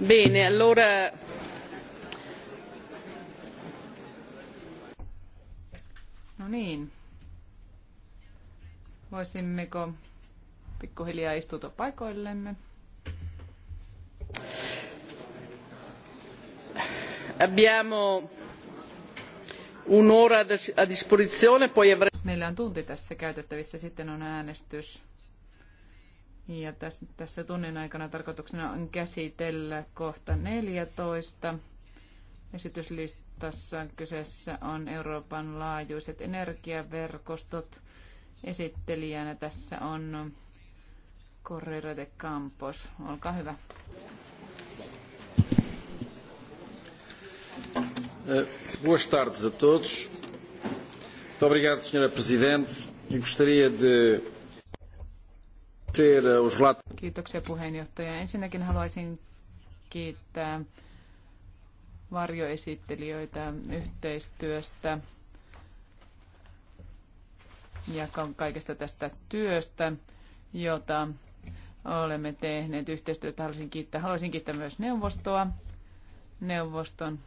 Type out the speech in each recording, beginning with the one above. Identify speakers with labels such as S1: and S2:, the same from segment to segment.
S1: Bene, allora... No niin. Voisimmeko pikkuhiljaa istuta paikoillemme? Abbiamo un'ora a disposizione, poi avremo... Meillä on tunti tässä käytettävissä, sitten on äänestys. Ja tässä, tässä tunnin aikana tarkoituksena on käsitellä kohta 14. Esityslistassa kyseessä on Euroopan laajuiset energiaverkostot. Esittelijänä tässä on Correra de Campos. Olkaa hyvä.
S2: Eh, boas tardes a todos. Muito obrigado, Sra. Presidente. Eu gostaria de
S1: Kiitoksia puheenjohtaja. Ensinnäkin haluaisin kiittää varjoesittelijöitä yhteistyöstä ja kaikesta tästä työstä, jota olemme tehneet yhteistyötä. Haluaisin kiittää, haluaisin kiittää myös neuvostoa, neuvoston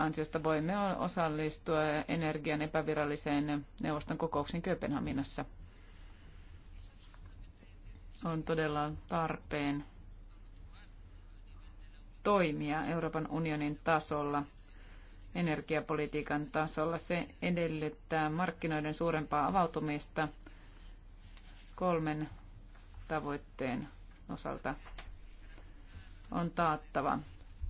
S1: ansiosta voimme osallistua energian epäviralliseen neuvoston kokouksiin Kööpenhaminassa. On todella tarpeen toimia Euroopan unionin tasolla, energiapolitiikan tasolla. Se edellyttää markkinoiden suurempaa avautumista kolmen tavoitteen osalta on taattava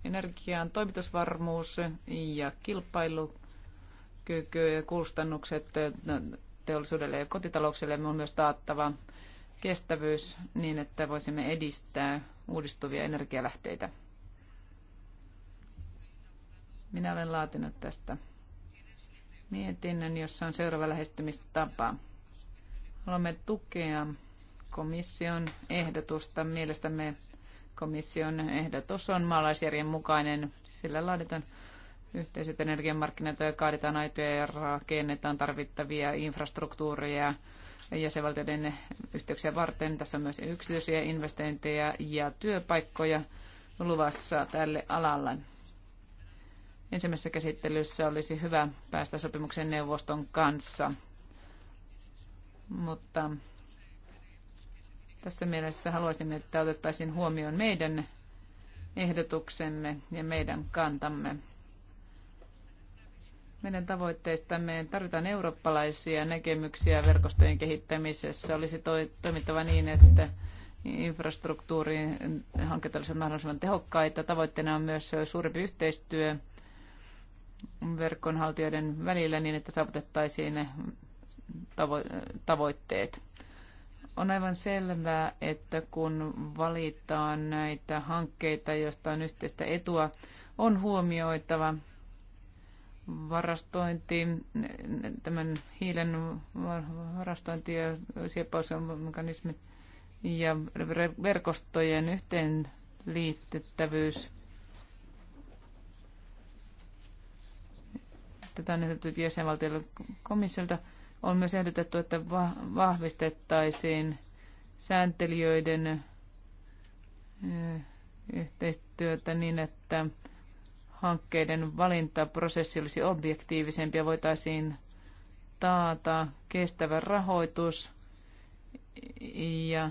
S1: energian toimitusvarmuus ja kilpailukyky ja kustannukset teollisuudelle ja kotitalouksille on myös taattava kestävyys niin, että voisimme edistää uudistuvia energialähteitä. Minä olen laatinut tästä mietinnön, jossa on seuraava lähestymistapa. Haluamme tukea komission ehdotusta. Mielestämme Komission ehdotus on maalaisjärjen mukainen. Sillä laaditaan yhteiset energiamarkkinat ja kaaditaan aitoja ja rakennetaan tarvittavia infrastruktuureja jäsenvaltioiden yhteyksiä varten. Tässä on myös yksityisiä investointeja ja työpaikkoja luvassa tälle alalle. Ensimmäisessä käsittelyssä olisi hyvä päästä sopimuksen neuvoston kanssa, mutta tässä mielessä haluaisin, että otettaisiin huomioon meidän ehdotuksemme ja meidän kantamme. Meidän tavoitteistamme tarvitaan eurooppalaisia näkemyksiä verkostojen kehittämisessä. Olisi toi, toimittava niin, että infrastruktuurin hankkeet olisivat mahdollisimman tehokkaita. Tavoitteena on myös suurempi yhteistyö verkonhaltijoiden välillä niin, että saavutettaisiin tavo- tavoitteet. On aivan selvää, että kun valitaan näitä hankkeita, joista on yhteistä etua, on huomioitava varastointi, tämän hiilen varastointi ja sieppausmekanismit ja verkostojen yhteenliittettävyys. Tätä on nyt jäsenvaltiolle komissiolta. On myös ehdotettu, että vahvistettaisiin sääntelijöiden yhteistyötä niin, että hankkeiden valintaprosessi olisi objektiivisempi ja voitaisiin taata kestävä rahoitus ja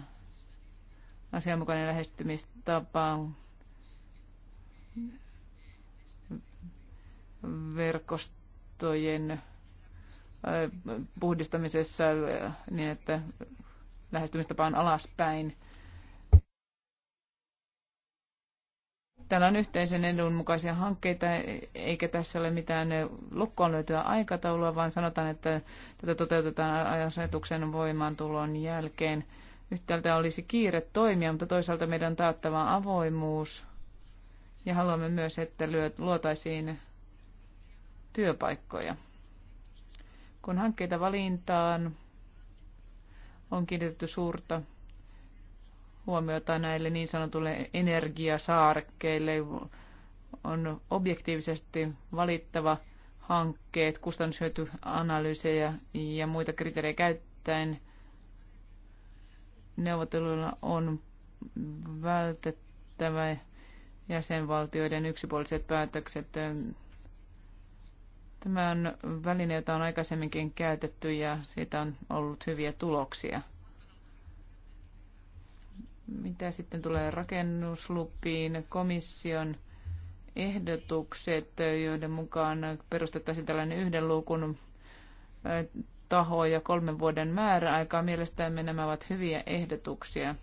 S1: asianmukainen lähestymistapa verkostojen puhdistamisessa niin, että lähestymistapa on alaspäin. Täällä on yhteisen edun mukaisia hankkeita, eikä tässä ole mitään lukkoon löytyä aikataulua, vaan sanotaan, että tätä toteutetaan asetuksen voimaantulon jälkeen. Yhtäältä olisi kiire toimia, mutta toisaalta meidän taattava avoimuus. Ja haluamme myös, että luotaisiin työpaikkoja. Kun hankkeita valintaan on kiinnitetty suurta huomiota näille niin sanotulle energiasaarekkeille, on objektiivisesti valittava hankkeet, kustannushyötyanalyysejä ja muita kriteerejä käyttäen. Neuvotteluilla on vältettävä jäsenvaltioiden yksipuoliset päätökset Tämä on väline, jota on aikaisemminkin käytetty ja siitä on ollut hyviä tuloksia. Mitä sitten tulee rakennuslupiin, komission ehdotukset, joiden mukaan perustettaisiin tällainen yhden luukun taho ja kolmen vuoden määräaikaa. Mielestäni nämä ovat hyviä ehdotuksia.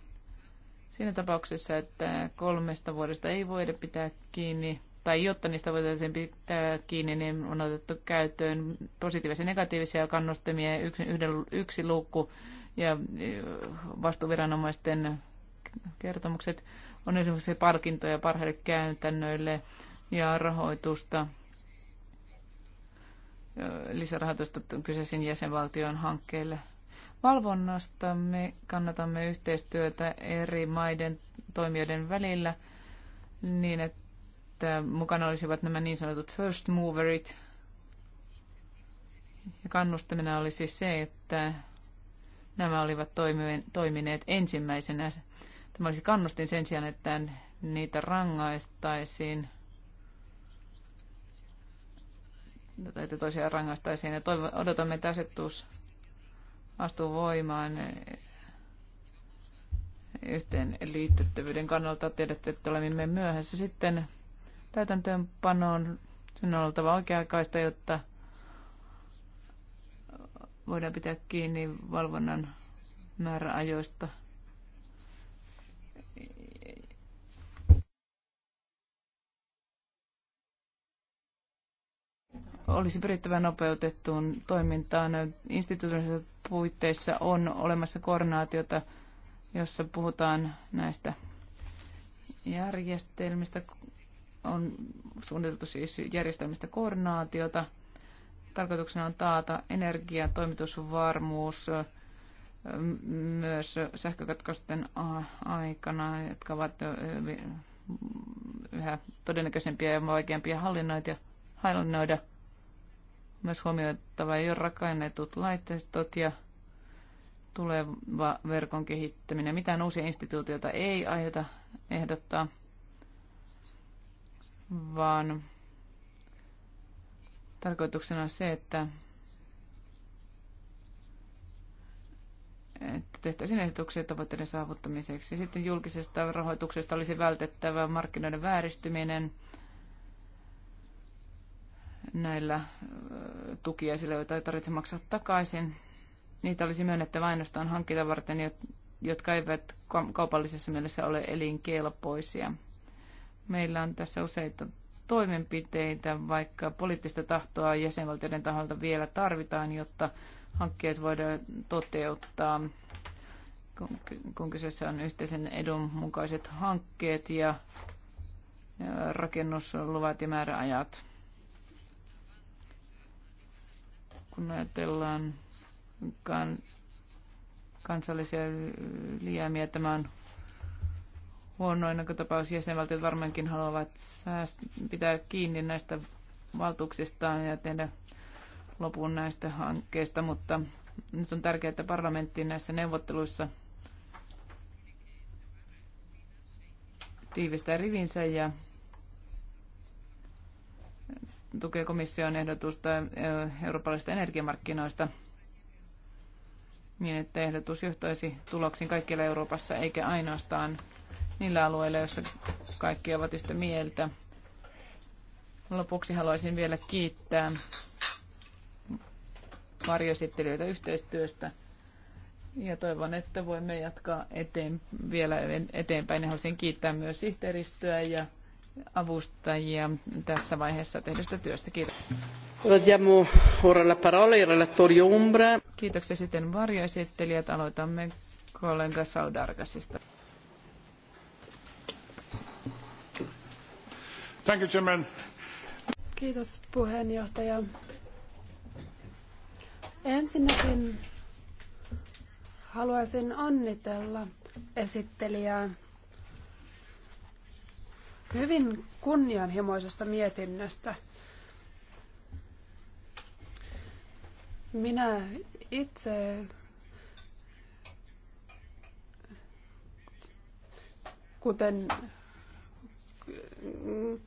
S1: Siinä tapauksessa, että kolmesta vuodesta ei voida pitää kiinni, tai jotta niistä voitaisiin pitää kiinni, niin on otettu käyttöön positiivisia ja negatiivisia kannustimia, yksi, yhden, yksi luukku ja e, vastuuviranomaisten kertomukset. On esimerkiksi palkintoja parhaille käytännöille ja rahoitusta, lisärahoitusta kyseisen jäsenvaltion hankkeille. Valvonnasta me kannatamme yhteistyötä eri maiden toimijoiden välillä niin, että että mukana olisivat nämä niin sanotut first moverit. Ja kannustaminen oli siis se, että nämä olivat toimineet ensimmäisenä. Tämä olisi kannustin sen sijaan, että niitä rangaistaisiin että tosiaan rangaistaisiin. Ja toivon, odotamme, että asetus astuu voimaan yhteen liittettävyyden kannalta. Tiedätte, että olemme myöhässä sitten täytäntöönpanoon. Sen on oltava oikea-aikaista, jotta voidaan pitää kiinni valvonnan määräajoista. Olisi pyrittävä nopeutettuun toimintaan. Instituutioissa puitteissa on olemassa koordinaatiota, jossa puhutaan näistä järjestelmistä on suunniteltu siis järjestelmistä koordinaatiota. Tarkoituksena on taata energia, toimitusvarmuus myös sähkökatkosten aikana, jotka ovat yhä todennäköisempiä ja vaikeampia hallinnoida. Myös huomioitava jo rakennetut laitteistot ja tuleva verkon kehittäminen. Mitään uusia instituutioita ei aiota ehdottaa vaan tarkoituksena on se, että, että tehtäisiin ehdotuksia tavoitteiden saavuttamiseksi. Sitten julkisesta rahoituksesta olisi vältettävä markkinoiden vääristyminen näillä tukiaisilla, joita ei tarvitse maksaa takaisin. Niitä olisi myönnettävä ainoastaan hankita varten, jotka eivät kaupallisessa mielessä ole elinkelpoisia. Meillä on tässä useita toimenpiteitä, vaikka poliittista tahtoa jäsenvaltioiden taholta vielä tarvitaan, jotta hankkeet voidaan toteuttaa, kun kyseessä on yhteisen edun mukaiset hankkeet ja rakennusluvat ja määräajat. Kun ajatellaan kansallisia ylijäämiä, tämä on huonoin tapaus jäsenvaltiot varmaankin haluavat sääst- pitää kiinni näistä valtuuksistaan ja tehdä lopun näistä hankkeista, mutta nyt on tärkeää, että parlamentti näissä neuvotteluissa tiivistää rivinsä ja tukee komission ehdotusta eh, eurooppalaisista energiamarkkinoista niin, että ehdotus johtaisi tuloksiin kaikkialla Euroopassa eikä ainoastaan niillä alueilla, joissa kaikki ovat yhtä mieltä. Lopuksi haluaisin vielä kiittää varjosittelijöitä yhteistyöstä ja toivon, että voimme jatkaa eteen, vielä eteenpäin. Ja haluaisin kiittää myös sihteeristöä ja avustajia tässä vaiheessa tehdystä työstä. Kiitos. Kiitoksia sitten varjoesittelijät. Aloitamme kollega Saudarkasista.
S3: Kiitos puheenjohtaja. Ensinnäkin haluaisin onnitella esittelijää hyvin kunnianhimoisesta mietinnöstä. Minä itse kuten Mm,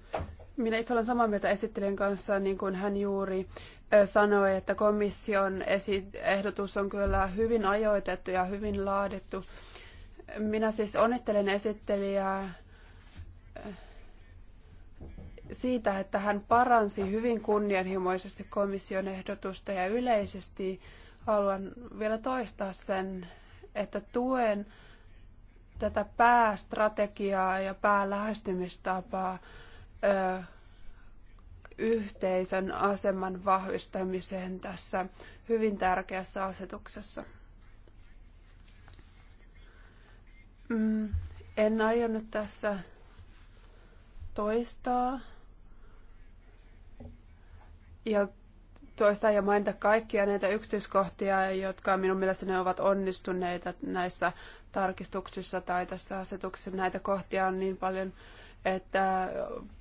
S3: minä itse olen samaa mieltä esittelijän kanssa, niin kuin hän juuri sanoi, että komission ehdotus on kyllä hyvin ajoitettu ja hyvin laadittu. Minä siis onnittelen esittelijää siitä, että hän paransi hyvin kunnianhimoisesti komission ehdotusta ja yleisesti haluan vielä toistaa sen, että tuen tätä päästrategiaa ja päälähestymistapaa ö, yhteisön aseman vahvistamiseen tässä hyvin tärkeässä asetuksessa. Mm, en aio nyt tässä toistaa ja toista ja mainita kaikkia näitä yksityiskohtia, jotka minun mielestäni ovat onnistuneita näissä tarkistuksissa tai tässä asetuksessa. Näitä kohtia on niin paljon, että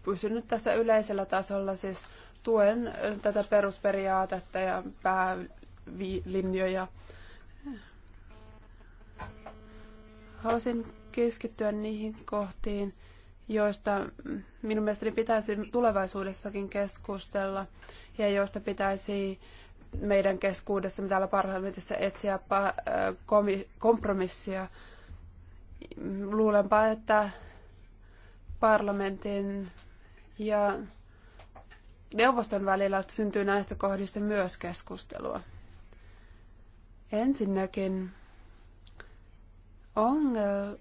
S3: pysyn nyt tässä yleisellä tasolla siis tuen tätä perusperiaatetta ja päälinjoja. Haluaisin keskittyä niihin kohtiin, joista minun mielestäni pitäisi tulevaisuudessakin keskustella ja joista pitäisi meidän keskuudessamme täällä parlamentissa etsiä äh, kompromissia. Luulenpa, että parlamentin ja neuvoston välillä syntyy näistä kohdista myös keskustelua. Ensinnäkin ongel,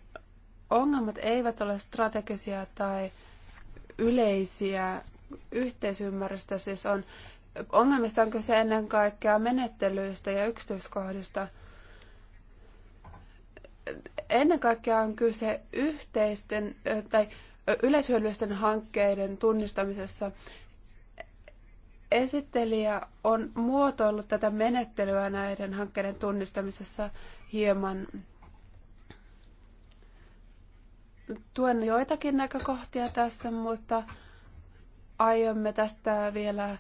S3: ongelmat eivät ole strategisia tai yleisiä yhteisymmärrystä siis on. Ongelmista on kyse ennen kaikkea menettelyistä ja yksityiskohdista. Ennen kaikkea on kyse yhteisten tai yleishyödyllisten hankkeiden tunnistamisessa. Esittelijä on muotoillut tätä menettelyä näiden hankkeiden tunnistamisessa hieman tuen joitakin näkökohtia tässä, mutta aiomme tästä vielä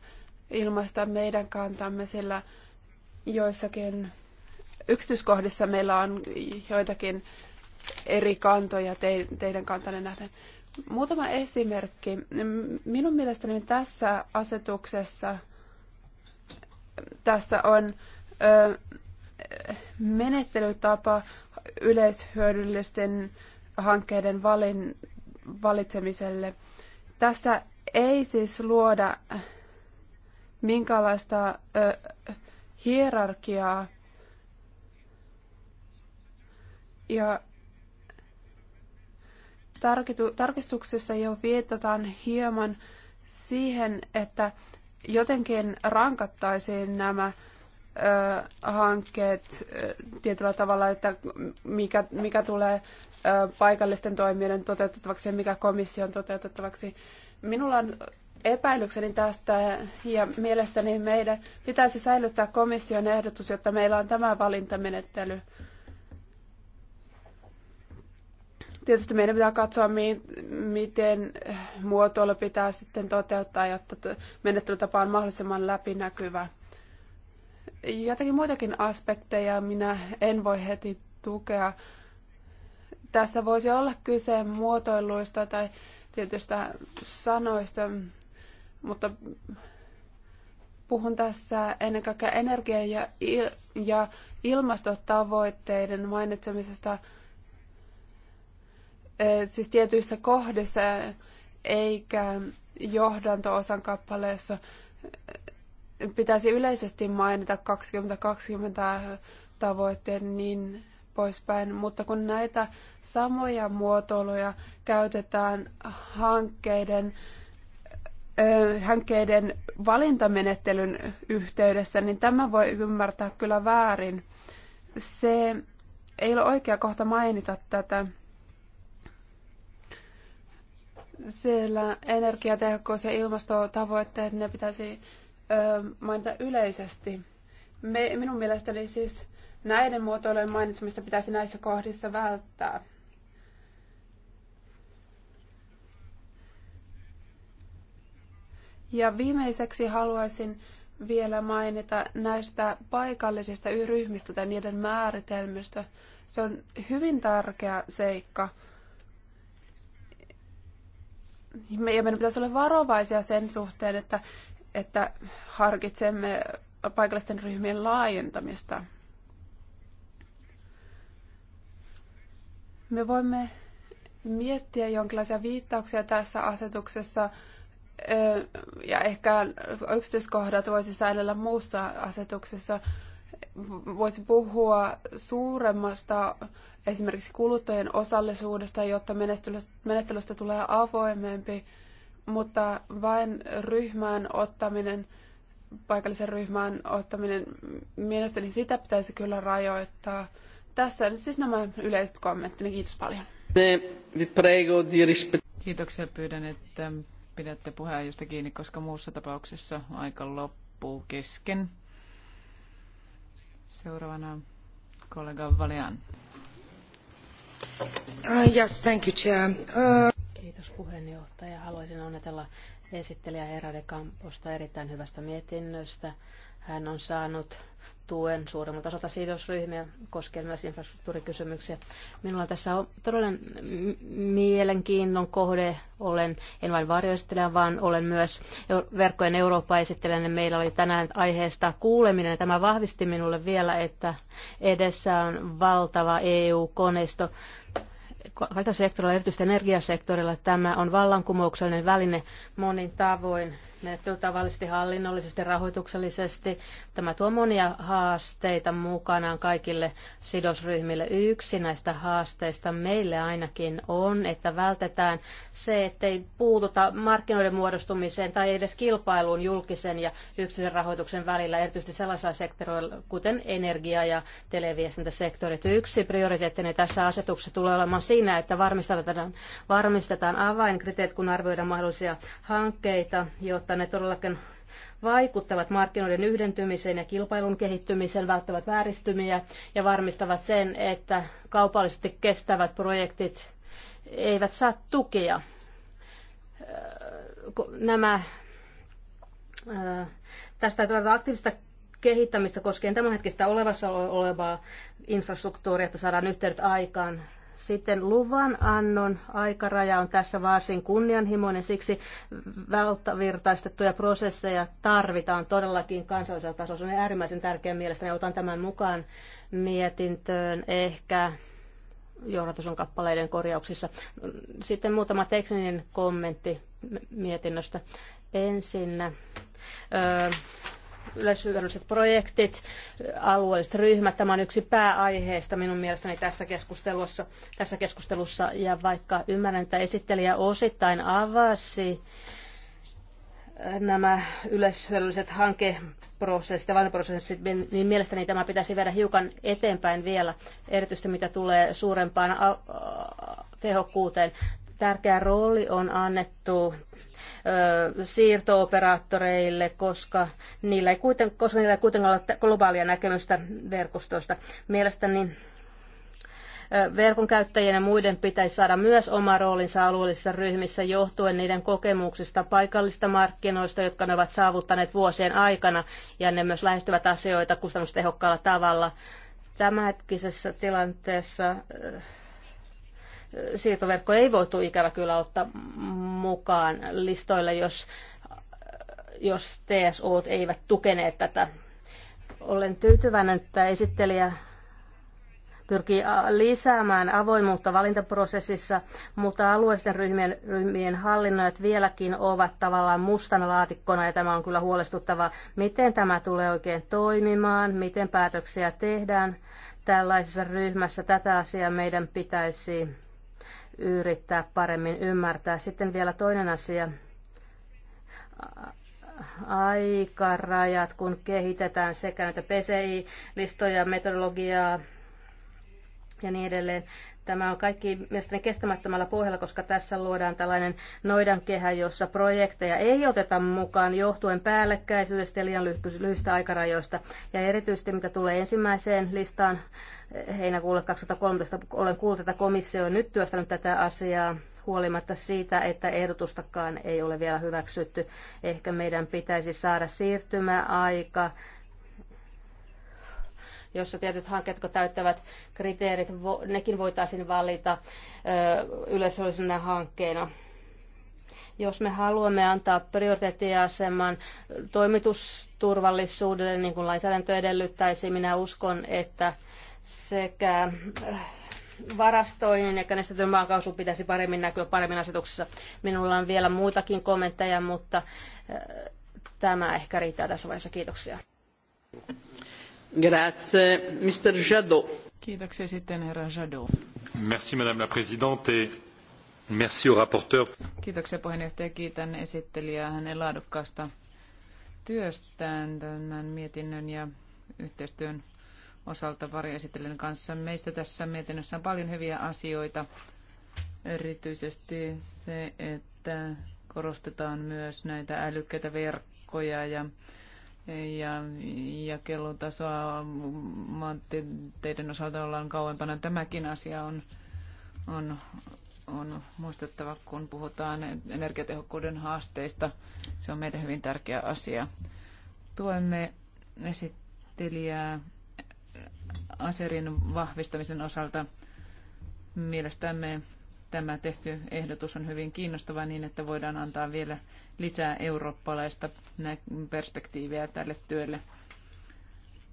S3: ilmaista meidän kantamme, sillä joissakin yksityiskohdissa meillä on joitakin eri kantoja teidän kantanne nähden. Muutama esimerkki. Minun mielestäni tässä asetuksessa tässä on ö, menettelytapa yleishyödyllisten hankkeiden valin, valitsemiselle. Tässä ei siis luoda minkälaista hierarkiaa. Ja tarkistuksessa jo viitataan hieman siihen, että jotenkin rankattaisiin nämä ö, hankkeet tietyllä tavalla, että mikä, mikä tulee ö, paikallisten toimijoiden toteutettavaksi ja mikä komission toteutettavaksi. Ö, Minulla on epäilykseni tästä ja mielestäni meidän pitäisi säilyttää komission ehdotus, jotta meillä on tämä valintamenettely. Tietysti meidän pitää katsoa, miten muotoilu pitää sitten toteuttaa, jotta menettelytapa on mahdollisimman läpinäkyvä. Jotakin muitakin aspekteja minä en voi heti tukea. Tässä voisi olla kyse muotoiluista tai tietystä sanoista, mutta puhun tässä ennen kaikkea energia- ja, il- ja ilmastotavoitteiden mainitsemisesta siis tietyissä kohdissa eikä johdanto-osan kappaleessa pitäisi yleisesti mainita 2020 tavoitteen, niin poispäin, mutta kun näitä samoja muotoiluja käytetään hankkeiden, hankkeiden valintamenettelyn yhteydessä, niin tämä voi ymmärtää kyllä väärin. Se ei ole oikea kohta mainita tätä. Siellä energiatehokkuus ja ilmastotavoitteet, ne pitäisi ö, mainita yleisesti. Me, minun mielestäni siis Näiden muotoilujen mainitsemista pitäisi näissä kohdissa välttää. Ja viimeiseksi haluaisin vielä mainita näistä paikallisista ryhmistä tai niiden määritelmistä. Se on hyvin tärkeä seikka. Ja meidän pitäisi olla varovaisia sen suhteen, että, että harkitsemme paikallisten ryhmien laajentamista. Me voimme miettiä jonkinlaisia viittauksia tässä asetuksessa ja ehkä yksityiskohdat voisi säilellä muussa asetuksessa. Voisi puhua suuremmasta esimerkiksi kuluttajien osallisuudesta, jotta menettelystä tulee avoimempi, mutta vain ryhmään ottaminen, paikallisen ryhmään ottaminen, mielestäni sitä pitäisi kyllä rajoittaa. Tässä siis nämä yleiset kommenttini. Kiitos paljon.
S1: Kiitoksia. Pyydän, että pidätte puheenjohtajasta kiinni, koska muussa tapauksessa aika loppuu kesken. Seuraavana kollega Valian.
S4: Uh, yes, thank you, Chair.
S5: Uh... Kiitos puheenjohtaja. Haluaisin onnitella esittelijä Herra de Camposta erittäin hyvästä mietinnöstä. Hän on saanut tuen suuremmalta osalta sidosryhmiä koskien myös infrastruktuurikysymyksiä. Minulla on tässä on todellinen mielenkiinnon kohde. Olen, en vain varjoistelijan, vaan olen myös verkkojen Eurooppa-esittelijä. Meillä oli tänään aiheesta kuuleminen. tämä vahvisti minulle vielä, että edessä on valtava EU-koneisto. Kaikilla sektorilla, erityisesti energiasektorilla, tämä on vallankumouksellinen väline monin tavoin menettelytavallisesti, hallinnollisesti, rahoituksellisesti. Tämä tuo monia haasteita mukanaan kaikille sidosryhmille. Yksi näistä haasteista meille ainakin on, että vältetään se, ettei puututa markkinoiden muodostumiseen tai edes kilpailuun julkisen ja yksityisen rahoituksen välillä, erityisesti sellaisilla sektoreilla kuten energia- ja televiestintäsektorit. Yksi prioriteettinen tässä asetuksessa tulee olemaan siinä, että varmistetaan, varmistetaan avainkriteet, kun arvioidaan mahdollisia hankkeita, jotta jotta ne todellakin vaikuttavat markkinoiden yhdentymiseen ja kilpailun kehittymiseen, välttävät vääristymiä ja varmistavat sen, että kaupallisesti kestävät projektit eivät saa tukia. Nämä, tästä täytyy aktiivista kehittämistä koskien tämänhetkistä olevassa olevaa infrastruktuuria, että saadaan yhteydet aikaan sitten luvan annon aikaraja on tässä varsin kunnianhimoinen, siksi valtavirtaistettuja prosesseja tarvitaan todellakin kansallisella tasolla. Se on äärimmäisen tärkeä mielestäni. Otan tämän mukaan mietintöön ehkä johdatuson kappaleiden korjauksissa. Sitten muutama tekninen kommentti mietinnöstä. Ensinnä öö, yleishyödylliset projektit, alueelliset ryhmät. Tämä on yksi pääaiheista minun mielestäni tässä keskustelussa, tässä keskustelussa. Ja vaikka ymmärrän, että esittelijä osittain avasi nämä yleishyödylliset hankeprosessit ja valintaprosessit, niin mielestäni tämä pitäisi viedä hiukan eteenpäin vielä, erityisesti mitä tulee suurempaan tehokkuuteen. Tärkeä rooli on annettu siirtooperaattoreille, koska niillä ei, koska niillä ei kuitenkaan ole globaalia näkemystä verkostosta. Mielestäni verkon käyttäjien ja muiden pitäisi saada myös oma roolinsa alueellisissa ryhmissä johtuen niiden kokemuksista paikallisista markkinoista, jotka ne ovat saavuttaneet vuosien aikana, ja ne myös lähestyvät asioita kustannustehokkaalla tavalla. Tämänhetkisessä tilanteessa siirtoverkko ei voitu ikävä kyllä ottaa mukaan listoille, jos, jos TSO eivät tukeneet tätä. Olen tyytyväinen, että esittelijä pyrkii lisäämään avoimuutta valintaprosessissa, mutta alueisten ryhmien, ryhmien hallinnoit vieläkin ovat tavallaan mustana laatikkona ja tämä on kyllä huolestuttava. Miten tämä tulee oikein toimimaan, miten päätöksiä tehdään tällaisessa ryhmässä, tätä asiaa meidän pitäisi yrittää paremmin ymmärtää. Sitten vielä toinen asia. Aikarajat, kun kehitetään sekä näitä PCI-listoja, metodologiaa ja niin edelleen. Tämä on kaikki mielestäni kestämättömällä pohjalla, koska tässä luodaan tällainen noidankehä, jossa projekteja ei oteta mukaan johtuen päällekkäisyydestä ja liian lyhyistä aikarajoista. Ja erityisesti mitä tulee ensimmäiseen listaan eh, heinäkuulle 2013, olen kuullut, että komissio on nyt työstänyt tätä asiaa huolimatta siitä, että ehdotustakaan ei ole vielä hyväksytty. Ehkä meidän pitäisi saada siirtymäaika jossa tietyt hankkeet, jotka täyttävät kriteerit, nekin voitaisiin valita yleisöllisenä hankkeena jos me haluamme antaa prioriteettiaseman toimitusturvallisuudelle, niin kuin lainsäädäntö edellyttäisi, minä uskon, että sekä äh, varastoinnin ja känestetyn maakausun pitäisi paremmin näkyä paremmin asetuksessa. Minulla on vielä muitakin kommentteja, mutta äh, tämä ehkä riittää tässä vaiheessa. Kiitoksia.
S2: Grazie, Mr. Jadot. Kiitoksia sitten herra Jadot. Merci madame la présidente et merci au rapporteur.
S1: Kiitoksia puheenjohtaja, kiitän esittelijää hänen laadukkaasta työstään tämän mietinnön ja yhteistyön osalta varjoesittelijän kanssa. Meistä tässä mietinnössä on paljon hyviä asioita, erityisesti se, että korostetaan myös näitä älykkäitä verkkoja ja ja jakelutasoa teidän osalta ollaan kauempana. Tämäkin asia on, on, on muistettava, kun puhutaan energiatehokkuuden haasteista. Se on meidän hyvin tärkeä asia. Tuemme esittelijää aserin vahvistamisen osalta. Mielestämme tämä tehty ehdotus on hyvin kiinnostava niin, että voidaan antaa vielä lisää eurooppalaista perspektiiviä tälle työlle.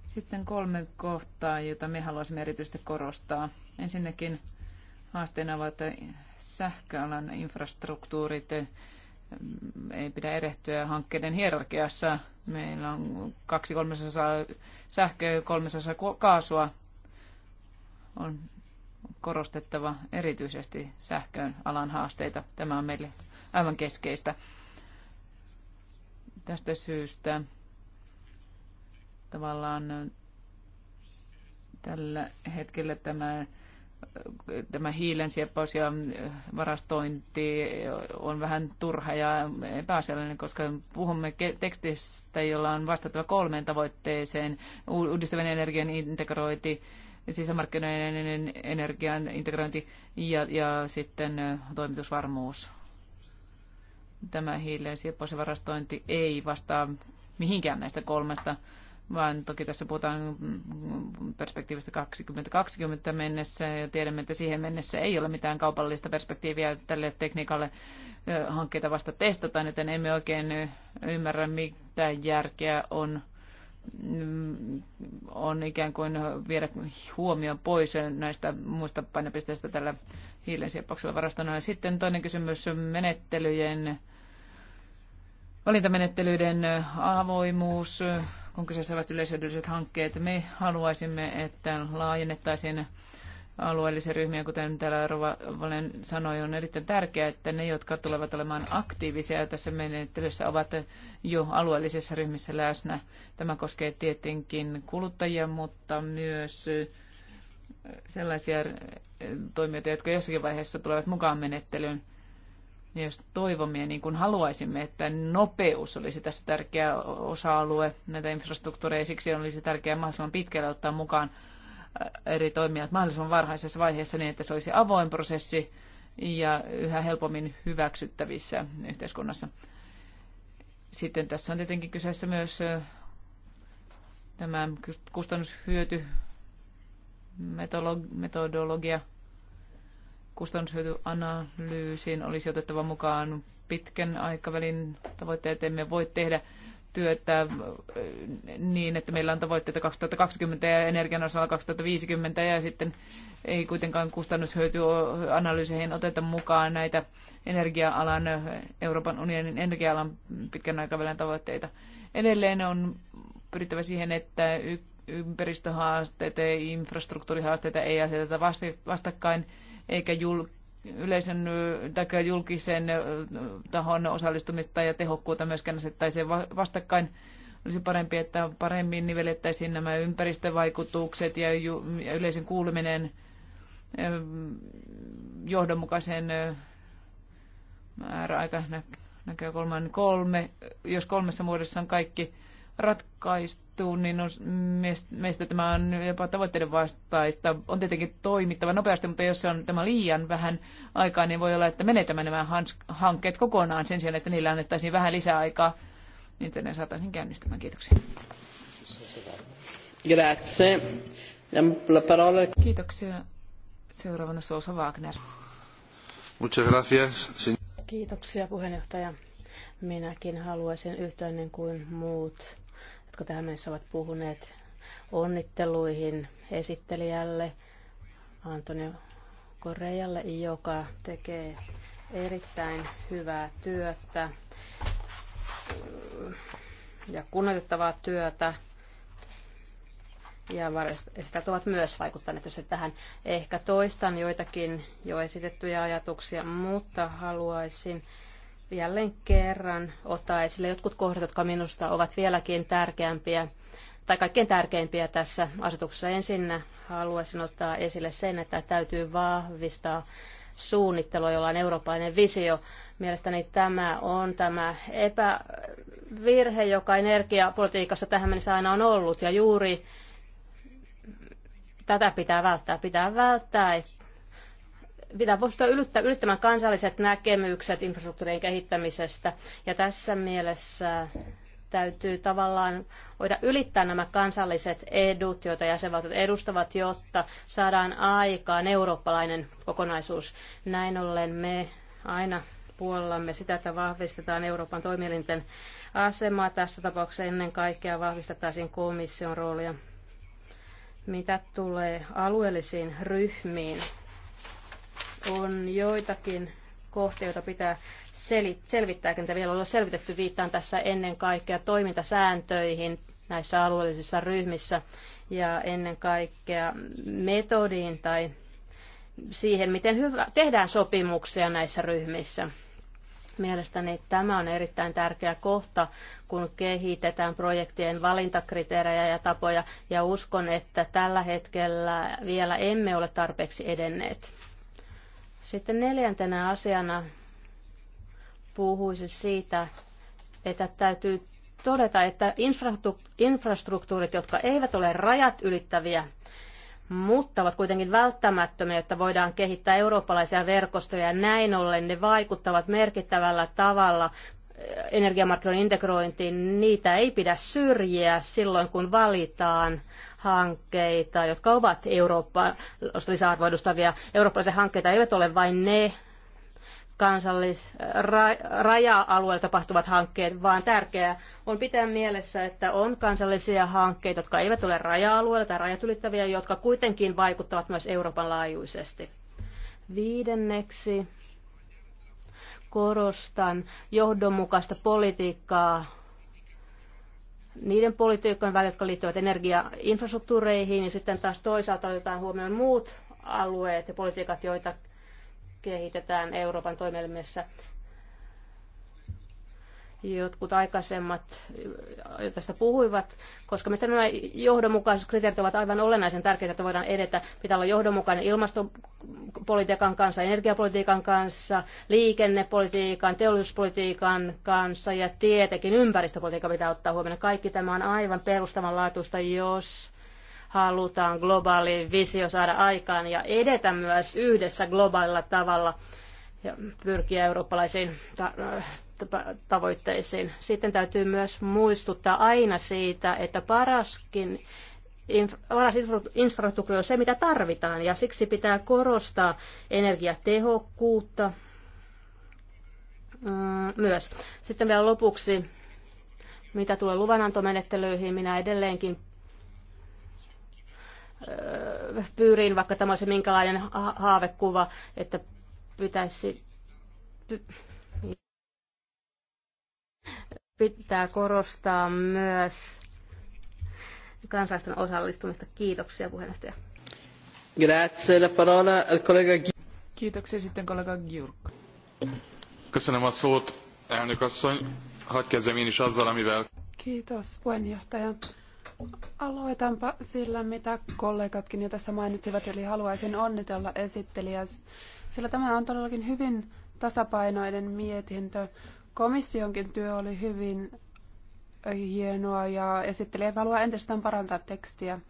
S1: Sitten kolme kohtaa, jota me haluaisimme erityisesti korostaa. Ensinnäkin haasteena ovat sähköalan infrastruktuurit. Ei pidä erehtyä hankkeiden hierarkiassa. Meillä on kaksi kolmasosaa sähköä ja kolmasosaa kaasua. On korostettava erityisesti sähkön alan haasteita. Tämä on meille aivan keskeistä. Tästä syystä tavallaan tällä hetkellä tämä, tämä hiilen sieppaus ja varastointi on vähän turha ja epäasiallinen, koska puhumme tekstistä, jolla on vastattava kolmeen tavoitteeseen. Uudistavan energian integrointi, sisämarkkinoiden energian integrointi ja, ja sitten toimitusvarmuus. Tämä hiilen siepposivarastointi ei vastaa mihinkään näistä kolmesta, vaan toki tässä puhutaan perspektiivistä 2020 mennessä ja tiedämme, että siihen mennessä ei ole mitään kaupallista perspektiiviä tälle tekniikalle hankkeita vasta testataan, joten emme oikein ymmärrä, mitä järkeä on on ikään kuin viedä huomioon pois näistä muista painopisteistä tällä hiilen sieppauksella varastona. Sitten toinen kysymys menettelyjen, valintamenettelyiden avoimuus, kun kyseessä ovat yleishyödylliset hankkeet. Me haluaisimme, että laajennettaisiin alueellisia ryhmiä, kuten täällä Rovalen sanoi, on erittäin tärkeää, että ne, jotka tulevat olemaan aktiivisia tässä menettelyssä, ovat jo alueellisissa ryhmissä läsnä. Tämä koskee tietenkin kuluttajia, mutta myös eh, sellaisia eh, toimijoita, jotka jossakin vaiheessa tulevat mukaan menettelyyn. Ja jos toivomme niin kuin haluaisimme, että nopeus olisi tässä tärkeä osa-alue näitä infrastruktuureja, siksi olisi tärkeää mahdollisimman pitkälle ottaa mukaan eri toimijat mahdollisimman varhaisessa vaiheessa niin, että se olisi avoin prosessi ja yhä helpommin hyväksyttävissä yhteiskunnassa. Sitten tässä on tietenkin kyseessä myös tämä kustannushyöty metodologia. Kustannushyötyanalyysiin olisi otettava mukaan pitkän aikavälin tavoitteet. Emme voi tehdä työtä äh, niin, että meillä on tavoitteita 2020 ja energian osalla 2050 ja sitten ei kuitenkaan kustannushyötyanalyyseihin oteta mukaan näitä energia-alan, Euroopan unionin energia-alan pitkän aikavälin tavoitteita. Edelleen on pyrittävä siihen, että ympäristöhaasteita ja infrastruktuurihaasteita ei aseteta vastakkain, eikä julkisuutta yleisen tai julkisen tahon osallistumista ja tehokkuutta myöskään asettaisiin vastakkain. Olisi parempi, että paremmin nivellettäisiin nämä ympäristövaikutukset ja yleisen kuuluminen johdonmukaisen määräaika näkökulman kolme, jos kolmessa muodossa on kaikki ratkaistu, niin on, meistä tämä on jopa tavoitteiden vastaista. On tietenkin toimittava nopeasti, mutta jos se on tämä liian vähän aikaa, niin voi olla, että menetämme nämä hankkeet kokonaan sen sijaan, että niillä annettaisiin vähän lisää aikaa, niin ne saataisiin käynnistämään. Kiitoksia. Grazie. La parola... Kiitoksia. Seuraavana Sousa Wagner.
S2: Muchas gracias.
S5: Kiitoksia puheenjohtaja. Minäkin haluaisin yhtä ennen kuin muut jotka tähän mennessä ovat puhuneet onnitteluihin esittelijälle Antonio Korealle, joka tekee erittäin hyvää työtä ja kunnioitettavaa työtä. Ja sitä ovat myös vaikuttaneet jos tähän. Ehkä toistan joitakin jo esitettyjä ajatuksia, mutta haluaisin jälleen kerran ottaa esille jotkut kohdat, jotka minusta ovat vieläkin tärkeämpiä tai kaikkein tärkeimpiä tässä asetuksessa. Ensin haluaisin ottaa esille sen, että täytyy vahvistaa suunnittelua, jolla on eurooppalainen visio. Mielestäni tämä on tämä epävirhe, joka energiapolitiikassa tähän mennessä aina on ollut. Ja juuri tätä pitää välttää. Pitää välttää, että pitää pystyä ylittämään kansalliset näkemykset infrastruktuurien kehittämisestä. Ja tässä mielessä täytyy tavallaan voida ylittää nämä kansalliset edut, joita jäsenvaltiot edustavat, jotta saadaan aikaan eurooppalainen kokonaisuus. Näin ollen me aina puolellamme sitä, että vahvistetaan Euroopan toimielinten asemaa. Tässä tapauksessa ennen kaikkea vahvistettaisiin komission roolia. Mitä tulee alueellisiin ryhmiin, on joitakin kohtia, joita pitää selit- selvittää, vielä on selvitetty. Viittaan tässä ennen kaikkea toimintasääntöihin näissä alueellisissa ryhmissä ja ennen kaikkea metodiin tai siihen, miten hyvä, tehdään sopimuksia näissä ryhmissä. Mielestäni tämä on erittäin tärkeä kohta, kun kehitetään projektien valintakriteerejä ja tapoja, ja uskon, että tällä hetkellä vielä emme ole tarpeeksi edenneet. Sitten neljäntenä asiana puhuisin siitä, että täytyy todeta, että infrastruktuurit, jotka eivät ole rajat ylittäviä, mutta ovat kuitenkin välttämättömiä, jotta voidaan kehittää eurooppalaisia verkostoja. Näin ollen ne vaikuttavat merkittävällä tavalla energiamarkkinoiden integrointiin, niitä ei pidä syrjiä silloin, kun valitaan hankkeita, jotka ovat Euroopan lisäarvoa edustavia. Eurooppalaisia hankkeita eivät ole vain ne kansallis ra- raja-alueella tapahtuvat hankkeet, vaan tärkeää on pitää mielessä, että on kansallisia hankkeita, jotka eivät ole raja-alueella tai rajat ylittäviä, jotka kuitenkin vaikuttavat myös Euroopan laajuisesti. Viidenneksi korostan johdonmukaista politiikkaa niiden politiikkojen välillä, jotka liittyvät energiainfrastruktuureihin, ja sitten taas toisaalta otetaan huomioon muut alueet ja politiikat, joita kehitetään Euroopan toimielimissä jotkut aikaisemmat tästä puhuivat, koska mistä nämä johdonmukaisuuskriteerit ovat aivan olennaisen tärkeitä, että voidaan edetä. Pitää olla johdonmukainen ilmastopolitiikan kanssa, energiapolitiikan kanssa, liikennepolitiikan, teollisuuspolitiikan kanssa ja tietenkin ympäristöpolitiikan pitää ottaa huomioon. Kaikki tämä on aivan perustavanlaatuista, jos halutaan globaali visio saada aikaan ja edetä myös yhdessä globaalilla tavalla ja pyrkiä eurooppalaisiin päästötavoitteisiin. Sitten täytyy myös muistuttaa aina siitä, että paraskin paras infrastruktuuri on se, mitä tarvitaan, ja siksi pitää korostaa energiatehokkuutta mm, myös. Sitten vielä lopuksi, mitä tulee luvanantomenettelyihin, minä edelleenkin pyyriin, vaikka tämä olisi minkälainen haavekuva, että pitäisi Pitää korostaa myös kansalaisten osallistumista. Kiitoksia puheenjohtaja.
S2: Grazie. La parola al collega
S3: Kiitoksia sitten kollega Gyurk.
S2: Köszönöm a szót, elnök Hadd én is azzal, amivel...
S3: Kiitos puheenjohtaja. Aloitanpa sillä, mitä kollegatkin jo tässä mainitsivat, eli haluaisin onnitella esittelijää, sillä tämä on todellakin hyvin tasapainoinen mietintö. Komissionkin työ oli hyvin hienoa ja esittelijä haluaa entistään parantaa tekstiä.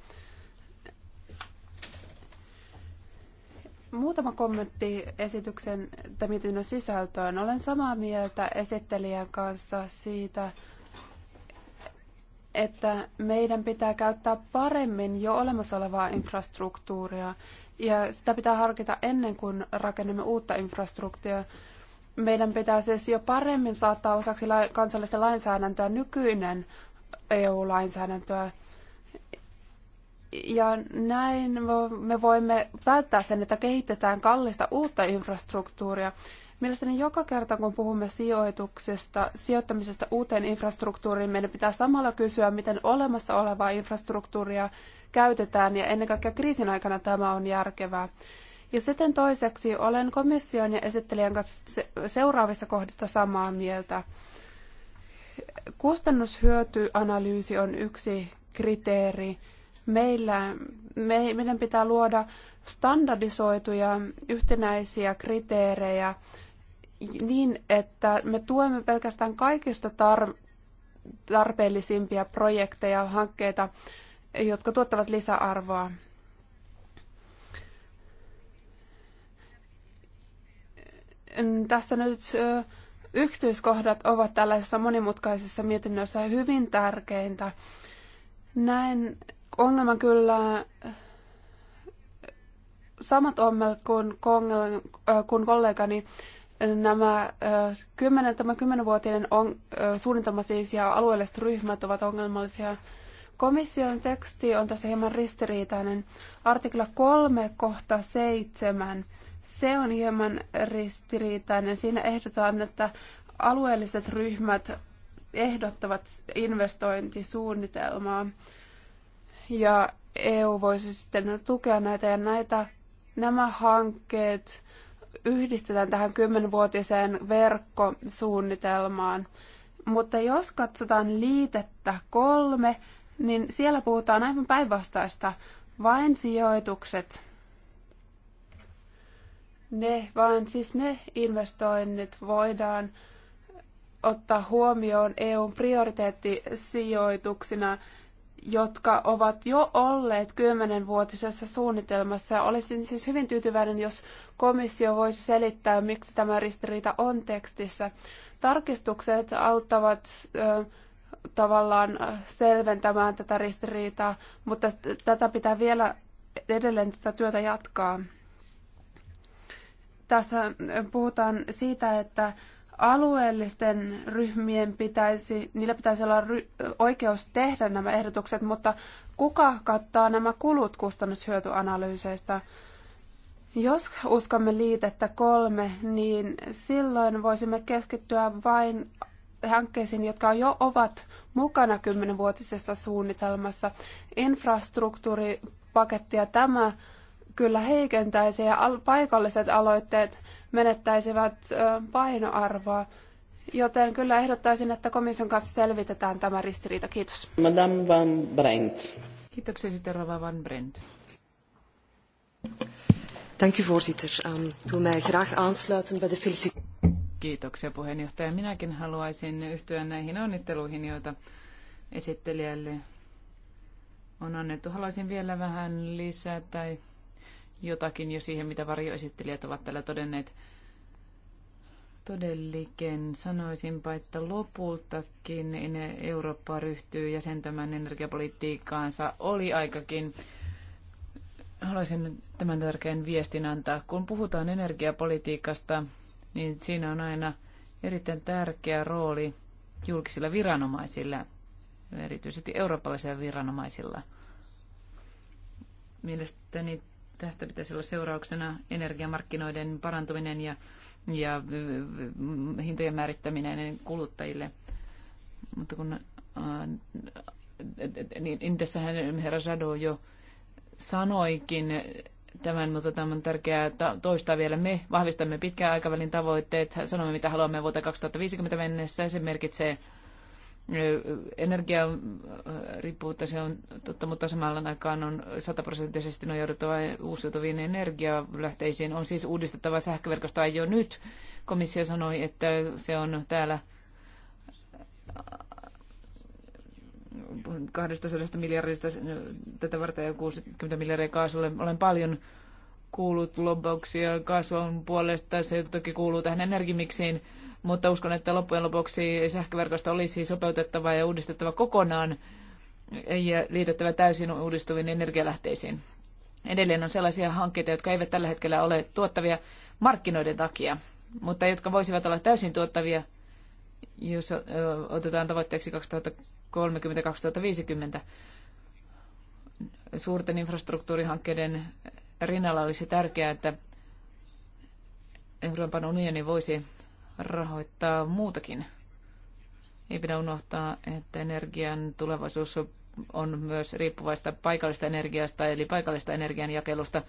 S3: Muutama kommentti esityksen tai mietinnön sisältöön. Olen samaa mieltä esittelijän kanssa siitä, että meidän pitää käyttää paremmin jo olemassa olevaa infrastruktuuria ja sitä pitää harkita ennen kuin rakennamme uutta infrastruktuuria meidän pitäisi siis jo paremmin saattaa osaksi kansallista lainsäädäntöä nykyinen EU-lainsäädäntöä. Ja näin me voimme välttää sen, että kehitetään kallista uutta infrastruktuuria. Mielestäni joka kerta, kun puhumme sijoituksesta, sijoittamisesta uuteen infrastruktuuriin, meidän pitää samalla kysyä, miten olemassa olevaa infrastruktuuria käytetään, ja ennen kaikkea kriisin aikana tämä on järkevää. Ja sitten toiseksi olen komission ja esittelijän kanssa seuraavissa kohdista samaa mieltä. Kustannushyötyanalyysi on yksi kriteeri. Meillä, me, meidän pitää luoda standardisoituja yhtenäisiä kriteerejä niin, että me tuemme pelkästään kaikista tar- tarpeellisimpia projekteja, ja hankkeita, jotka tuottavat lisäarvoa. tässä nyt yksityiskohdat ovat tällaisessa monimutkaisessa mietinnössä hyvin tärkeintä. Näin ongelma kyllä samat ongelmat kuin, kuin kollegani nämä kymmenen, tämä kymmenenvuotinen on, suunnitelma siis ja alueelliset ryhmät ovat ongelmallisia. Komission teksti on tässä hieman ristiriitainen. Artikla 3 kohta 7 se on hieman ristiriitainen. Siinä ehdotetaan, että alueelliset ryhmät ehdottavat investointisuunnitelmaa ja EU voisi sitten tukea näitä ja näitä. Nämä hankkeet yhdistetään tähän kymmenvuotiseen verkkosuunnitelmaan. Mutta jos katsotaan liitettä kolme, niin siellä puhutaan aivan päinvastaista. Vain sijoitukset ne, vaan siis ne investoinnit voidaan ottaa huomioon EUn prioriteettisijoituksina, jotka ovat jo olleet kymmenenvuotisessa suunnitelmassa. Olisin siis hyvin tyytyväinen, jos komissio voisi selittää, miksi tämä ristiriita on tekstissä. Tarkistukset auttavat ö, tavallaan selventämään tätä ristiriitaa, mutta tätä pitää vielä edelleen tätä työtä jatkaa. Tässä puhutaan siitä, että alueellisten ryhmien pitäisi, niillä pitäisi olla ry- oikeus tehdä nämä ehdotukset, mutta kuka kattaa nämä kulut kustannushyötyanalyyseistä? Jos uskomme liitettä kolme, niin silloin voisimme keskittyä vain hankkeisiin, jotka jo ovat mukana kymmenenvuotisessa suunnitelmassa. ja tämä kyllä heikentäisi ja paikalliset aloitteet menettäisivät painoarvoa. Joten kyllä ehdottaisin, että komission kanssa selvitetään tämä ristiriita. Kiitos.
S2: Madame Van Brent.
S3: Kiitoksia sitten Rava Van Brent.
S1: Dank u voorzitter. Um, graag aansluiten bij de felicit. Kiitoksia puheenjohtaja. Minäkin haluaisin yhtyä näihin onnitteluihin, joita esittelijälle on annettu. Haluaisin vielä vähän lisää tai jotakin jo siihen, mitä varjoesittelijät ovat täällä todenneet. Todellikin sanoisinpa, että lopultakin Eurooppa ryhtyy jäsentämään energiapolitiikkaansa. Oli aikakin. Haluaisin tämän tärkeän viestin antaa. Kun puhutaan energiapolitiikasta, niin siinä on aina erittäin tärkeä rooli julkisilla viranomaisilla, erityisesti eurooppalaisilla viranomaisilla. Mielestäni Tästä pitäisi olla seurauksena energiamarkkinoiden parantuminen ja, ja äh, hintojen määrittäminen kuluttajille. Mutta kun äh, niin tässähän herra Sado jo sanoikin tämän, mutta tämä on tärkeää toistaa vielä. Me vahvistamme pitkän aikavälin tavoitteet, sanomme mitä haluamme vuoteen 2050 mennessä ja se merkitsee energia riippuvuutta, se on totta, mutta samalla aikaan on sataprosenttisesti nojauduttava uusiutuviin energialähteisiin. On siis uudistettava sähköverkostoa jo nyt. Komissio sanoi, että se on täällä 200 miljardista tätä varten ja 60 miljardia kaasulle. Olen paljon kuullut lobbauksia kaasun puolesta. Se toki kuuluu tähän energimiksiin mutta uskon, että loppujen lopuksi sähköverkosto olisi sopeutettava ja uudistettava kokonaan ja liitettävä täysin uudistuviin energialähteisiin. Edelleen on sellaisia hankkeita, jotka eivät tällä hetkellä ole tuottavia markkinoiden takia, mutta jotka voisivat olla täysin tuottavia, jos otetaan tavoitteeksi 2030-2050. Suurten infrastruktuurihankkeiden rinnalla olisi tärkeää, että Euroopan unioni voisi rahoittaa muutakin. Ei pidä unohtaa, että energian tulevaisuus on myös riippuvaista paikallista energiasta, eli paikallista energian jakelusta.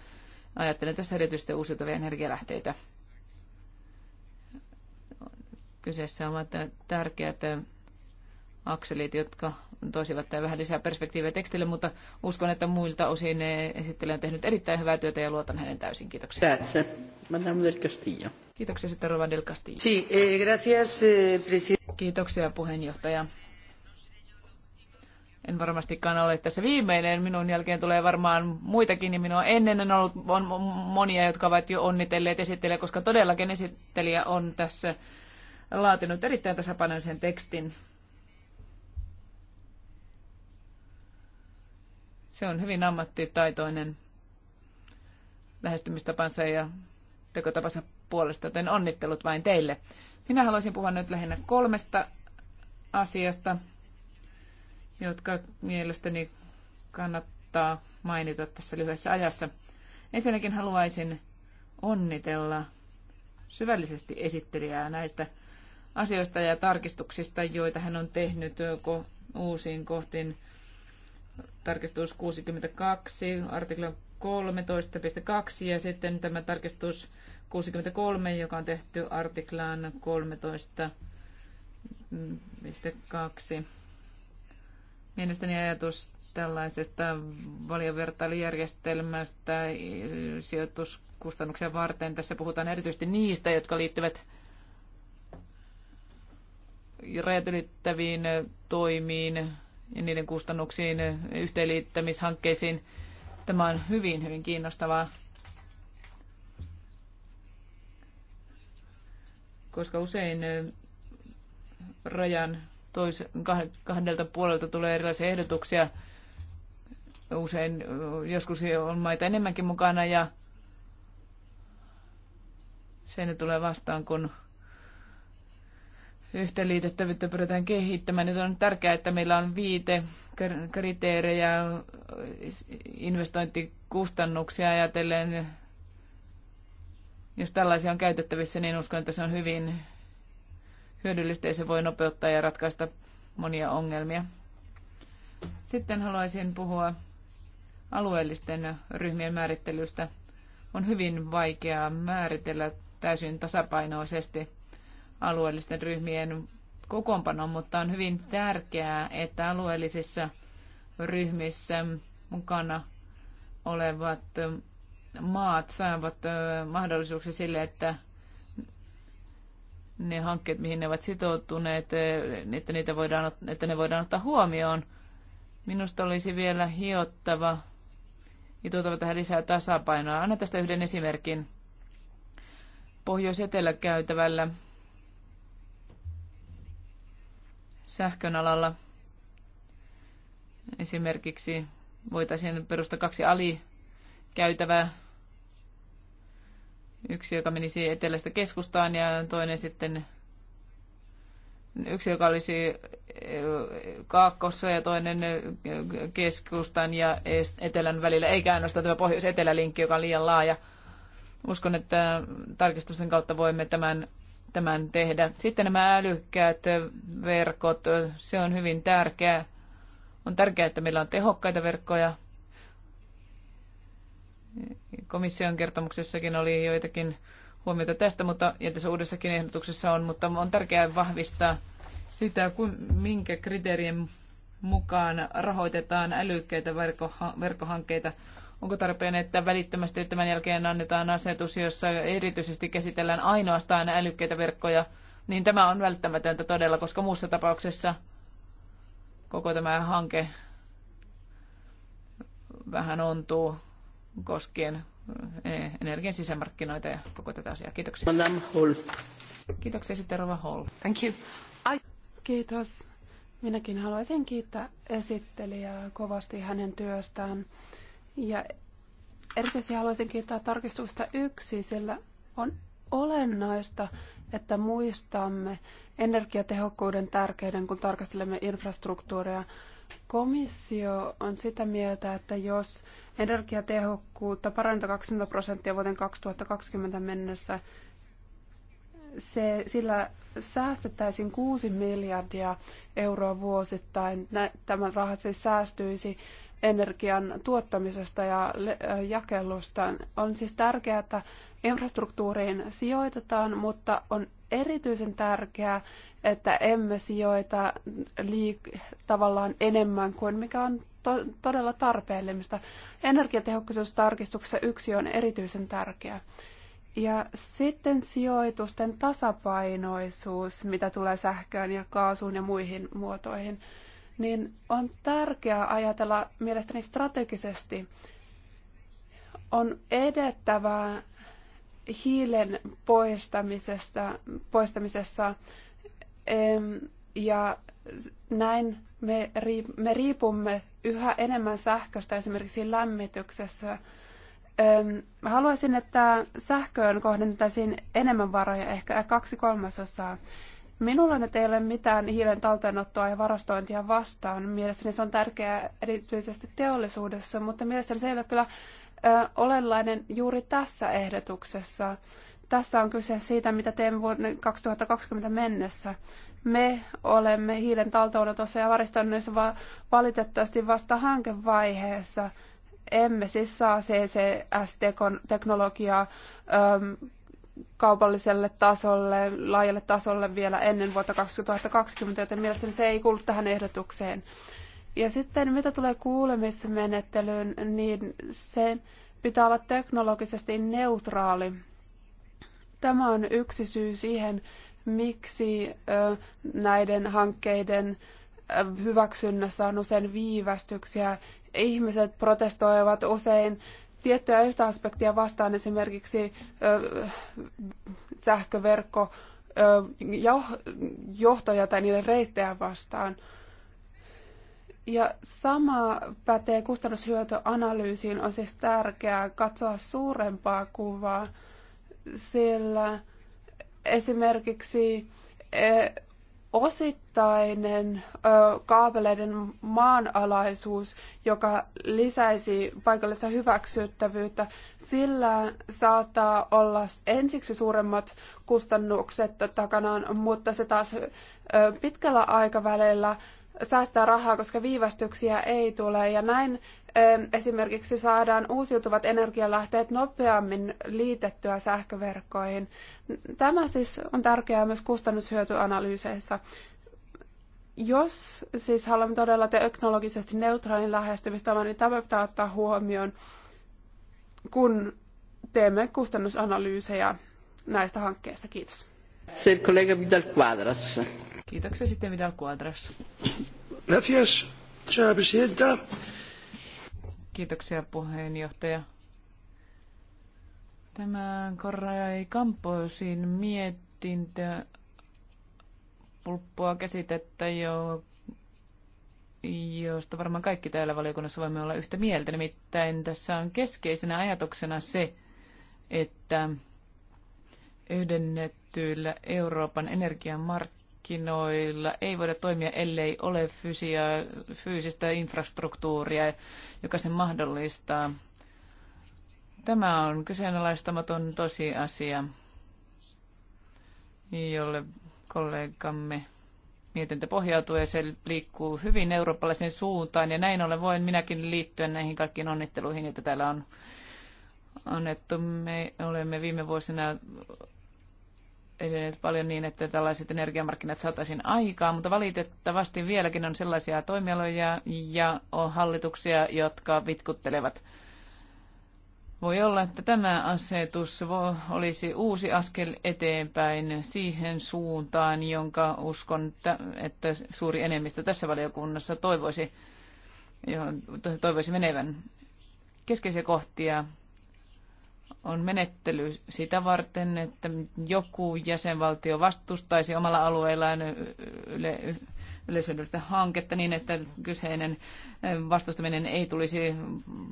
S1: Ajattelen tässä erityisesti uusiutuvia energialähteitä. Kyseessä ovat tärkeät akselit, jotka toisivat vähän lisää perspektiiviä tekstille, mutta uskon, että muilta osin esittelijä on tehnyt erittäin hyvää työtä ja luotan hänen täysin. Kiitoksia. Tässä. Mä Kiitoksia sitten Rova Del Castillo. Sí, eh, gracias, eh, Kiitoksia puheenjohtaja. En varmastikaan ole tässä viimeinen. Minun jälkeen tulee varmaan muitakin, niin minua ennen on ollut on monia, jotka ovat jo onnitelleet esittelijä, koska todellakin esittelijä on tässä laatinut erittäin tasapainoisen tekstin. Se on hyvin ammattitaitoinen lähestymistapansa ja tekotapansa puolesta, joten onnittelut vain teille. Minä haluaisin puhua nyt lähinnä kolmesta asiasta, jotka mielestäni kannattaa mainita tässä lyhyessä ajassa. Ensinnäkin haluaisin onnitella syvällisesti esittelijää näistä asioista ja tarkistuksista, joita hän on tehnyt uusiin kohtiin. Tarkistus 62, artikla 13.2 ja sitten tämä tarkistus 63, joka on tehty artiklaan 13.2. Mielestäni ajatus tällaisesta valiovertailujärjestelmästä sijoituskustannuksia varten. Tässä puhutaan erityisesti niistä, jotka liittyvät rajat ylittäviin toimiin ja niiden kustannuksiin, yhteenliittämishankkeisiin. Tämä on hyvin, hyvin kiinnostavaa koska usein rajan tois, kahdelta puolelta tulee erilaisia ehdotuksia. Usein joskus on maita enemmänkin mukana ja se ne tulee vastaan, kun yhteenliitettävyyttä pyritään kehittämään. Nyt on tärkeää, että meillä on viite kriteerejä investointikustannuksia ajatellen jos tällaisia on käytettävissä, niin uskon, että se on hyvin hyödyllistä ja se voi nopeuttaa ja ratkaista monia ongelmia. Sitten haluaisin puhua alueellisten ryhmien määrittelystä. On hyvin vaikeaa määritellä täysin tasapainoisesti alueellisten ryhmien kokoonpano, mutta on hyvin tärkeää, että alueellisissa ryhmissä mukana olevat maat saavat mahdollisuuksia sille, että ne hankkeet, mihin ne ovat sitoutuneet, että, niitä voidaan, että ne voidaan ottaa huomioon. Minusta olisi vielä hiottava ja tuotava tähän lisää tasapainoa. Anna tästä yhden esimerkin. Pohjois-Etelä käytävällä sähkön alalla esimerkiksi voitaisiin perustaa kaksi alikäytävää Yksi, joka menisi etelästä keskustaan ja toinen sitten yksi, joka olisi Kaakkossa ja toinen keskustan ja etelän välillä, eikä ainoastaan tämä pohjois-etelälinkki, joka on liian laaja. Uskon, että tarkistusten kautta voimme tämän, tämän tehdä. Sitten nämä älykkäät verkot, se on hyvin tärkeää. On tärkeää, että meillä on tehokkaita verkkoja, Komission kertomuksessakin oli joitakin huomiota tästä, mutta, ja tässä uudessakin ehdotuksessa on, mutta on tärkeää vahvistaa sitä, kun, minkä kriteerien mukaan rahoitetaan älykkäitä verkkohankkeita. Onko tarpeen, että välittömästi tämän jälkeen annetaan asetus, jossa erityisesti käsitellään ainoastaan älykkäitä verkkoja, niin tämä on välttämätöntä todella, koska muussa tapauksessa koko tämä hanke vähän ontuu koskien eh, energian sisämarkkinoita ja koko tätä asiaa. Kiitoksia. Madame Hall. Kiitoksia sitten Rova Hall. Thank you.
S3: I... Kiitos. Minäkin haluaisin kiittää esittelijää kovasti hänen työstään. Ja erityisesti haluaisin kiittää tarkistusta yksi, sillä on olennaista, että muistamme energiatehokkuuden tärkeyden, kun tarkastelemme infrastruktuuria Komissio on sitä mieltä, että jos energiatehokkuutta parantaa 20 prosenttia vuoden 2020 mennessä, se, sillä säästettäisiin 6 miljardia euroa vuosittain. Tämä raha siis säästyisi energian tuottamisesta ja jakelusta. On siis tärkeää, että infrastruktuuriin sijoitetaan, mutta on erityisen tärkeää, että emme sijoita liik- tavallaan enemmän kuin mikä on to- todella tarpeellista. Energiatehokkuustarkistuksessa yksi on erityisen tärkeä. Ja sitten sijoitusten tasapainoisuus, mitä tulee sähköön ja kaasuun ja muihin muotoihin, niin on tärkeää ajatella mielestäni strategisesti. On edettävää hiilen poistamisesta, poistamisessa ja näin me, me riipumme yhä enemmän sähköstä esimerkiksi lämmityksessä. Haluaisin, että sähköön kohdennettaisiin enemmän varoja, ehkä kaksi kolmasosaa. Minulla nyt ei ole mitään hiilen talteenottoa ja varastointia vastaan. Mielestäni se on tärkeää erityisesti teollisuudessa, mutta mielestäni se ei ole kyllä olennainen juuri tässä ehdotuksessa. Tässä on kyse siitä, mitä teemme vuoden 2020 mennessä. Me olemme hiilen taltoonotossa ja va- valitettavasti vasta hankevaiheessa. Emme siis saa CCS-teknologiaa kaupalliselle tasolle, laajalle tasolle vielä ennen vuotta 2020, joten mielestäni se ei kuulu tähän ehdotukseen. Ja sitten mitä tulee kuulemismenettelyyn, niin sen pitää olla teknologisesti neutraali. Tämä on yksi syy siihen, miksi näiden hankkeiden hyväksynnässä on usein viivästyksiä. Ihmiset protestoivat usein tiettyä yhtä aspektia vastaan, esimerkiksi sähköverkko johtoja tai niiden reittejä vastaan – ja sama pätee kustannushyötyanalyysiin. On siis tärkeää katsoa suurempaa kuvaa, sillä esimerkiksi e, osittainen kaapeleiden maanalaisuus, joka lisäisi paikallista hyväksyttävyyttä, sillä saattaa olla ensiksi suuremmat kustannukset takanaan, mutta se taas pitkällä aikavälillä säästää rahaa, koska viivästyksiä ei tule. Ja näin esimerkiksi saadaan uusiutuvat energialähteet nopeammin liitettyä sähköverkkoihin. Tämä siis on tärkeää myös kustannushyötyanalyyseissä. Jos siis haluamme todella teknologisesti neutraalin lähestymistavan, niin tämä pitää ottaa huomioon, kun teemme kustannusanalyysejä näistä hankkeista. Kiitos.
S2: Se kollega Vidal Quadras.
S3: Kiitoksia sitten Vidal Quadras.
S4: Gracias, presidenta.
S1: Kiitoksia puheenjohtaja. Tämä Korrai Kamposin mietintö pulppua käsitettä, jo, josta varmaan kaikki täällä valiokunnassa voimme olla yhtä mieltä. Nimittäin tässä on keskeisenä ajatuksena se, että yhdennettyillä Euroopan energiamarkkinoilla markkinoilla ei voida toimia, ellei ole fysia, fyysistä infrastruktuuria, joka sen mahdollistaa. Tämä on kyseenalaistamaton tosiasia, jolle kollegamme mietintä pohjautuu ja se liikkuu hyvin eurooppalaisen suuntaan. Ja näin ollen voin minäkin liittyä näihin kaikkiin onnitteluihin, joita täällä on annettu. Me olemme viime vuosina edelleen paljon niin, että tällaiset energiamarkkinat saataisiin aikaan, mutta valitettavasti vieläkin on sellaisia toimialoja ja on hallituksia, jotka vitkuttelevat. Voi olla, että tämä asetus olisi uusi askel eteenpäin siihen suuntaan, jonka uskon, että suuri enemmistö tässä valiokunnassa toivoisi, johon toivoisi menevän keskeisiä kohtia on menettely sitä varten, että joku jäsenvaltio vastustaisi omalla alueellaan yle, yleisöllistä hanketta niin, että kyseinen vastustaminen ei tulisi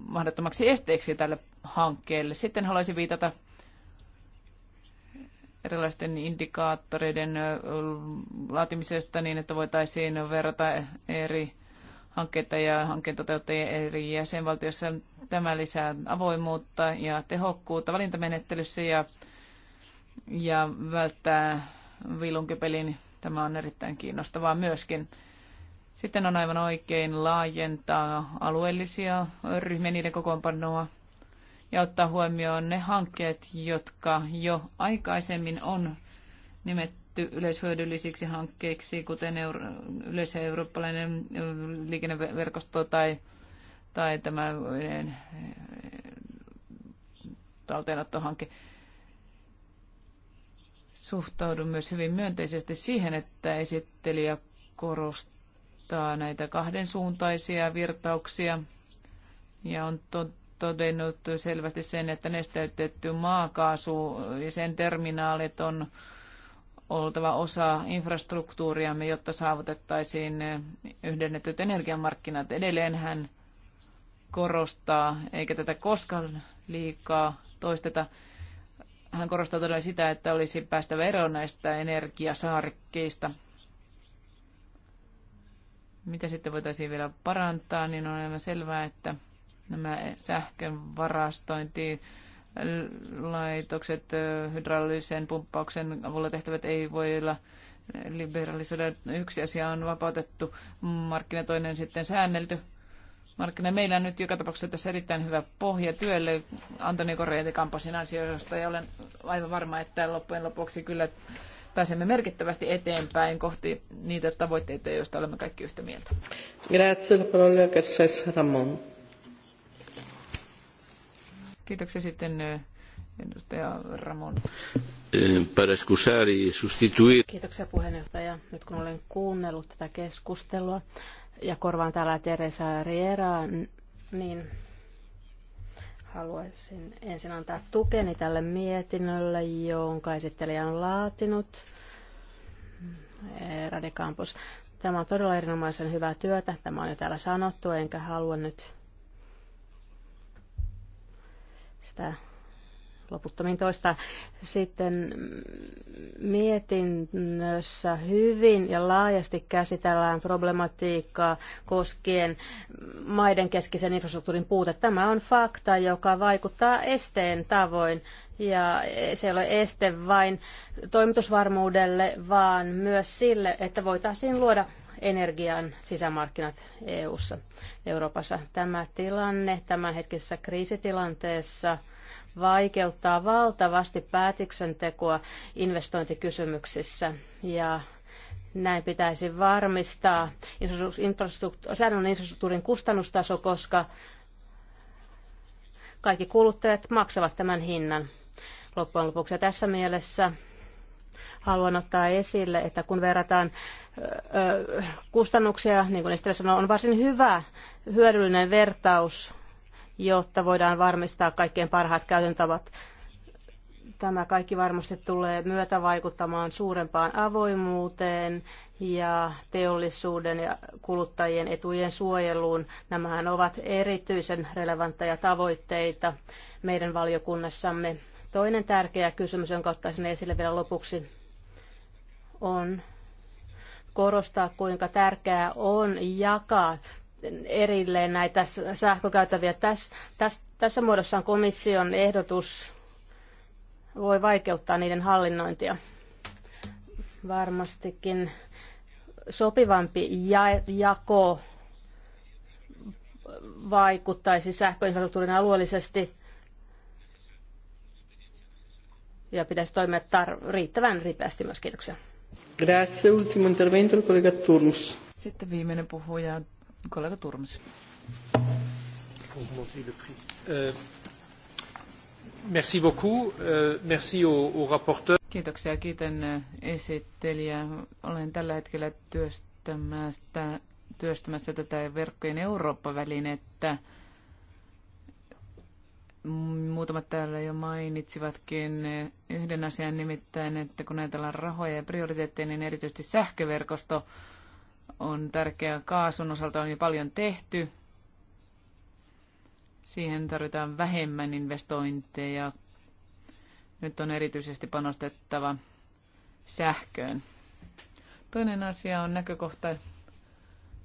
S1: mahdottomaksi esteeksi tälle hankkeelle. Sitten haluaisin viitata erilaisten indikaattoreiden laatimisesta niin, että voitaisiin verrata eri hankkeita ja hankkeen toteuttajien eri jäsenvaltioissa. Tämä lisää avoimuutta ja tehokkuutta valintamenettelyssä ja, ja välttää vilunkepelin. Tämä on erittäin kiinnostavaa myöskin. Sitten on aivan oikein laajentaa alueellisia ryhmiä, niiden kokoonpanoa ja ottaa huomioon ne hankkeet, jotka jo aikaisemmin on nimetty nimetty yleishyödyllisiksi hankkeiksi, kuten euro, yleiseurooppalainen liikenneverkosto tai, tai tämä talteenottohanke. Suhtaudun myös hyvin myönteisesti siihen, että esittelijä korostaa näitä kahden suuntaisia virtauksia ja on todennut selvästi sen, että nesteytetty maakaasu ja sen terminaalit on oltava osa infrastruktuuriamme, jotta saavutettaisiin yhdennetyt energiamarkkinat. Edelleen hän korostaa, eikä tätä koskaan liikaa toisteta, hän korostaa todella sitä, että olisi päästävä eroon näistä energiasaarikkeista. Mitä sitten voitaisiin vielä parantaa, niin on aivan selvää, että nämä sähkön varastointi, laitokset hydraulisen pumppauksen avulla tehtävät ei voi olla liberalisoida. Yksi asia on vapautettu markkina, toinen sitten säännelty markkina. Meillä on nyt joka tapauksessa tässä erittäin hyvä pohja työlle Antoni Korjati Kampasin ansiosta ja olen aivan varma, että loppujen lopuksi kyllä pääsemme merkittävästi eteenpäin kohti niitä tavoitteita, joista olemme kaikki yhtä mieltä. Grazie, Ramon. Kiitoksia sitten edustaja Ramon.
S2: Eh,
S1: Kiitoksia puheenjohtaja. Nyt kun olen kuunnellut
S5: tätä keskustelua ja korvaan täällä Teresa Riera, niin haluaisin ensin antaa tukeni tälle mietinnölle, jonka esittelijä on laatinut. Radikampus. Tämä on todella erinomaisen hyvää työtä. Tämä on jo täällä sanottu, enkä halua nyt sitä loputtomiin toista. Sitten mietinnössä hyvin ja laajasti käsitellään problematiikkaa koskien maiden keskisen infrastruktuurin puute. Tämä on fakta, joka vaikuttaa esteen tavoin. Ja se ei ole este vain toimitusvarmuudelle, vaan myös sille, että voitaisiin luoda energian sisämarkkinat EU-ssa, Euroopassa. Tämä tilanne tämänhetkisessä kriisitilanteessa vaikeuttaa valtavasti päätöksentekoa investointikysymyksissä ja näin pitäisi varmistaa säännön infrastruktuurin kustannustaso, koska kaikki kuluttajat maksavat tämän hinnan loppujen lopuksi. Ja tässä mielessä haluan ottaa esille, että kun verrataan kustannuksia, niin kuin Estelle sanoi, on varsin hyvä hyödyllinen vertaus, jotta voidaan varmistaa kaikkien parhaat käytäntavat. Tämä kaikki varmasti tulee vaikuttamaan suurempaan avoimuuteen ja teollisuuden ja kuluttajien etujen suojeluun. Nämähän ovat erityisen relevantteja tavoitteita meidän valiokunnassamme. Toinen tärkeä kysymys, jonka ottaisin esille vielä lopuksi, on korostaa, kuinka tärkeää on jakaa erilleen näitä sähkökäytäviä. Tässä, tässä, tässä muodossaan komission ehdotus voi vaikeuttaa niiden hallinnointia. Varmastikin sopivampi ja- jako vaikuttaisi sähköinfrastruktuurin alueellisesti ja pitäisi toimia tar- riittävän ripeästi myös. Kiitoksia.
S2: Grazie. Ultimo intervento, kollega Turms.
S1: Sitten viimeinen puhuja, kollega Turms. Euh, merci beaucoup. Euh, merci au rapporteur. Kiitoksia. Kiitän äh, esittelijää. Olen tällä hetkellä työstämässä, työstämässä tätä verkkojen Eurooppa-välinettä. Muutamat täällä jo mainitsivatkin yhden asian nimittäin, että kun ajatellaan rahoja ja prioriteetteja, niin erityisesti sähköverkosto on tärkeä. Kaasun osalta on jo paljon tehty. Siihen tarvitaan vähemmän investointeja. Nyt on erityisesti panostettava sähköön. Toinen asia on näkökohta,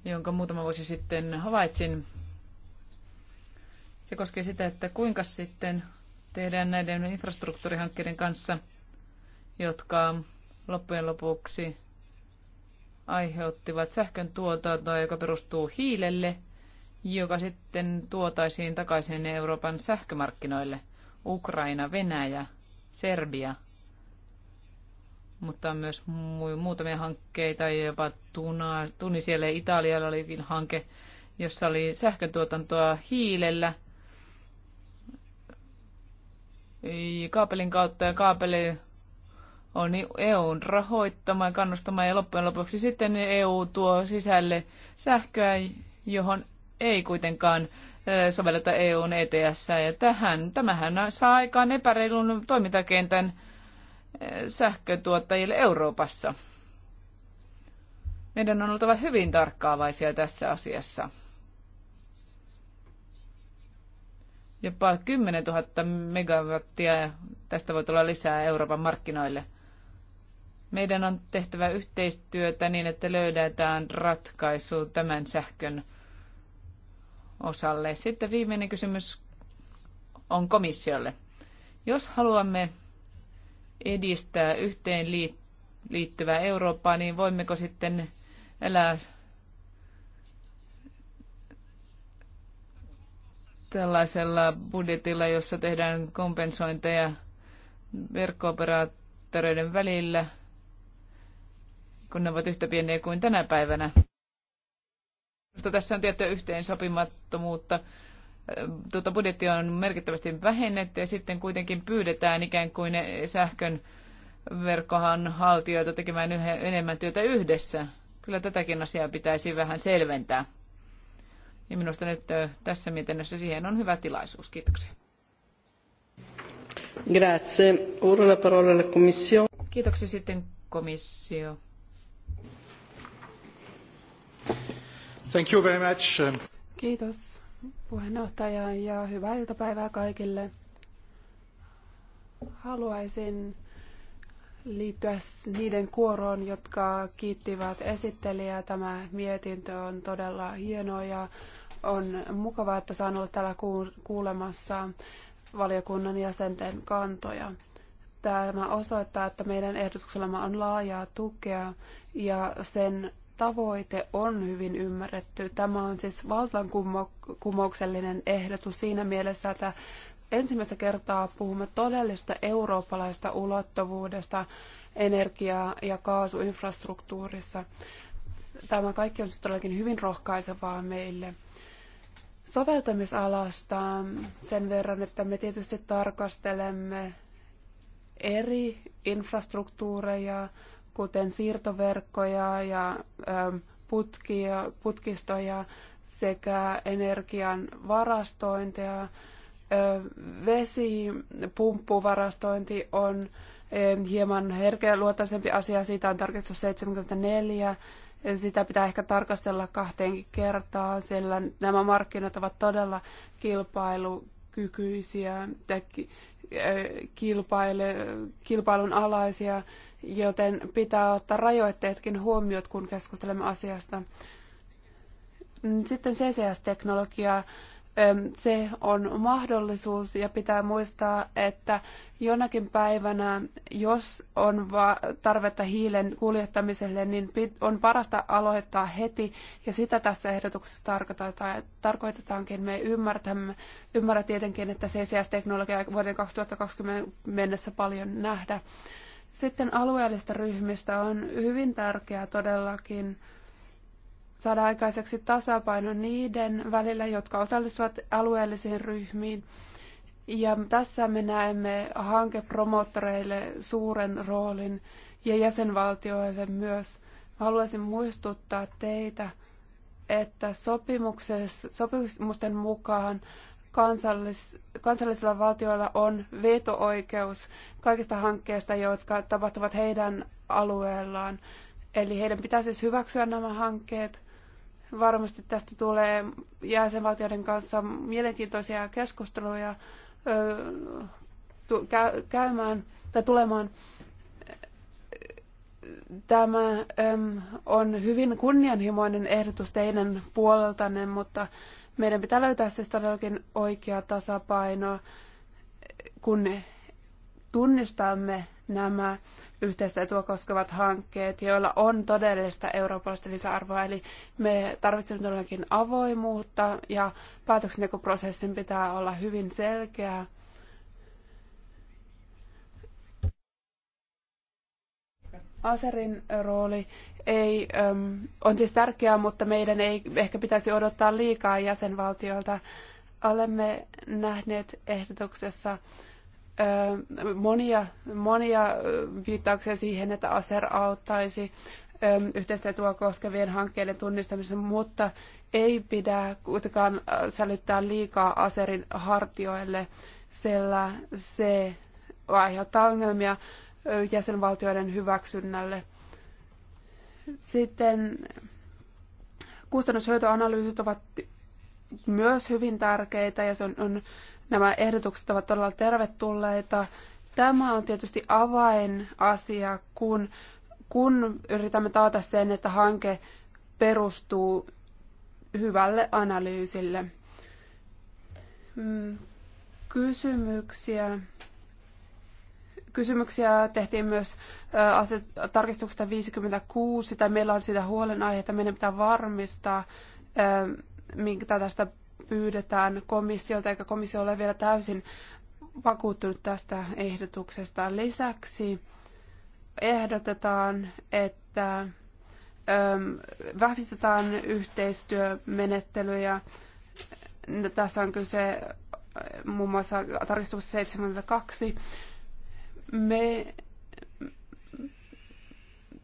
S1: jonka muutama vuosi sitten havaitsin se koskee sitä, että kuinka sitten tehdään näiden infrastruktuurihankkeiden kanssa, jotka loppujen lopuksi aiheuttivat sähkön tuotantoa, joka perustuu hiilelle, joka sitten tuotaisiin takaisin Euroopan sähkömarkkinoille. Ukraina, Venäjä, Serbia, mutta on myös muutamia hankkeita, jopa Tunisialle ja Italialla olikin hanke, jossa oli sähköntuotantoa hiilellä – kaapelin kautta ja kaapeli on EUn rahoittama ja kannustama ja loppujen lopuksi sitten EU tuo sisälle sähköä, johon ei kuitenkaan sovelleta EUn ETS. Ja tähän, tämähän saa aikaan epäreilun toimintakentän sähkötuottajille Euroopassa. Meidän on oltava hyvin tarkkaavaisia tässä asiassa. Jopa 10 000 megawattia tästä voi tulla lisää Euroopan markkinoille. Meidän on tehtävä yhteistyötä niin, että löydetään ratkaisu tämän sähkön osalle. Sitten viimeinen kysymys on komissiolle. Jos haluamme edistää yhteen liittyvää Eurooppaa, niin voimmeko sitten elää tällaisella budjetilla, jossa tehdään kompensointeja verkkooperaattoreiden välillä, kun ne ovat yhtä pieniä kuin tänä päivänä. Minusta tässä on tiettyä yhteensopimattomuutta. Tuota budjetti on merkittävästi vähennetty ja sitten kuitenkin pyydetään ikään kuin sähkön verkkohan haltijoita tekemään enemmän työtä yhdessä. Kyllä tätäkin asiaa pitäisi vähän selventää. Ja minusta nyt tässä mietinnössä siihen on hyvä tilaisuus. Kiitoksia.
S2: Grazie. Ora la parola alla
S3: Commissione. Kiitoksia sitten
S1: komissio.
S2: Thank you very much. Um,
S3: Kiitos puheenjohtaja ja hyvää iltapäivää kaikille. Haluaisin liittyä niiden kuoroon, jotka kiittivät esittelijää. Tämä mietintö on todella hieno ja on mukavaa, että saan olla täällä kuulemassa valiokunnan jäsenten kantoja. Tämä osoittaa, että meidän ehdotuksellamme on laajaa tukea ja sen tavoite on hyvin ymmärretty. Tämä on siis valtankumouksellinen ehdotus siinä mielessä, että ensimmäistä kertaa puhumme todellista eurooppalaista ulottuvuudesta energia- ja kaasuinfrastruktuurissa. Tämä kaikki on siis todellakin hyvin rohkaisevaa meille soveltamisalasta sen verran, että me tietysti tarkastelemme eri infrastruktuureja, kuten siirtoverkkoja ja ähm, putkia, putkistoja sekä energian varastointia. Äh, vesipumppuvarastointi on ähm, hieman luotaisempi asia, siitä on tarkistus 74 sitä pitää ehkä tarkastella kahteenkin kertaan, sillä nämä markkinat ovat todella kilpailukykyisiä ja kilpaile, kilpailun alaisia, joten pitää ottaa rajoitteetkin huomioon, kun keskustelemme asiasta. Sitten CCS-teknologiaa se on mahdollisuus ja pitää muistaa, että jonakin päivänä, jos on tarvetta hiilen kuljettamiselle, niin on parasta aloittaa heti ja sitä tässä ehdotuksessa tarkoitetaankin. Me ymmärtämme, ymmärrä tietenkin, että CCS-teknologia vuoden 2020 mennessä paljon nähdä. Sitten alueellista ryhmistä on hyvin tärkeää todellakin saada aikaiseksi tasapaino niiden välillä, jotka osallistuvat alueellisiin ryhmiin. Ja tässä me näemme hankepromoottoreille suuren roolin ja jäsenvaltioille myös. Haluaisin muistuttaa teitä, että sopimusten mukaan kansallis, kansallisilla valtioilla on veto-oikeus kaikista hankkeista, jotka tapahtuvat heidän alueellaan. Eli heidän pitää siis hyväksyä nämä hankkeet, Varmasti tästä tulee jäsenvaltioiden kanssa mielenkiintoisia keskusteluja käymään tai tulemaan. Tämä on hyvin kunnianhimoinen ehdotus teidän puoleltanne, mutta meidän pitää löytää siis todellakin oikea tasapaino, kun tunnistamme nämä yhteistä etua koskevat hankkeet, joilla on todellista eurooppalaista lisäarvoa. Eli me tarvitsemme todellakin avoimuutta ja päätöksentekoprosessin pitää olla hyvin selkeä. Aserin rooli ei, äm, on siis tärkeää, mutta meidän ei ehkä pitäisi odottaa liikaa jäsenvaltioilta. Olemme nähneet ehdotuksessa monia, monia viittauksia siihen, että ASER auttaisi yhteistyötä koskevien hankkeiden tunnistamisessa, mutta ei pidä kuitenkaan sälyttää liikaa ASERin hartioille, sillä se aiheuttaa ongelmia jäsenvaltioiden hyväksynnälle. Sitten kustannushyötyanalyysit ovat myös hyvin tärkeitä ja se on, on Nämä ehdotukset ovat todella tervetulleita. Tämä on tietysti avainasia, kun, kun yritämme taata sen, että hanke perustuu hyvälle analyysille. Mm, kysymyksiä. Kysymyksiä tehtiin myös aset, tarkistuksesta 56, tai meillä on sitä huolenaihe, että meidän pitää varmistaa, minkä tästä pyydetään komissiolta, eikä komissio ole vielä täysin vakuuttunut tästä ehdotuksesta. Lisäksi ehdotetaan, että vahvistetaan yhteistyömenettelyjä. Tässä on kyse äh, muun muassa tarkistus 72. Me,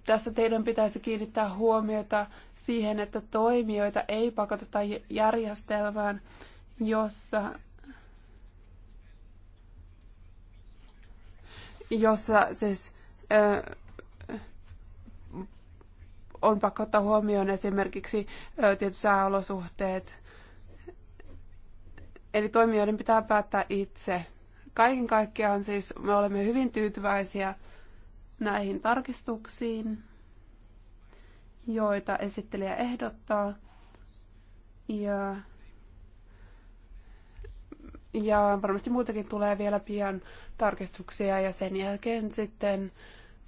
S3: tässä teidän pitäisi kiinnittää huomiota siihen, että toimijoita ei pakoteta järjestelmään, jossa, jossa siis ö, on pakko ottaa huomioon esimerkiksi ö, tietyt sääolosuhteet. Eli toimijoiden pitää päättää itse. Kaiken kaikkiaan siis me olemme hyvin tyytyväisiä näihin tarkistuksiin joita esittelijä ehdottaa. Ja, ja varmasti muutakin tulee vielä pian tarkistuksia ja sen jälkeen sitten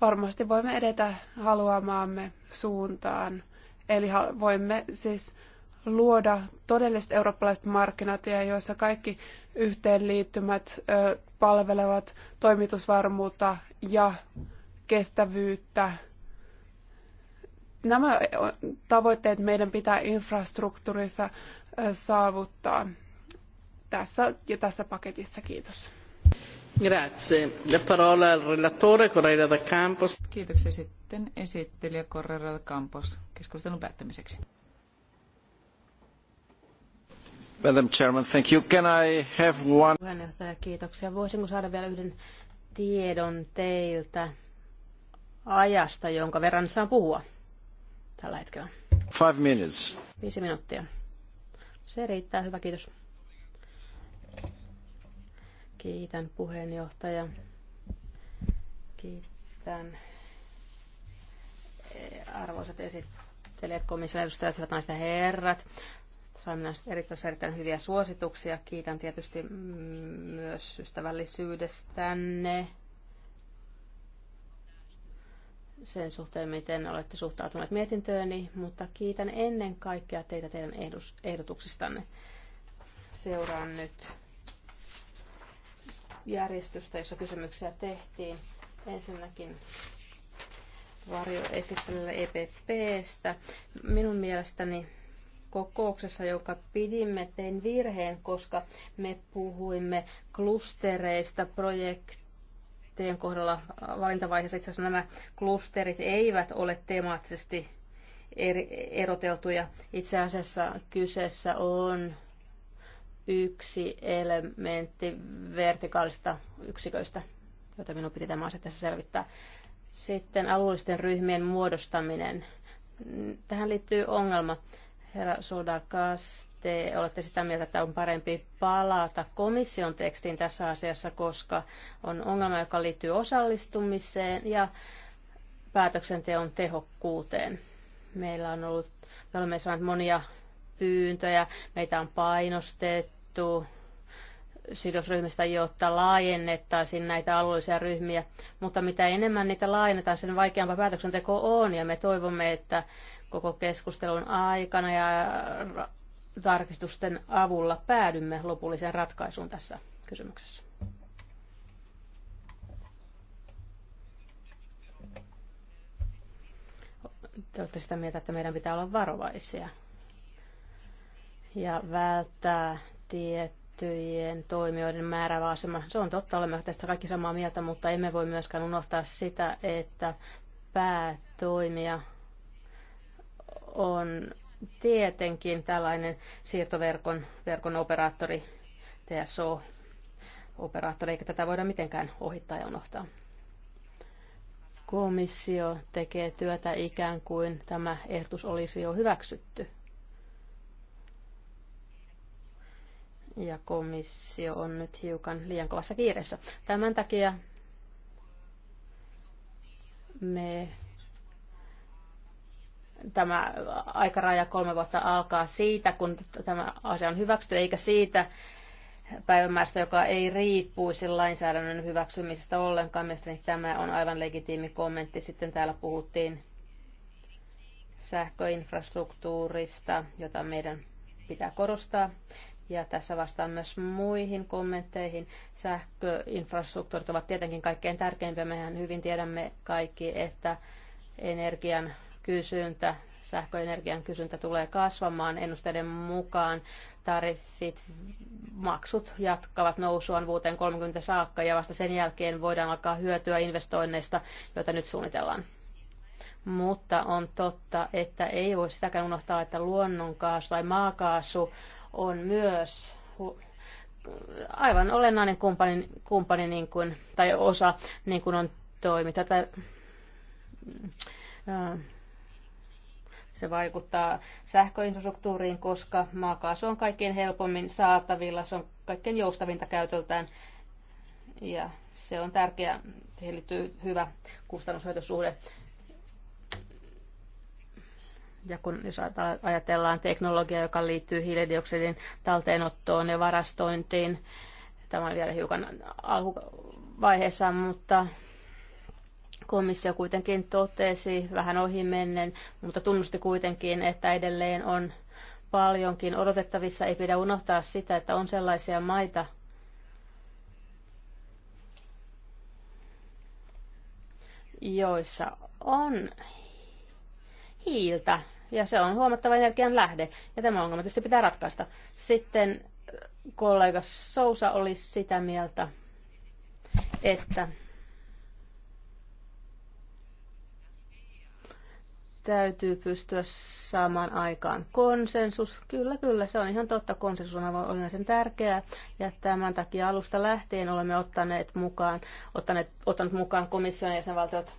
S3: varmasti voimme edetä haluamaamme suuntaan. Eli voimme siis luoda todelliset eurooppalaiset markkinat, joissa kaikki yhteenliittymät palvelevat toimitusvarmuutta ja kestävyyttä nämä tavoitteet meidän pitää infrastruktuurissa saavuttaa tässä ja tässä paketissa. Kiitos.
S1: Grazie. La parola al relatore Correira da Campos. Kiitoksia sitten esittelijä Correia da Campos keskustelun päättämiseksi.
S2: Madam Chairman, thank you. Can I have one...
S5: Puheenjohtaja, kiitoksia. Voisinko saada vielä yhden tiedon teiltä ajasta, jonka verran saan puhua? tällä hetkellä.
S4: Five minutes.
S5: Viisi minuuttia. Se riittää. Hyvä, kiitos. Kiitän puheenjohtaja. Kiitän eh, arvoisat esittelijät, komission edustajat, hyvät naiset ja herrat. Saimme näistä erittäin, erittäin hyviä suosituksia. Kiitän tietysti myös ystävällisyydestänne sen suhteen, miten olette suhtautuneet mietintööni, mutta kiitän ennen kaikkea teitä teidän ehdotuksistanne. Seuraan nyt järjestystä, jossa kysymyksiä tehtiin. Ensinnäkin Varjo esittelyllä EPPstä. Minun mielestäni kokouksessa, jonka pidimme, tein virheen, koska me puhuimme klustereista, projekteista, teidän kohdalla äh, valintavaiheessa itse asiassa nämä klusterit eivät ole temaattisesti eri, eroteltuja. Itse asiassa kyseessä on yksi elementti vertikaalista yksiköistä, jota minun piti tämä asia tässä selvittää. Sitten alueellisten ryhmien muodostaminen. Tähän liittyy ongelma. Herra Sodakas te olette sitä mieltä, että on parempi palata komission tekstiin tässä asiassa, koska on ongelma, joka liittyy osallistumiseen ja päätöksenteon tehokkuuteen. Meillä on ollut, me olemme saaneet monia pyyntöjä, meitä on painostettu sidosryhmistä, jotta laajennettaisiin näitä alueellisia ryhmiä, mutta mitä enemmän niitä laajennetaan, sen vaikeampaa päätöksenteko on, ja me toivomme, että koko keskustelun aikana ja tarkistusten avulla päädymme lopulliseen ratkaisuun tässä kysymyksessä. Te olette sitä mieltä, että meidän pitää olla varovaisia ja välttää tiettyjen toimijoiden määrävä asema. Se on totta, olemme tästä kaikki samaa mieltä, mutta emme voi myöskään unohtaa sitä, että päätoimija on tietenkin tällainen siirtoverkon verkon operaattori, TSO-operaattori, eikä tätä voida mitenkään ohittaa ja unohtaa. Komissio tekee työtä ikään kuin tämä ehdotus olisi jo hyväksytty. Ja komissio on nyt hiukan liian kovassa kiireessä. Tämän takia me tämä aikaraja kolme vuotta alkaa siitä, kun tämä asia on hyväksytty, eikä siitä päivämäärästä, joka ei riippuisi lainsäädännön hyväksymisestä ollenkaan. Mielestäni tämä on aivan legitiimi kommentti. Sitten täällä puhuttiin sähköinfrastruktuurista, jota meidän pitää korostaa. Ja tässä vastaan myös muihin kommentteihin. Sähköinfrastruktuurit ovat tietenkin kaikkein tärkeimpiä. Mehän hyvin tiedämme kaikki, että energian kysyntä, sähköenergian kysyntä tulee kasvamaan ennusteiden mukaan. Tariffit, maksut jatkavat nousuaan vuoteen 30 saakka ja vasta sen jälkeen voidaan alkaa hyötyä investoinneista, joita nyt suunnitellaan. Mutta on totta, että ei voi sitäkään unohtaa, että luonnonkaasu tai maakaasu on myös aivan olennainen kumppani, kumppani niin kuin, tai osa niin kuin on toimi. Tätä, äh, se vaikuttaa sähköinfrastruktuuriin, koska maakaasu on kaikkein helpommin saatavilla, se on kaikkein joustavinta käytöltään ja se on tärkeä, siihen liittyy hyvä kustannushoitosuhde. Ja kun jos ajatellaan teknologiaa, joka liittyy hiilidioksidin talteenottoon ja varastointiin, tämä on vielä hiukan alkuvaiheessa, mutta Komissio kuitenkin totesi vähän ohimennen, mutta tunnusti kuitenkin, että edelleen on paljonkin odotettavissa. Ei pidä unohtaa sitä, että on sellaisia maita, joissa on hiiltä ja se on huomattava energian lähde ja tämä ongelma tietysti pitää ratkaista. Sitten kollega Sousa oli sitä mieltä, että täytyy pystyä saamaan aikaan konsensus. Kyllä, kyllä, se on ihan totta. Konsensus on aivan sen tärkeää. Ja tämän takia alusta lähtien olemme ottaneet mukaan, ottaneet, ottaneet mukaan komission jäsenvaltiot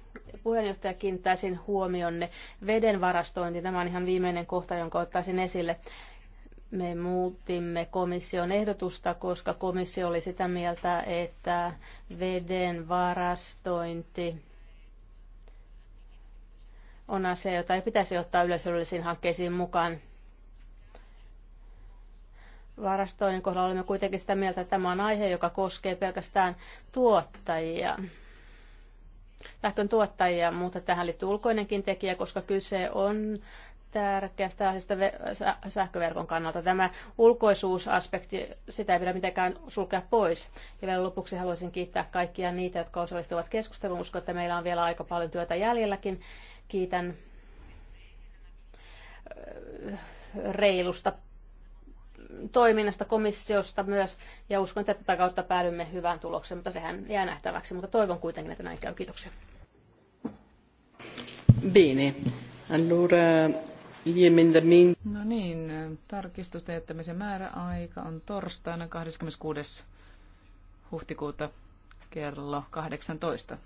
S5: puheenjohtaja kiinnittäisin huomionne veden varastointi. Tämä on ihan viimeinen kohta, jonka ottaisin esille. Me muutimme komission ehdotusta, koska komissio oli sitä mieltä, että veden varastointi on asia, jota ei pitäisi ottaa yleisöllisiin hankkeisiin mukaan. Varastoinnin kohdalla olemme kuitenkin sitä mieltä, että tämä on aihe, joka koskee pelkästään tuottajia, sähkön tuottajia, mutta tähän liittyy ulkoinenkin tekijä, koska kyse on tärkeästä asiasta sähköverkon kannalta. Tämä ulkoisuusaspekti, sitä ei pidä mitenkään sulkea pois. Ja vielä lopuksi haluaisin kiittää kaikkia niitä, jotka osallistuvat keskusteluun. Uskon, että meillä on vielä aika paljon työtä jäljelläkin. Kiitän äh, reilusta toiminnasta komissiosta myös, ja uskon, että tätä kautta päädymme hyvään tulokseen, mutta sehän jää nähtäväksi, mutta toivon kuitenkin, että näin käy. Kiitoksia.
S2: Bene. Allora, gli emendamenti...
S1: No niin, tarkistusten jättämisen määräaika on torstaina 26. huhtikuuta kello 18.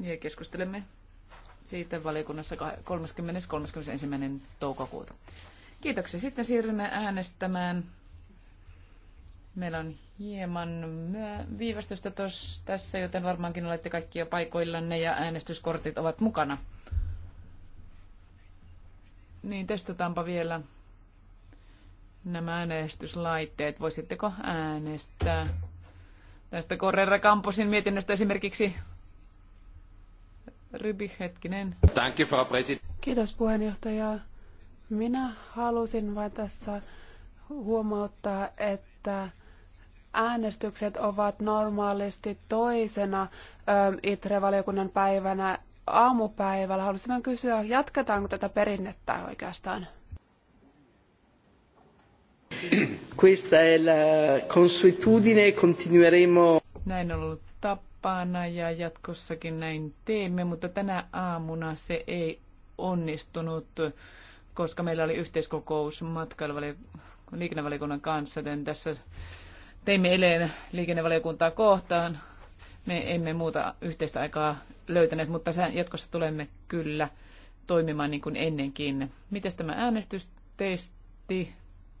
S1: Ja keskustelemme siitä valiokunnassa 30.31. toukokuuta. Kiitoksia. Sitten siirrymme äänestämään. Meillä on hieman viivästystä tos, tässä, joten varmaankin olette kaikki jo paikoillanne ja äänestyskortit ovat mukana. Niin, testataanpa vielä nämä äänestyslaitteet. Voisitteko äänestää tästä Correra Camposin mietinnöstä esimerkiksi
S3: Thank you, Frau Kiitos puheenjohtaja. Minä halusin vain tässä huomauttaa, että äänestykset ovat normaalisti toisena ITRE-valiokunnan päivänä aamupäivällä. Haluaisin vain kysyä, jatketaanko tätä perinnettä oikeastaan?
S2: Questa è la consuetudine, e continueremo.
S1: Näin on ollut tapa vapaana ja jatkossakin näin teemme, mutta tänä aamuna se ei onnistunut, koska meillä oli yhteiskokous matkailuliikennevaliokunnan kanssa, joten tässä teimme eilen liikennevaliokuntaa kohtaan. Me emme muuta yhteistä aikaa löytäneet, mutta jatkossa tulemme kyllä toimimaan niin kuin ennenkin. Miten tämä äänestystesti?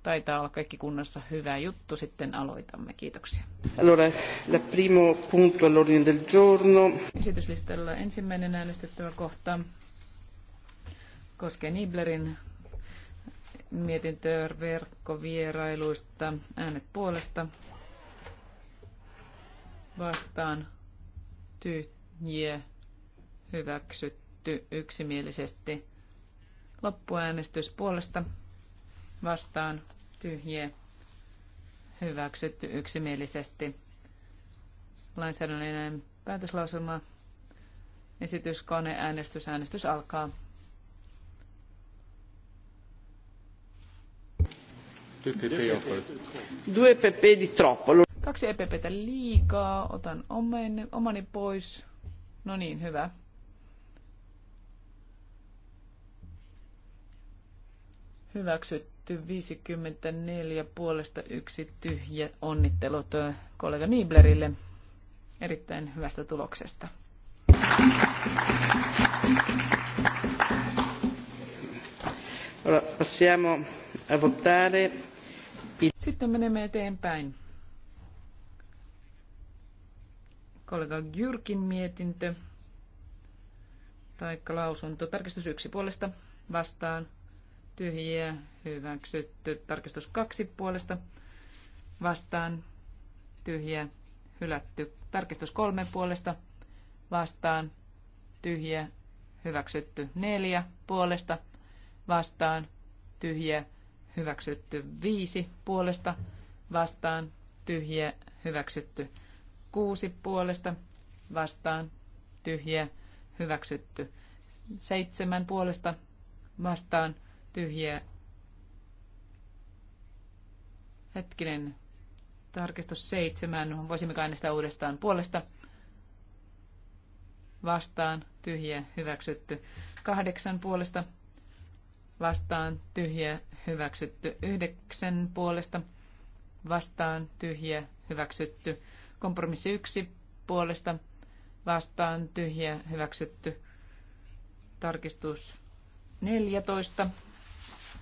S1: Taitaa olla kaikki kunnossa. Hyvä juttu, sitten aloitamme. Kiitoksia.
S2: Allora, la primo punto all'ordine del giorno.
S1: Esityslistalla ensimmäinen äänestettävä kohta koskee Niblerin mietintöä verkkovierailuista. Äänet puolesta vastaan tyhjiä hyväksytty yksimielisesti. Loppuäänestys puolesta vastaan tyhjiä hyväksytty yksimielisesti. Lainsäädännöllinen päätöslauselma. Esitys, kone, äänestys, äänestys alkaa. Due PP di troppo. Kaksi EPPtä liikaa. Otan omen, omani pois. No niin, hyvä. Hyväksytty hyväksytty 54 puolesta yksi tyhjä. Onnittelut kollega Nieblerille erittäin hyvästä tuloksesta.
S2: Passiamo a
S1: votare. Sitten menemme eteenpäin. Kollega Gyrkin mietintö Tai lausunto. Tarkistus yksi puolesta vastaan tyhjiä, hyväksytty. Tarkistus kaksi puolesta vastaan, tyhjiä, hylätty. Tarkistus kolme puolesta vastaan, tyhjiä, hyväksytty. Neljä puolesta vastaan, tyhjiä, hyväksytty. Viisi puolesta vastaan, tyhjiä, hyväksytty. Kuusi puolesta vastaan, tyhjiä, hyväksytty. Seitsemän puolesta vastaan, tyhjiä. Hetkinen, tarkistus seitsemän. Voisimmeko sitä uudestaan puolesta? Vastaan, tyhjiä, hyväksytty. Kahdeksan puolesta. Vastaan, tyhjiä, hyväksytty. Yhdeksän puolesta. Vastaan, tyhjiä, hyväksytty. Kompromissi yksi puolesta. Vastaan, tyhjiä, hyväksytty. Tarkistus 14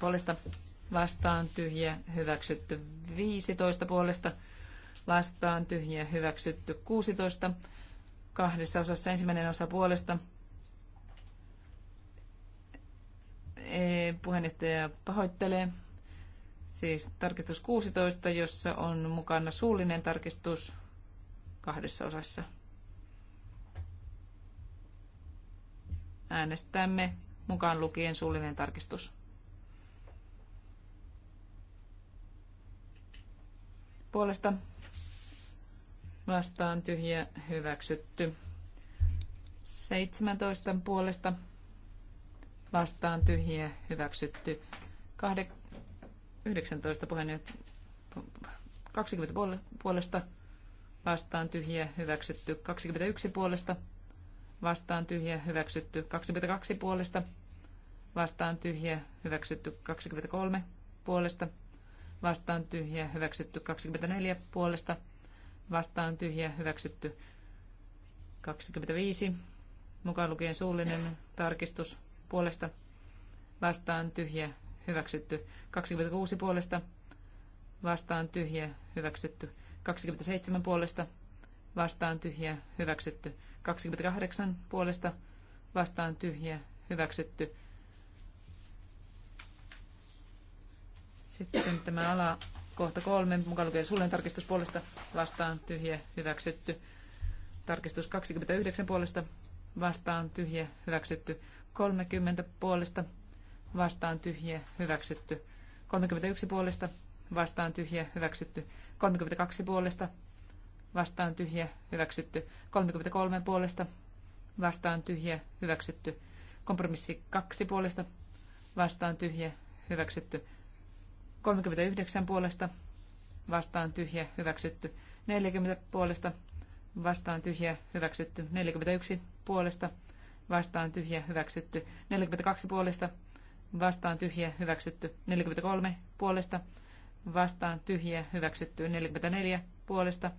S1: puolesta vastaan tyhjä hyväksytty 15 puolesta vastaan tyhjä hyväksytty 16 kahdessa osassa ensimmäinen osa puolesta e, puheenjohtaja pahoittelee siis tarkistus 16 jossa on mukana suullinen tarkistus kahdessa osassa äänestämme mukaan lukien suullinen tarkistus puolesta vastaan tyhjä hyväksytty. 17 puolesta vastaan tyhjä hyväksytty. 19 puheenjohtaja 20 puolesta vastaan tyhjä hyväksytty. 21 puolesta vastaan tyhjä hyväksytty. 22 puolesta vastaan tyhjä hyväksytty. 23 puolesta vastaan tyhjä hyväksytty 24 puolesta, vastaan tyhjä hyväksytty 25, mukaan lukien suullinen tarkistus puolesta, vastaan tyhjä hyväksytty 26 puolesta, vastaan tyhjä hyväksytty 27 puolesta, vastaan tyhjä hyväksytty 28 puolesta, vastaan tyhjä hyväksytty Sitten tämä ala kohta kolme, mukaan lukee sulle tarkistus puolesta vastaan tyhjä hyväksytty. Tarkistus 29 puolesta vastaan tyhjä hyväksytty. 30 puolesta vastaan tyhjä hyväksytty. 31 puolesta vastaan tyhjä hyväksytty. 32 puolesta vastaan tyhjä hyväksytty. 33 puolesta vastaan tyhjä hyväksytty. Kompromissi 2 puolesta vastaan tyhjä hyväksytty. 39 puolesta vastaan tyhjä hyväksytty. 40 puolesta vastaan tyhjä hyväksytty. 41 puolesta vastaan tyhjä hyväksytty. 42 puolesta vastaan tyhjä hyväksytty. 43 puolesta vastaan tyhjä hyväksytty. 44 puolesta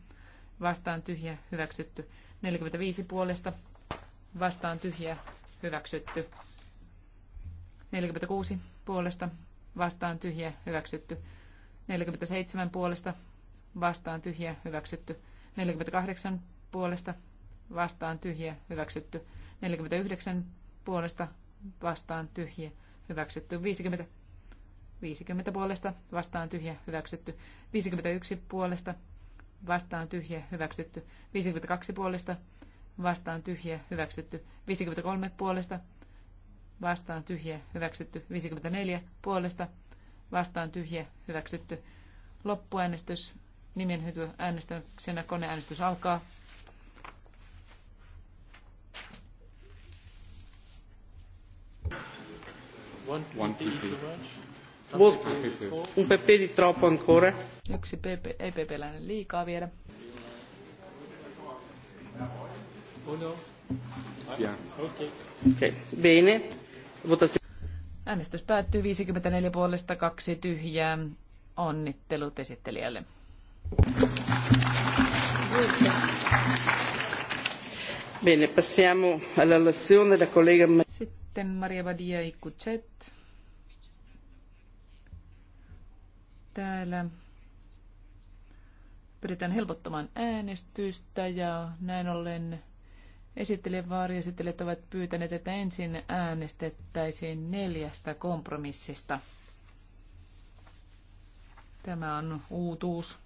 S1: vastaan tyhjä hyväksytty. 45 puolesta vastaan tyhjä hyväksytty. 46 puolesta vastaan tyhjä hyväksytty. 47 puolesta vastaan tyhjä hyväksytty. 48 puolesta vastaan tyhjä hyväksytty. 49 puolesta vastaan tyhjä hyväksytty. 50 50 puolesta vastaan tyhjä hyväksytty. 51 puolesta vastaan tyhjä hyväksytty. 52 puolesta vastaan tyhjä hyväksytty. 53 puolesta vastaan tyhjä hyväksytty. 54 puolesta vastaan tyhjä hyväksytty. Loppuäänestys nimen äänestyksenä koneäänestys alkaa.
S2: Un PP di troppo ancora.
S1: Yksi PP, EPP-läinen liikaa vielä.
S2: Oh no. Yeah. Okay. Okay.
S1: Bene. Äänestys päättyy 54 puolesta kaksi tyhjää. Onnittelut esittelijälle.
S2: Bene, passiamo alla relazione della collega
S1: Sitten Maria Vadia Ikuchet. Täällä pyritään helpottamaan äänestystä ja näin ollen Esittelijän vaari esittelijät ovat pyytäneet, että ensin äänestettäisiin neljästä kompromissista. Tämä on uutuus.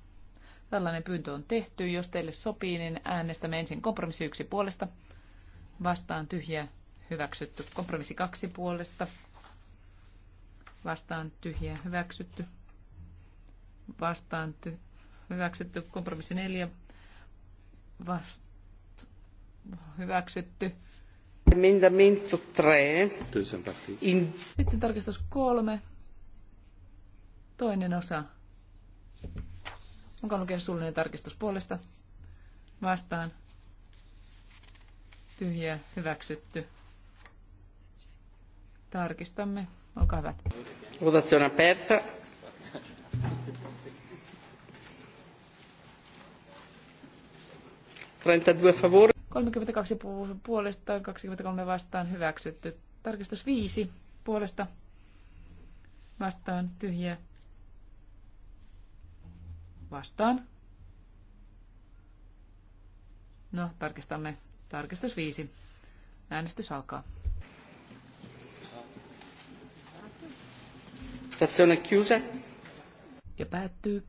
S1: Tällainen pyyntö on tehty. Jos teille sopii, niin äänestämme ensin kompromissi yksi puolesta. Vastaan tyhjä hyväksytty. Kompromissi kaksi puolesta. Vastaan tyhjä hyväksytty. Vastaan ty- hyväksytty. Kompromissi neljä. vastaan hyväksytty.
S2: Emendamento
S1: 3. In... Sitten tarkistus kolme. Toinen osa. Onko lukien suullinen tarkistus puolesta. Vastaan. Tyhjä, hyväksytty. Tarkistamme. Olkaa hyvät. Votazione aperta. Trentadue favore. 32 puolesta, 23 vastaan hyväksytty. Tarkistus 5 puolesta vastaan tyhjä vastaan. No, tarkistamme. Tarkistus 5. Äänestys alkaa.
S2: Stazione chiuse.
S1: Ja päättyy.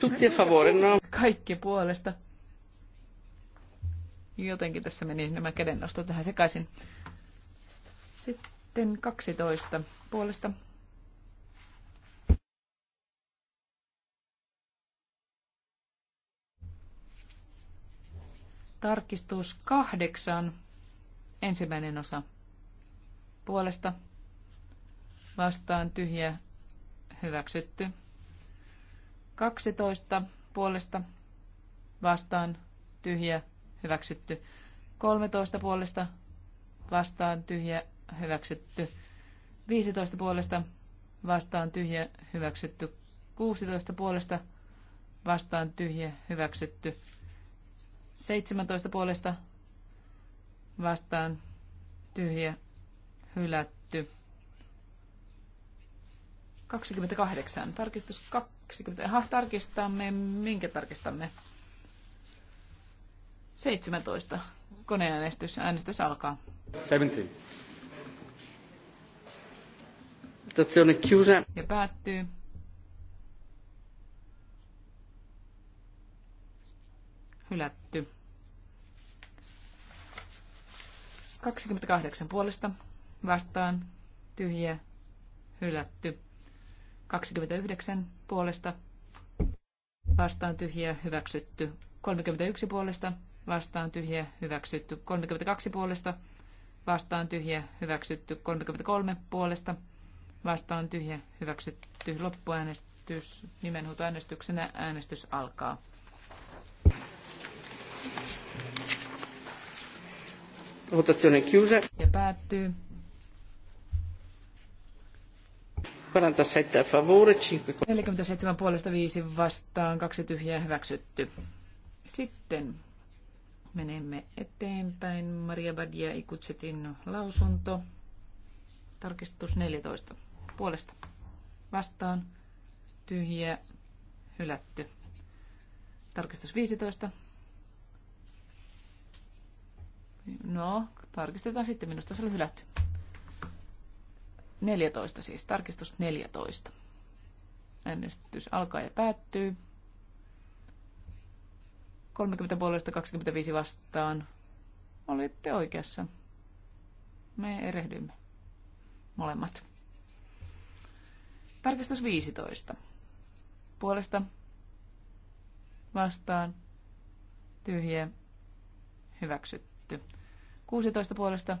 S2: Tutti a favore, no?
S1: Kaikki puolesta. Jotenkin tässä meni nämä kädennostot tähän sekaisin. Sitten 12 puolesta tarkistus kahdeksan, ensimmäinen osa. Puolesta vastaan tyhjä, hyväksytty. 12 puolesta vastaan tyhjä, hyväksytty. 13 puolesta vastaan tyhjä hyväksytty. 15 puolesta vastaan tyhjä hyväksytty. 16 puolesta vastaan tyhjä hyväksytty. 17 puolesta vastaan tyhjä hylätty. 28. Tarkistus 20. Aha, tarkistamme. Minkä tarkistamme? 17. Koneäänestys. Äänestys alkaa. 17. Ja päättyy. Hylätty. 28 puolesta vastaan tyhjä hylätty. 29 puolesta vastaan tyhjä hyväksytty. 31 puolesta vastaan tyhjä hyväksytty 32 puolesta, vastaan tyhjä hyväksytty 33 puolesta, vastaan tyhjä hyväksytty loppuäänestys, nimenhuutoäänestyksenä äänestys alkaa.
S2: Votazione chiusa.
S1: Ja päättyy.
S2: 47
S1: favore, 5... 47 puolesta 5 vastaan, kaksi tyhjää hyväksytty. Sitten Menemme eteenpäin. Maria Badia Ikutsetin lausunto. Tarkistus 14. Puolesta. Vastaan. Tyhjä. Hylätty. Tarkistus 15. No, tarkistetaan sitten. Minusta se oli hylätty. 14 siis. Tarkistus 14. Äänestys alkaa ja päättyy. 30 puolesta 25 vastaan. Olitte oikeassa. Me erehdymme. Molemmat. Tarkistus 15. Puolesta vastaan tyhjä hyväksytty. 16 puolesta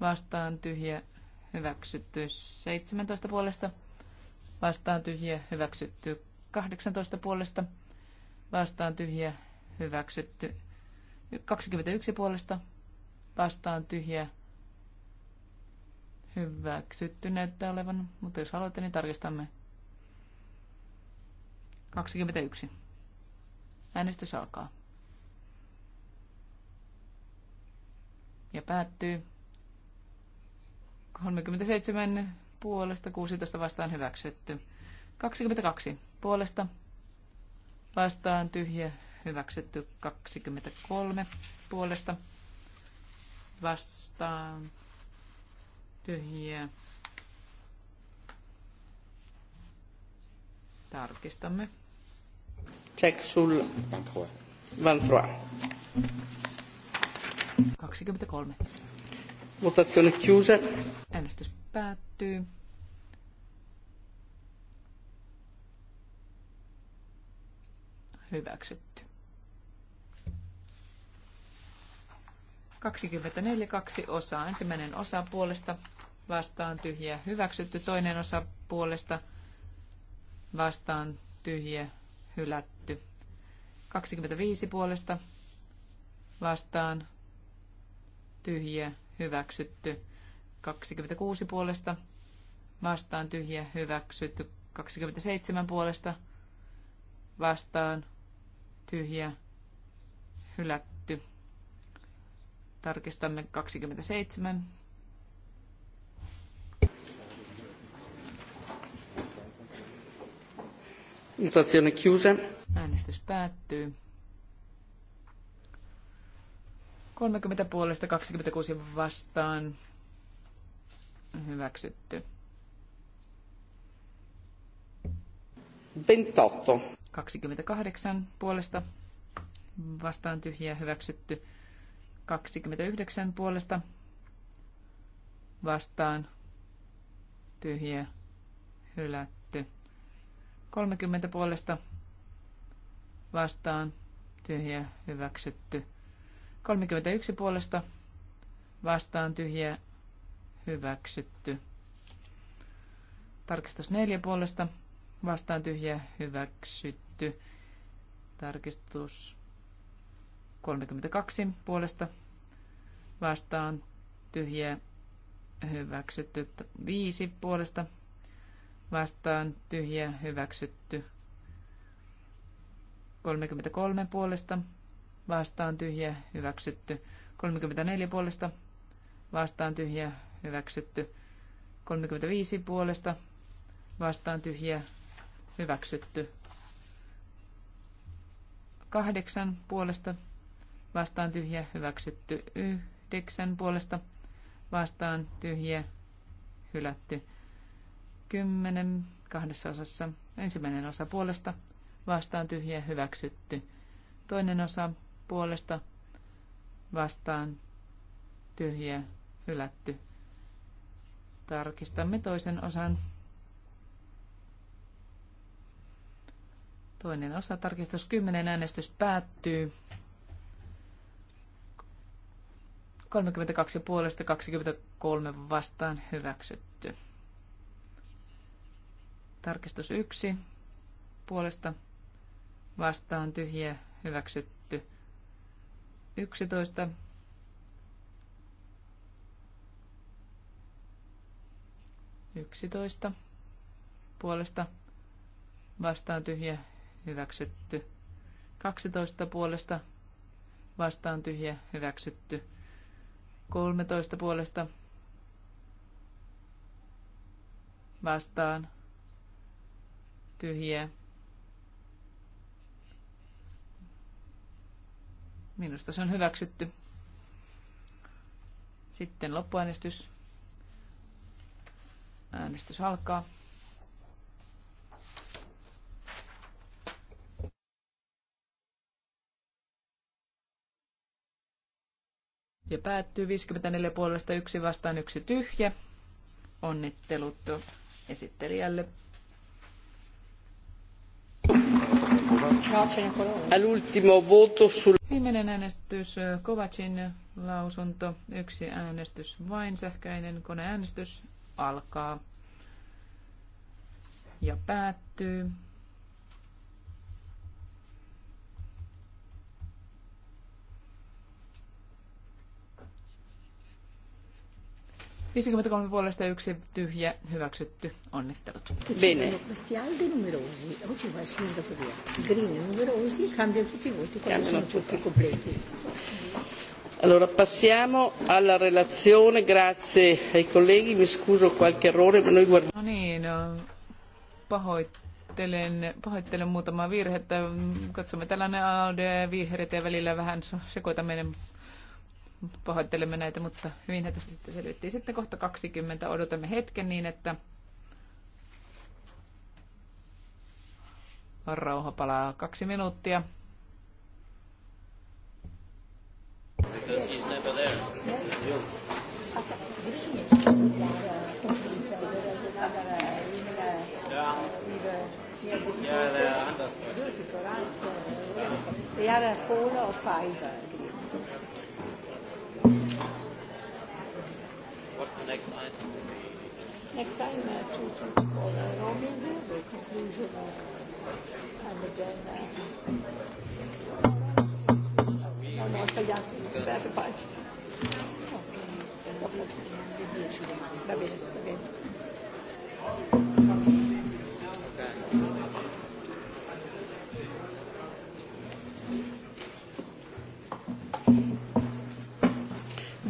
S1: vastaan tyhjä hyväksytty. 17 puolesta vastaan tyhjä hyväksytty. 18 puolesta vastaan tyhjä hyväksytty. 21 puolesta vastaan tyhjä hyväksytty näyttää olevan, mutta jos haluatte, niin tarkistamme. 21. Äänestys alkaa. Ja päättyy. 37 puolesta, 16 vastaan hyväksytty. 22 puolesta vastaan tyhjä hyväksytty 23 puolesta vastaan tyhjiä. Tarkistamme.
S2: Check sul 23.
S1: 23. Votazione chiusa. Äänestys päättyy. Hyväksytty. 242 osa. osaa. Ensimmäinen osa puolesta vastaan tyhjä hyväksytty. Toinen osa puolesta vastaan tyhjä hylätty. 25 puolesta vastaan tyhjä hyväksytty. 26 puolesta vastaan tyhjä hyväksytty. 27 puolesta vastaan tyhjä hylätty. Tarkistamme 27. Votazione chiusa. Äänestys päättyy. 30 puolesta 26 vastaan. Hyväksytty. 28. 28 puolesta vastaan tyhjiä hyväksytty. 29 puolesta vastaan tyhjä hylätty. 30 puolesta vastaan tyhjä hyväksytty. 31 puolesta vastaan tyhjä hyväksytty. Tarkistus 4 puolesta vastaan tyhjä hyväksytty. Tarkistus 32 puolesta vastaan tyhjiä hyväksytty. 5 puolesta vastaan tyhjiä hyväksytty. 33 puolesta vastaan tyhjiä hyväksytty. 34 puolesta vastaan tyhjiä hyväksytty. 35 puolesta vastaan tyhjiä hyväksytty. 8 puolesta vastaan tyhjä hyväksytty yhdeksän puolesta, vastaan tyhjä hylätty kymmenen kahdessa osassa, ensimmäinen osa puolesta, vastaan tyhjä hyväksytty, toinen osa puolesta, vastaan tyhjä hylätty. Tarkistamme toisen osan. Toinen osa, tarkistus 10, äänestys päättyy. 32 puolesta 23 vastaan hyväksytty. Tarkistus 1 puolesta vastaan tyhjä hyväksytty. 11 11 puolesta vastaan tyhjä hyväksytty. 12 puolesta vastaan tyhjä hyväksytty. 13 puolesta vastaan tyhjiä. Minusta se on hyväksytty. Sitten loppuäänestys. Äänestys alkaa. ja päättyy 54 puolesta yksi vastaan yksi tyhjä. Onnittelut esittelijälle. All'ultimo
S2: voto sul...
S1: Viimeinen äänestys, Kovacin lausunto, yksi äänestys, vain sähköinen koneäänestys alkaa ja päättyy. 53 puolesta yksi tyhjä hyväksytty. Onnittelut. Bene.
S4: Questi albi numerosi, oggi va sul green numerosi, cambiano tutti i voti quando sono tutti completi.
S2: Allora passiamo alla relazione, grazie ai colleghi, mi scuso qualche errore, ma noi guardiamo.
S1: No niin, pahoittelen, pahoittelen muutama virhettä. Katsomme tällainen AD-vihreitä ja välillä vähän sekoita meidän Pahoittelemme näitä, mutta hyvin tästä sitten selvittiin. Sitten kohta 20 odotamme hetken niin, että rauha palaa kaksi minuuttia.
S2: Yeah.
S3: they are understood.
S4: They are four or five. What's the next item? Next time uh, to, to call uh, Robin, the conclusion of, and again. Uh,
S2: no, no, sbagliato, sbagliato pagina. Va bene, va bene.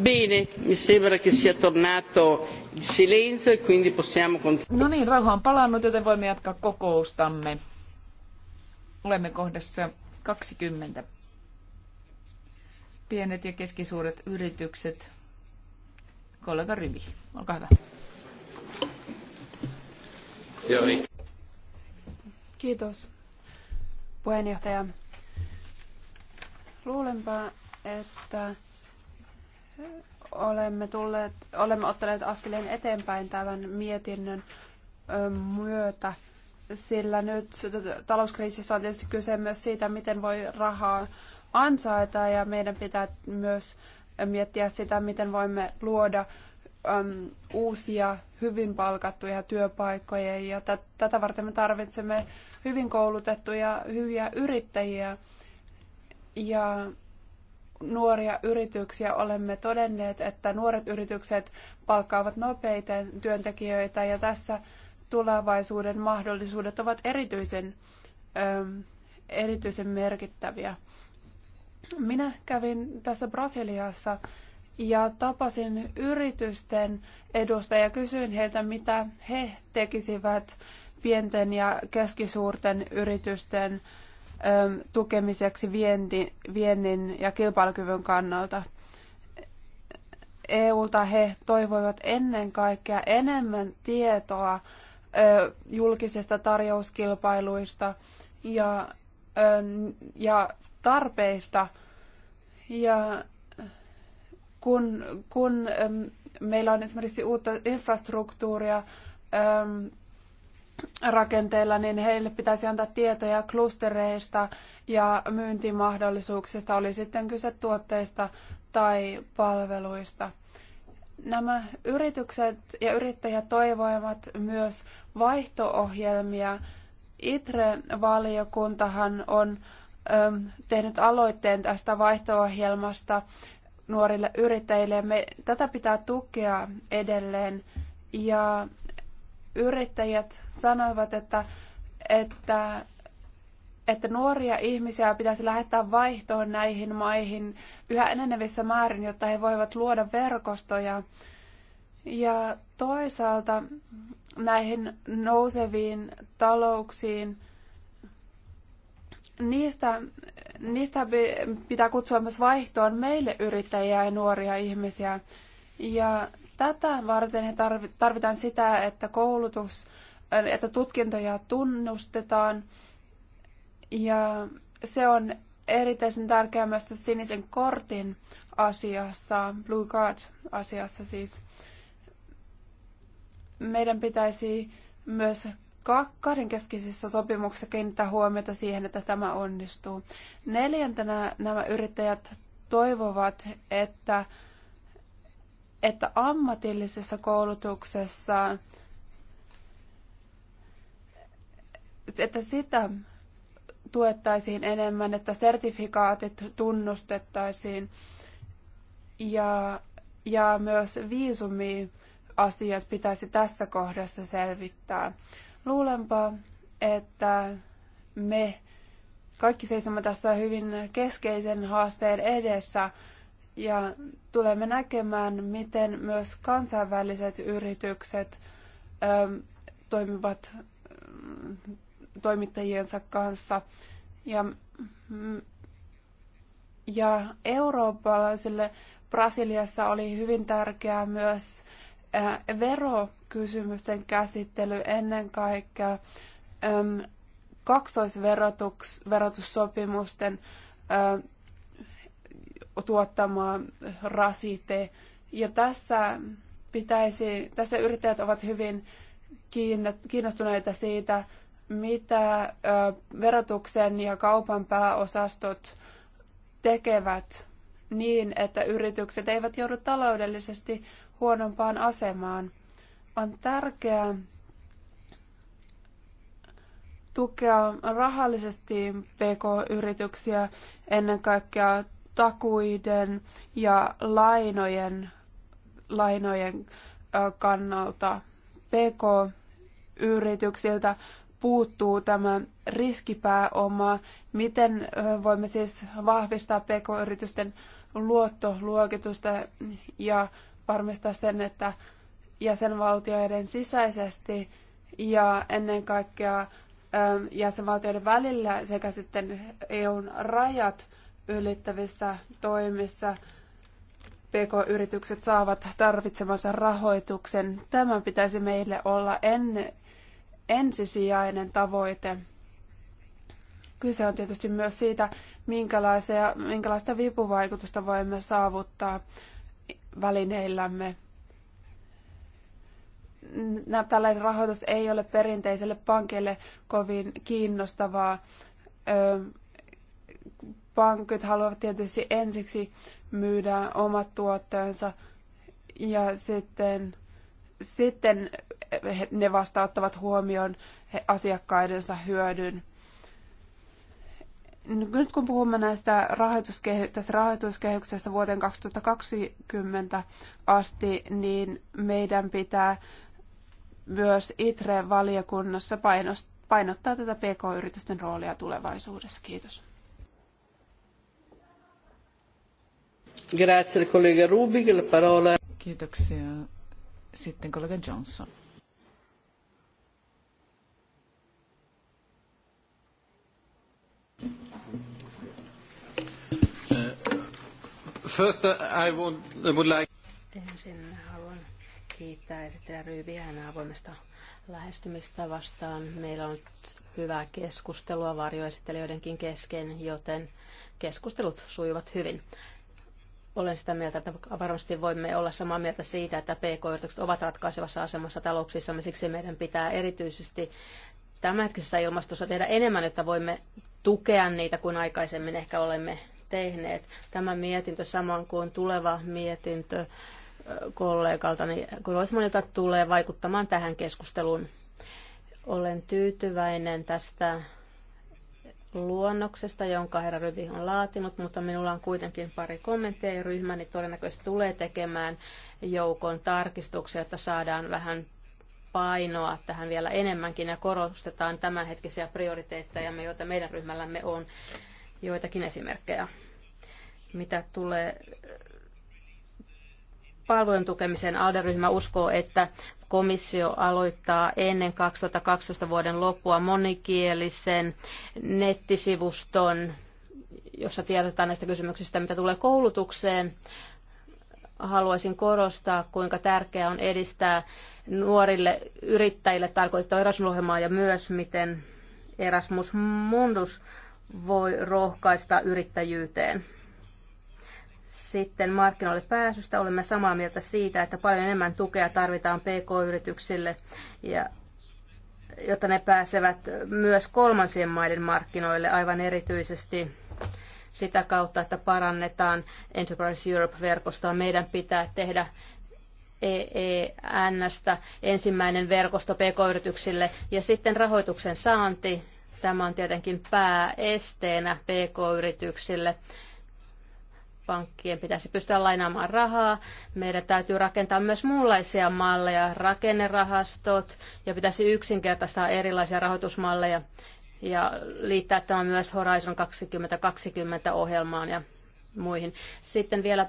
S2: Bene, mi sembra che sia tornato il silenzio e quindi possiamo continuare.
S1: No niin, rauha on palannut, joten voimme jatkaa kokoustamme. Olemme kohdassa 20. Pienet ja keskisuuret yritykset.
S3: Kollega Rivi, olkaa hyvä. Joo, niin. Kiitos, puheenjohtaja. Luulenpa, että olemme, tulleet, olemme ottaneet askeleen eteenpäin tämän mietinnön myötä, sillä nyt talouskriisissä on tietysti kyse myös siitä, miten voi rahaa ansaita ja meidän pitää myös miettiä sitä, miten voimme luoda um, uusia hyvin palkattuja työpaikkoja ja tätä varten me tarvitsemme hyvin koulutettuja, hyviä yrittäjiä. Ja nuoria yrityksiä. Olemme todenneet, että nuoret yritykset palkkaavat nopeiten työntekijöitä ja tässä tulevaisuuden mahdollisuudet ovat erityisen, ähm, erityisen merkittäviä. Minä kävin tässä Brasiliassa ja tapasin yritysten edustajia ja kysyin heiltä, mitä he tekisivät pienten ja keskisuurten yritysten tukemiseksi viennin, viennin ja kilpailukyvyn kannalta. EUlta he toivoivat ennen kaikkea enemmän tietoa julkisista tarjouskilpailuista ja, ja tarpeista. Ja kun, kun meillä on esimerkiksi uutta infrastruktuuria, rakenteilla, niin heille pitäisi antaa tietoja klustereista ja myyntimahdollisuuksista, oli sitten kyse tuotteista tai palveluista. Nämä yritykset ja yrittäjät toivoivat myös vaihtoohjelmia. ITRE-valiokuntahan on ö, ähm, tehnyt aloitteen tästä vaihtoohjelmasta nuorille yrittäjille. Me, tätä pitää tukea edelleen. Ja yrittäjät sanoivat, että, että, että nuoria ihmisiä pitäisi lähettää vaihtoon näihin maihin yhä enenevissä määrin, jotta he voivat luoda verkostoja. Ja toisaalta näihin nouseviin talouksiin, niistä, niistä pitää kutsua myös vaihtoon meille yrittäjiä ja nuoria ihmisiä. Ja tätä varten he tarvitaan sitä, että koulutus, äh, että tutkintoja tunnustetaan. Ja se on erityisen tärkeää myös tässä sinisen kortin asiassa, Blue Card-asiassa siis. Meidän pitäisi myös keskisissä sopimuksissa kiinnittää huomiota siihen, että tämä onnistuu. Neljäntenä nämä yrittäjät toivovat, että että ammatillisessa koulutuksessa, että sitä tuettaisiin enemmän, että sertifikaatit tunnustettaisiin ja, ja myös viisumiasiat pitäisi tässä kohdassa selvittää. Luulenpa, että me kaikki seisomme tässä hyvin keskeisen haasteen edessä ja tulemme näkemään, miten myös kansainväliset yritykset ö, ähm, toimivat ähm, toimittajiensa kanssa. Ja, mm, ja eurooppalaisille Brasiliassa oli hyvin tärkeää myös äh, verokysymysten käsittely ennen kaikkea ähm, kaksoisverotussopimusten äh, tuottama rasite. Ja tässä, pitäisi, tässä yrittäjät ovat hyvin kiinnostuneita siitä, mitä verotuksen ja kaupan pääosastot tekevät niin, että yritykset eivät joudu taloudellisesti huonompaan asemaan. On tärkeää tukea rahallisesti pk-yrityksiä ennen kaikkea takuiden ja lainojen, lainojen kannalta PK-yrityksiltä puuttuu tämä riskipääoma. Miten voimme siis vahvistaa PK-yritysten luottoluokitusta ja varmistaa sen, että jäsenvaltioiden sisäisesti ja ennen kaikkea jäsenvaltioiden välillä sekä sitten EUn rajat ylittävissä toimissa PK-yritykset saavat tarvitsemansa rahoituksen. Tämä pitäisi meille olla en, ensisijainen tavoite. Kyse on tietysti myös siitä, minkälaisia, minkälaista vipuvaikutusta voimme saavuttaa välineillämme. Tällainen rahoitus ei ole perinteiselle pankille kovin kiinnostavaa. Ö, pankit haluavat tietysti ensiksi myydä omat tuotteensa ja sitten, sitten ne vastaattavat huomioon asiakkaidensa hyödyn. Nyt kun puhumme näistä rahoituskehy- tästä rahoituskehyksestä vuoteen 2020 asti, niin meidän pitää myös ITRE-valiokunnassa painottaa tätä PK-yritysten roolia tulevaisuudessa. Kiitos.
S2: Kiitoksia.
S1: Sitten kollega Johnson.
S2: Uh, first, uh, I would, would like...
S5: Ensin haluan kiittää esittää Ryyviä hänen avoimesta lähestymistavastaan. Meillä on hyvää keskustelua varjoesittelijöidenkin kesken, joten keskustelut sujuvat hyvin. Olen sitä mieltä, että varmasti voimme olla samaa mieltä siitä, että PK-yritykset ovat ratkaisevassa asemassa talouksissamme. Siksi meidän pitää erityisesti tämänhetkisessä ilmastossa tehdä enemmän, jotta voimme tukea niitä kuin aikaisemmin ehkä olemme tehneet. Tämä mietintö samoin kuin tuleva mietintö kollegalta, niin Grossmanilta tulee vaikuttamaan tähän keskusteluun. Olen tyytyväinen tästä luonnoksesta, jonka herra Ryvi on laatinut, mutta minulla on kuitenkin pari kommenttia ja ryhmäni todennäköisesti tulee tekemään joukon tarkistuksia, että saadaan vähän painoa tähän vielä enemmänkin ja korostetaan tämänhetkisiä prioriteetteja, joita meidän ryhmällämme on joitakin esimerkkejä. Mitä tulee palvelujen tukemiseen, ALDE-ryhmä uskoo, että komissio aloittaa ennen 2012 vuoden loppua monikielisen nettisivuston, jossa tiedotetaan näistä kysymyksistä, mitä tulee koulutukseen. Haluaisin korostaa, kuinka tärkeää on edistää nuorille yrittäjille tarkoittaa Erasmus-ohjelmaa ja myös miten Erasmus Mundus voi rohkaista yrittäjyyteen. Sitten markkinoille pääsystä olemme samaa mieltä siitä, että paljon enemmän tukea tarvitaan PK-yrityksille, ja, jotta ne pääsevät myös kolmansien maiden markkinoille aivan erityisesti sitä kautta, että parannetaan Enterprise Europe-verkostoa. Meidän pitää tehdä EENstä ensimmäinen verkosto PK-yrityksille ja sitten rahoituksen saanti. Tämä on tietenkin pääesteenä PK-yrityksille pankkien pitäisi pystyä lainaamaan rahaa. Meidän täytyy rakentaa myös muunlaisia malleja, rakennerahastot ja pitäisi yksinkertaistaa erilaisia rahoitusmalleja ja liittää tämä myös Horizon 2020 ohjelmaan ja muihin. Sitten vielä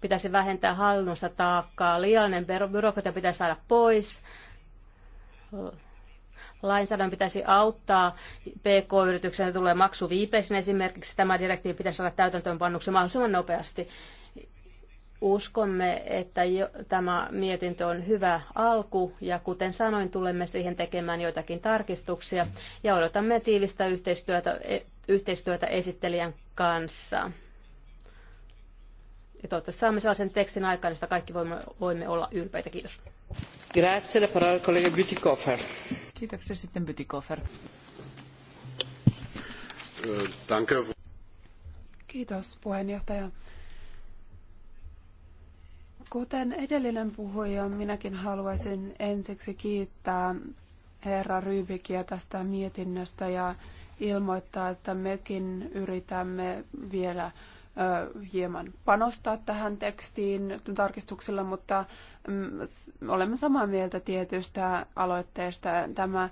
S5: pitäisi vähentää hallinnosta taakkaa, liiallinen byrokratia pitäisi saada pois, lainsäädännön pitäisi auttaa PK-yrityksen tulee maksuviipeisiin esimerkiksi. Tämä direktiivi pitäisi saada täytäntöönpannuksi mahdollisimman nopeasti. Uskomme, että jo, tämä mietintö on hyvä alku ja kuten sanoin, tulemme siihen tekemään joitakin tarkistuksia ja odotamme tiivistä yhteistyötä, e, yhteistyötä esittelijän kanssa. Ja toivottavasti saamme sellaisen tekstin aikaan, josta kaikki voimme, voimme olla ylpeitä. Kiitos.
S2: Grazie, la parola
S1: Kiitoksia sitten Bytikofer.
S3: Kiitos puheenjohtaja. Kuten edellinen puhuja, minäkin haluaisin ensiksi kiittää herra Rybikiä tästä mietinnöstä ja ilmoittaa, että mekin yritämme vielä hieman panostaa tähän tekstiin tarkistuksilla, mutta Mm, olemme samaa mieltä tietystä aloitteesta. Tämä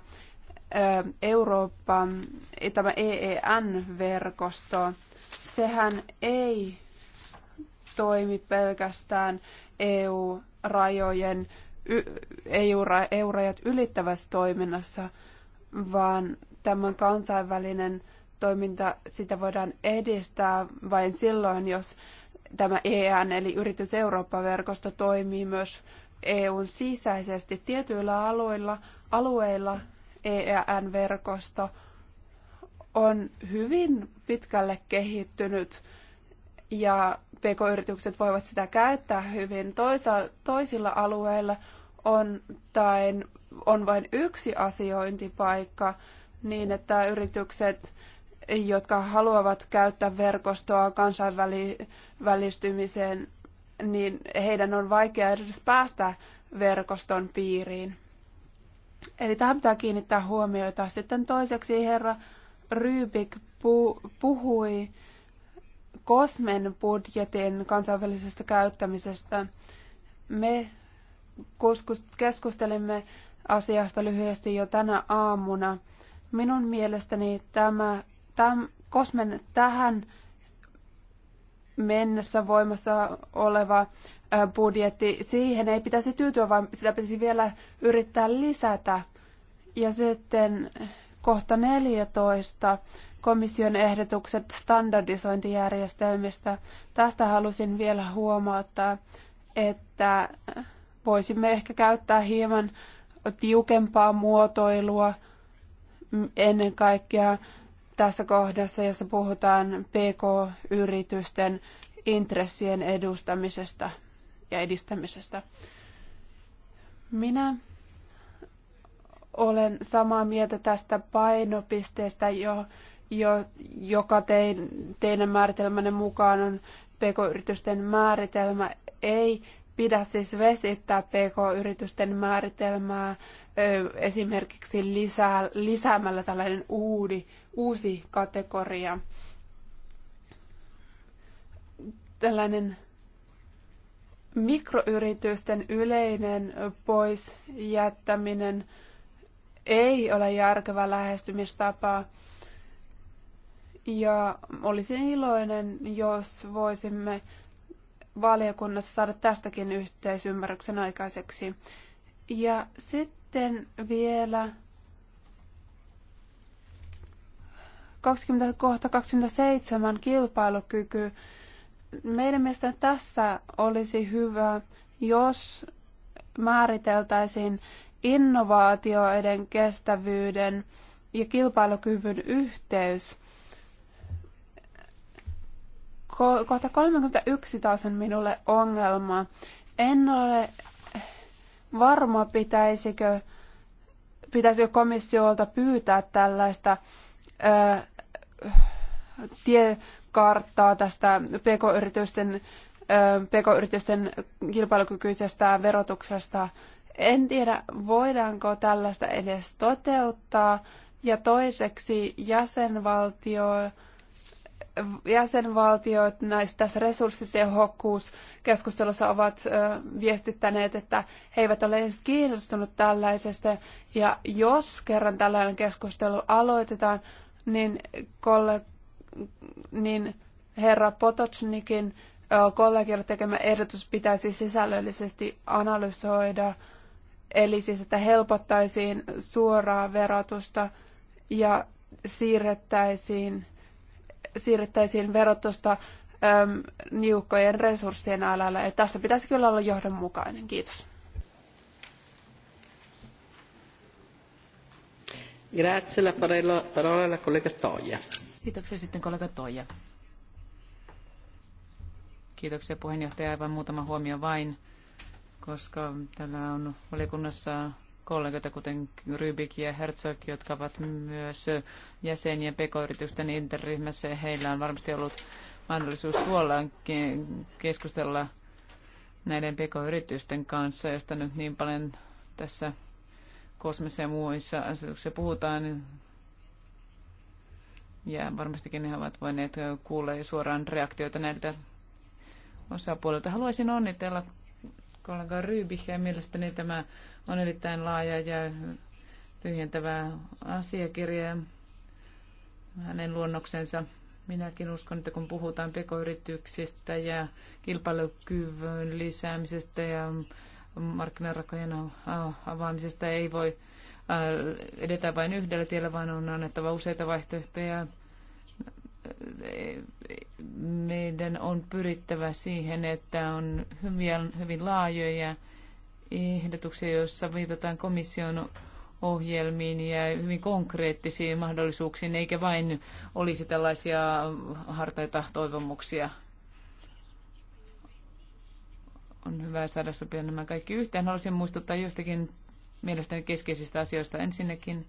S3: Eurooppa, tämä EEN-verkosto, sehän ei toimi pelkästään EU-rajojen, EU-rajat e ylittävässä toiminnassa, vaan tämän kansainvälinen toiminta, sitä voidaan edistää vain silloin, jos tämä EN eli Yritys Eurooppa-verkosto toimii myös EUn sisäisesti tietyillä alueilla. alueilla en verkosto on hyvin pitkälle kehittynyt ja pk-yritykset voivat sitä käyttää hyvin. Toisa, toisilla alueilla on, tai on vain yksi asiointipaikka niin, että yritykset jotka haluavat käyttää verkostoa kansainvälistymiseen, niin heidän on vaikea edes päästä verkoston piiriin. Eli tähän pitää kiinnittää huomiota. Sitten toiseksi herra Rybik puhui Kosmen budjetin kansainvälisestä käyttämisestä. Me keskustelimme asiasta lyhyesti jo tänä aamuna. Minun mielestäni tämä Täm, kosmen tähän mennessä voimassa oleva budjetti, siihen ei pitäisi tyytyä, vaan sitä pitäisi vielä yrittää lisätä. Ja sitten kohta 14 komission ehdotukset standardisointijärjestelmistä. Tästä halusin vielä huomauttaa, että voisimme ehkä käyttää hieman tiukempaa muotoilua ennen kaikkea tässä kohdassa, jossa puhutaan PK-yritysten intressien edustamisesta ja edistämisestä. Minä olen samaa mieltä tästä painopisteestä, jo, jo, joka tein, teidän määritelmänne mukaan on PK-yritysten määritelmä. Ei pidä siis vesittää PK-yritysten määritelmää esimerkiksi lisää, lisäämällä tällainen uudi, uusi kategoria. Tällainen mikroyritysten yleinen pois jättäminen ei ole järkevä lähestymistapa. Ja olisin iloinen, jos voisimme valiokunnassa saada tästäkin yhteisymmärryksen aikaiseksi. Ja sitten vielä 20, kohta 27 kilpailukyky. Meidän mielestä tässä olisi hyvä, jos määriteltäisiin innovaatioiden kestävyyden ja kilpailukyvyn yhteys. Kohta 31 taas on minulle ongelma. En ole varma, pitäisikö, pitäisikö komissiolta pyytää tällaista tiekarttaa tästä pk-yritysten, pk-yritysten kilpailukykyisestä verotuksesta. En tiedä, voidaanko tällaista edes toteuttaa. Ja toiseksi jäsenvaltio, jäsenvaltiot näissä tässä resurssitehokkuuskeskustelussa ovat viestittäneet, että he eivät ole edes kiinnostuneet tällaisesta. Ja jos kerran tällainen keskustelu aloitetaan, niin, kolle, niin herra Potocnikin kollegiolle tekemä ehdotus pitäisi sisällöllisesti analysoida, eli siis, että helpottaisiin suoraa verotusta ja siirrettäisiin, siirrettäisiin verotusta äm, niukkojen resurssien alalle. Eli tässä pitäisi kyllä olla johdonmukainen. Kiitos.
S2: Grazie, la parola, parola alla collega Toija.
S1: Kiitoksia sitten kollega Kiitoksia puheenjohtaja. Aivan muutama huomio vain, koska täällä on valiokunnassa kollegoita, kuten Rybik ja Herzog, jotka ovat myös jäseniä pk-yritysten interryhmässä. Heillä on varmasti ollut mahdollisuus tuolla keskustella näiden pk-yritysten kanssa, josta nyt niin paljon tässä kosmisessa ja muissa asetuksissa puhutaan. Ja varmastikin he ovat voineet kuulla suoraan reaktioita näiltä osapuolilta. Haluaisin onnitella kollega Ryybihiä. Mielestäni tämä on erittäin laaja ja tyhjentävä asiakirja hänen luonnoksensa. Minäkin uskon, että kun puhutaan pekoyrityksistä ja kilpailukyvyn lisäämisestä ja markkinarakojen avaamisesta ei voi edetä vain yhdellä tiellä, vaan on annettava useita vaihtoehtoja. Meidän on pyrittävä siihen, että on hyviä, hyvin laajoja ehdotuksia, joissa viitataan komission ohjelmiin ja hyvin konkreettisiin mahdollisuuksiin, eikä vain olisi tällaisia hartaita toivomuksia on hyvä saada sopia nämä kaikki yhteen. Haluaisin muistuttaa jostakin mielestäni keskeisistä asioista. Ensinnäkin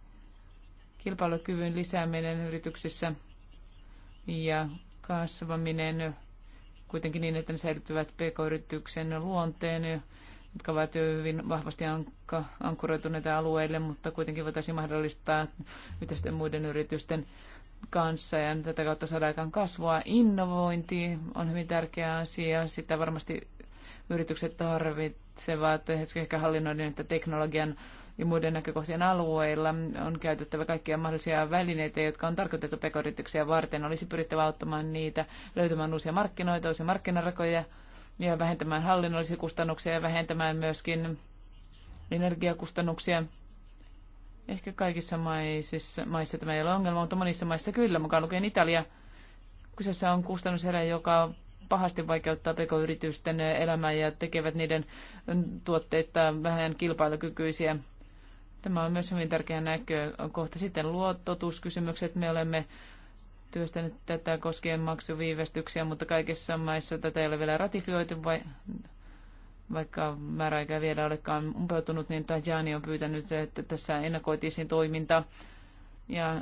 S1: kilpailukyvyn lisääminen yrityksissä ja kasvaminen kuitenkin niin, että ne säilyttävät pk-yrityksen luonteen, jotka ovat hyvin vahvasti ankkuroituneita alueille, mutta kuitenkin voitaisiin mahdollistaa yhteisten muiden yritysten kanssa ja tätä kautta saada aikaan kasvua. Innovointi on hyvin tärkeä asia. Sitä varmasti yritykset tarvitsevat, ehkä hallinnoinnin että teknologian ja muiden näkökohtien alueilla on käytettävä kaikkia mahdollisia välineitä, jotka on tarkoitettu pekoyrityksiä varten. Olisi pyrittävä auttamaan niitä löytämään uusia markkinoita, uusia markkinarakoja ja vähentämään hallinnollisia kustannuksia ja vähentämään myöskin energiakustannuksia. Ehkä kaikissa maissa, maissa tämä ei ole ongelma, mutta monissa maissa kyllä, mukaan lukien Italia. Kyseessä on kustannuserä, joka pahasti vaikeuttaa pk-yritysten elämää ja tekevät niiden tuotteista vähän kilpailukykyisiä. Tämä on myös hyvin tärkeä näkökohta. Sitten luottotuskysymykset. Me olemme työstäneet tätä koskien maksuviivästyksiä, mutta kaikissa maissa tätä ei ole vielä ratifioitu, vai, vaikka määräaika ei vielä olekaan umpeutunut, niin Tajani on pyytänyt, että tässä ennakoitisiin toiminta ja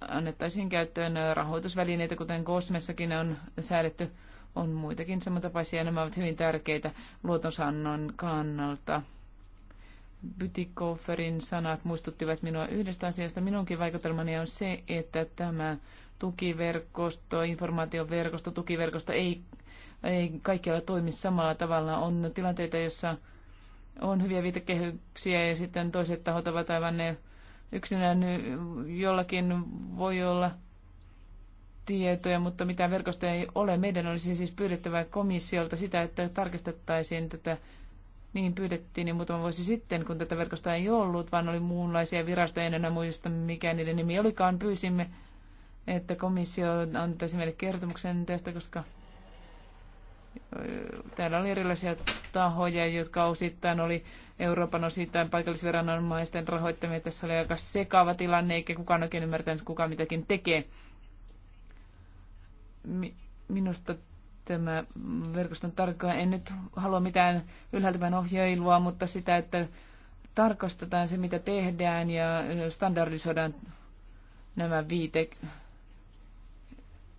S1: annettaisiin käyttöön rahoitusvälineitä, kuten Kosmessakin on säädetty on muitakin samantapaisia. Nämä ovat hyvin tärkeitä luotonsannon kannalta. Bytikofferin sanat muistuttivat minua yhdestä asiasta. Minunkin vaikutelmani on se, että tämä tukiverkosto, informaatioverkosto, tukiverkosto ei, ei kaikkialla toimi samalla tavalla. On tilanteita, joissa on hyviä viitekehyksiä ja sitten toiset tahot ovat aivan ne yksinään jollakin voi olla – tietoja, mutta mitään verkostoja ei ole. Meidän olisi siis pyydettävä komissiolta sitä, että tarkistettaisiin tätä niin pyydettiin niin muutama vuosi sitten, kun tätä verkostoa ei ollut, vaan oli muunlaisia virastoja, en enää muista mikä niiden nimi olikaan. Pyysimme, että komissio antaisi meille kertomuksen tästä, koska täällä oli erilaisia tahoja, jotka osittain oli Euroopan osittain paikallisviranomaisten rahoittamia. Tässä oli aika sekava tilanne, eikä kukaan oikein ymmärtänyt, kuka mitäkin tekee. Minusta tämä verkoston tarkkaa en nyt halua mitään ylhäältäpäin ohjeilua, mutta sitä, että tarkastetaan se, mitä tehdään ja standardisoidaan nämä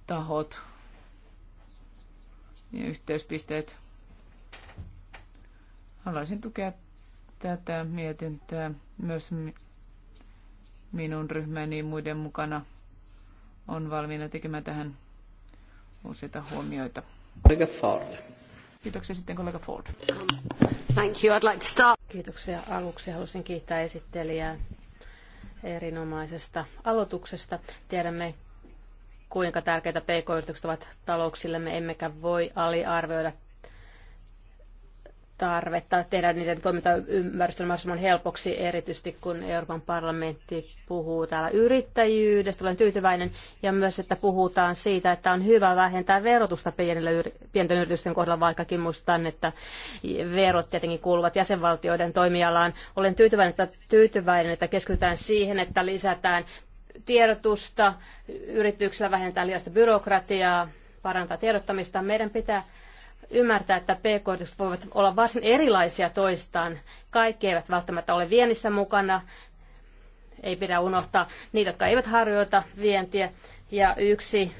S1: tahot ja yhteyspisteet. Haluaisin tukea tätä mietintöä myös minun ryhmäni muiden mukana on valmiina tekemään tähän useita huomioita. Kollega Ford. Kiitoksia sitten kollega Ford.
S5: Thank you. I'd like to start. Kiitoksia aluksi. Haluaisin kiittää esittelijää erinomaisesta aloituksesta. Tiedämme, kuinka tärkeitä pk-yritykset ovat talouksillemme, emmekä voi aliarvioida tarvetta tehdä niiden toimintaympäristön mahdollisimman helpoksi, erityisesti kun Euroopan parlamentti puhuu täällä yrittäjyydestä, olen tyytyväinen, ja myös, että puhutaan siitä, että on hyvä vähentää verotusta pienillä, pienten yritysten kohdalla, vaikkakin muistan, että verot tietenkin kuuluvat jäsenvaltioiden toimialaan. Olen tyytyväinen, että, tyytyväinen, että keskitytään siihen, että lisätään tiedotusta, yrityksellä vähentää liiasta byrokratiaa, parantaa tiedottamista. Meidän pitää ymmärtää, että pk-yritykset voivat olla varsin erilaisia toistaan. Kaikki eivät välttämättä ole viennissä mukana. Ei pidä unohtaa niitä, jotka eivät harjoita vientiä. Ja yksi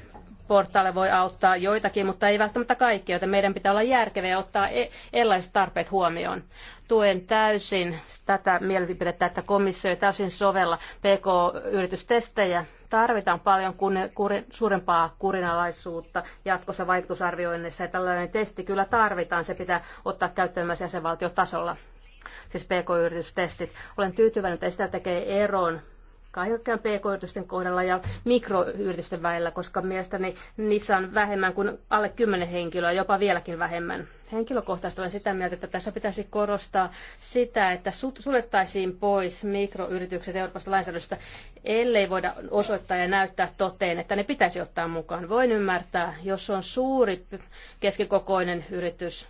S5: portaalle voi auttaa joitakin, mutta ei välttämättä kaikkia, joten meidän pitää olla järkeviä ja ottaa e- erilaiset tarpeet huomioon. Tuen täysin tätä mielipidettä, että komissio ei täysin sovella PK-yritystestejä. Tarvitaan paljon kunne, kurin, suurempaa kurinalaisuutta jatkossa vaikutusarvioinnissa ja tällainen testi kyllä tarvitaan. Se pitää ottaa käyttöön myös jäsenvaltiotasolla siis pk-yritystestit. Olen tyytyväinen, että sitä tekee eron kaiken pk-yritysten kohdalla ja mikroyritysten välillä, koska mielestäni niissä on vähemmän kuin alle 10 henkilöä, jopa vieläkin vähemmän. Henkilökohtaisesti olen sitä mieltä, että tässä pitäisi korostaa sitä, että suljettaisiin pois mikroyritykset Euroopasta lainsäädännöstä, ellei voida osoittaa ja näyttää toteen, että ne pitäisi ottaa mukaan. Voin ymmärtää, jos on suuri keskikokoinen yritys,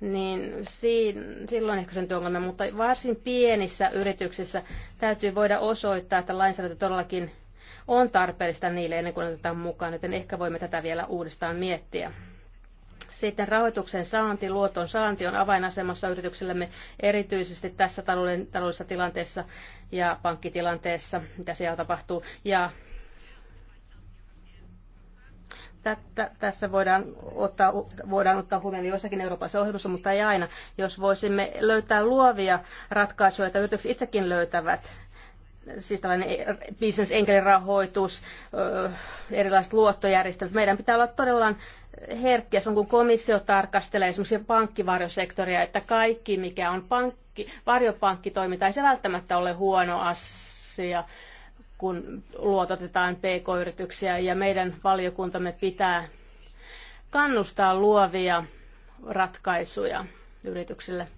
S5: niin siinä, silloin ehkä syntyy ongelma. mutta varsin pienissä yrityksissä täytyy voida osoittaa, että lainsäädäntö todellakin on tarpeellista niille ennen kuin otetaan mukaan, joten ehkä voimme tätä vielä uudestaan miettiä. Sitten rahoituksen saanti, luoton saanti on avainasemassa yrityksillemme erityisesti tässä taloudellisessa tilanteessa ja pankkitilanteessa, mitä siellä tapahtuu. Ja tä, tässä voidaan ottaa, voidaan ottaa huomioon joissakin Euroopan ohjelmissa, mutta ei aina. Jos voisimme löytää luovia ratkaisuja, joita yritykset itsekin löytävät, siis tällainen e, bisnesenkelirahoitus, erilaiset luottojärjestelmät. Meidän pitää olla todella herkkiä, se on kun komissio tarkastelee esimerkiksi pankkivarjosektoria, että kaikki mikä on pankki, varjopankkitoiminta ei se välttämättä ole huono asia kun luototetaan pk-yrityksiä ja meidän valiokuntamme pitää kannustaa luovia ratkaisuja yrityksille.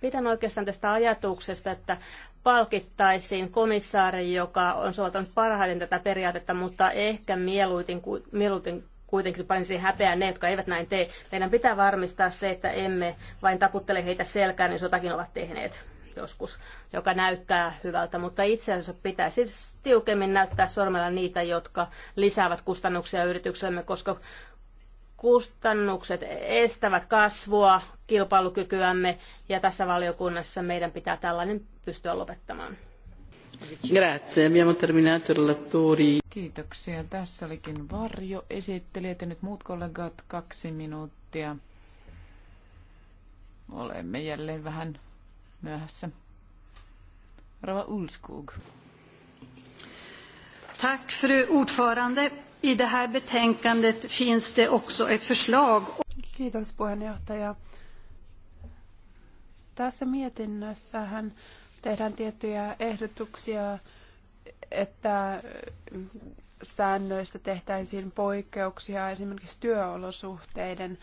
S5: Pidän oikeastaan tästä ajatuksesta, että palkittaisiin komissaari, joka on soveltanut parhaiten tätä periaatetta, mutta ehkä mieluiten, mieluiten kuitenkin panisin häpeää ne, jotka eivät näin tee. Meidän pitää varmistaa se, että emme vain taputtele heitä selkään, jos jotakin ovat tehneet joskus, joka näyttää hyvältä, mutta itse asiassa pitäisi tiukemmin näyttää sormella niitä, jotka lisäävät kustannuksia yrityksemme, koska kustannukset estävät kasvua, kilpailukykyämme ja tässä valiokunnassa meidän pitää tällainen pystyä lopettamaan.
S1: Grazie, abbiamo terminato relatori. Kiitoksia. Tässä olikin Varjo esittelijät ja nyt muut kollegat kaksi minuuttia. Olemme jälleen vähän myöhässä. Rava Ulskog.
S3: Tack fru ordförande. I det här betänkandet finns det också ett förslag. Kiitos puheenjohtaja. Tässä mietinnössähän tehdään tiettyjä ehdotuksia, että säännöistä tehtäisiin poikkeuksia esimerkiksi työolosuhteiden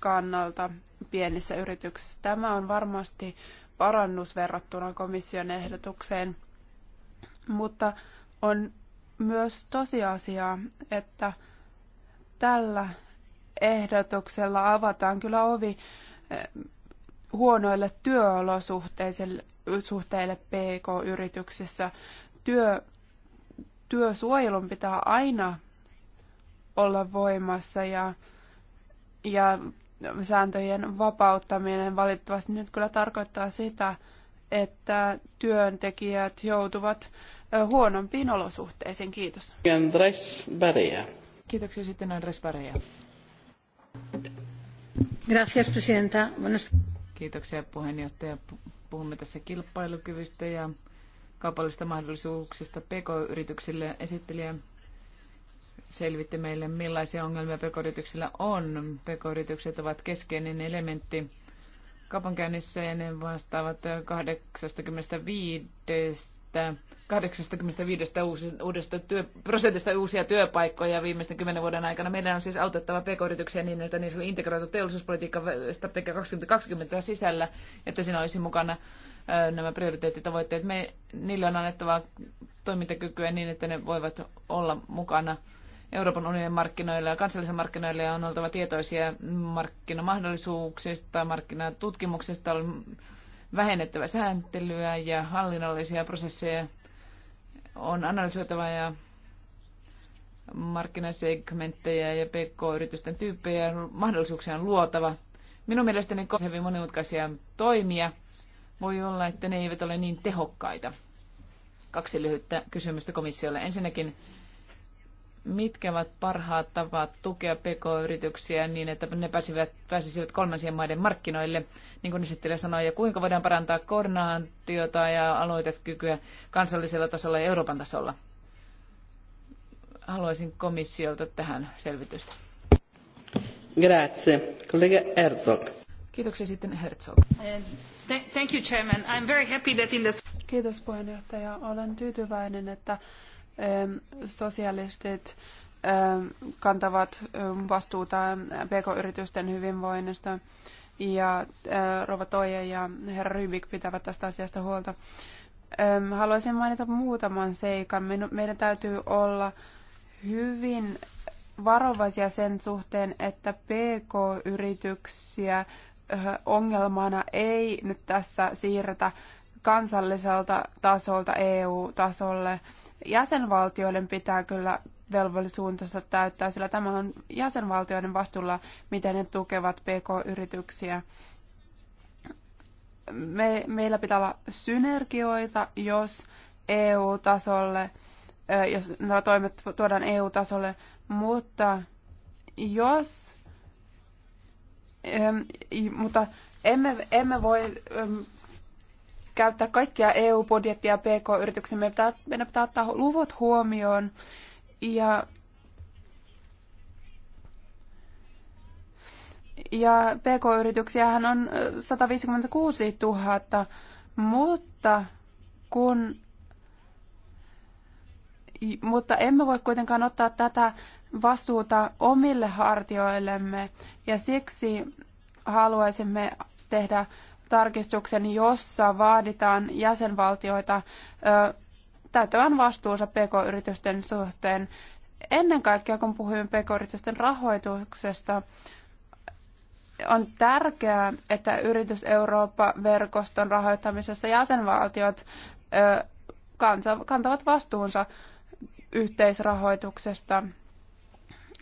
S3: kannalta pienissä yrityksissä. Tämä on varmasti parannus verrattuna komission ehdotukseen. Mutta on myös tosiasia, että tällä ehdotuksella avataan kyllä ovi eh, huonoille työolosuhteille PK-yrityksissä. Työ, työsuojelun pitää aina olla voimassa ja, ja sääntöjen vapauttaminen valitettavasti nyt kyllä tarkoittaa sitä, että työntekijät joutuvat huonompiin olosuhteisiin. Kiitos.
S1: Andres Barea.
S3: Kiitoksia sitten Andres Barea.
S1: Gracias, presidenta. Buenos... Kiitoksia puheenjohtaja. Puhumme tässä kilpailukyvystä ja kaupallisista mahdollisuuksista PK-yrityksille. Esittelijä selvitti meille, millaisia ongelmia pekoyrityksillä on. Pekoyritykset ovat keskeinen elementti kaupankäynnissä ja ne vastaavat 85 85 uudesta työ, prosentista uusia työpaikkoja viimeisten kymmenen vuoden aikana. Meidän on siis autettava pk-yrityksiä niin, että niissä oli integroitu teollisuuspolitiikka strategia 2020 sisällä, että siinä olisi mukana nämä prioriteettitavoitteet. Me, niille on annettava toimintakykyä niin, että ne voivat olla mukana Euroopan unionin markkinoille ja kansallisille markkinoille ja on oltava tietoisia markkinamahdollisuuksista, markkinatutkimuksesta, on vähennettävä sääntelyä ja hallinnollisia prosesseja on analysoitava ja markkinasegmenttejä ja pk-yritysten tyyppejä ja mahdollisuuksia on luotava. Minun mielestäni on hyvin monimutkaisia toimia. Voi olla, että ne eivät ole niin tehokkaita. Kaksi lyhyttä kysymystä komissiolle. Ensinnäkin, mitkä ovat parhaat tavat tukea pk-yrityksiä niin, että ne pääsivät, pääsisivät kolmansien maiden markkinoille, niin kuin esittelijä sanoi, ja kuinka voidaan parantaa koordinaatiota ja aloitekykyä kansallisella tasolla ja Euroopan tasolla. Haluaisin komissiolta tähän selvitystä.
S2: Grazie. Kollega Herzog.
S1: Kiitoksia sitten Herzog.
S3: Eh, thank you, Chairman. I'm very happy that in this... Kiitos puheenjohtaja. Olen tyytyväinen, että Ähm, sosialistit ähm, kantavat ähm, vastuuta pk-yritysten hyvinvoinnista ja äh, Rova Toija ja herra Rybik pitävät tästä asiasta huolta. Haluaisin mainita muutaman seikan. Meidän täytyy olla hyvin varovaisia sen suhteen, että pk-yrityksiä äh, ongelmana ei nyt tässä siirretä kansalliselta tasolta EU-tasolle jäsenvaltioiden pitää kyllä velvollisuutensa täyttää, sillä tämä on jäsenvaltioiden vastuulla, miten ne tukevat PK-yrityksiä. Me, meillä pitää olla synergioita, jos EU-tasolle, jos nämä toimet tuodaan EU-tasolle, mutta jos, mutta emme, emme voi käyttää kaikkia EU-budjettia pk yrityksiä Meidän pitää, meidän pitää ottaa luvut huomioon ja Ja PK-yrityksiähän on 156 000, mutta kun mutta emme voi kuitenkaan ottaa tätä vastuuta omille hartioillemme ja siksi haluaisimme tehdä tarkistuksen, jossa vaaditaan jäsenvaltioita täyttämään vastuunsa pk-yritysten suhteen. Ennen kaikkea, kun puhumme pk-yritysten rahoituksesta, on tärkeää, että Yritys Eurooppa-verkoston rahoittamisessa jäsenvaltiot kantavat vastuunsa yhteisrahoituksesta.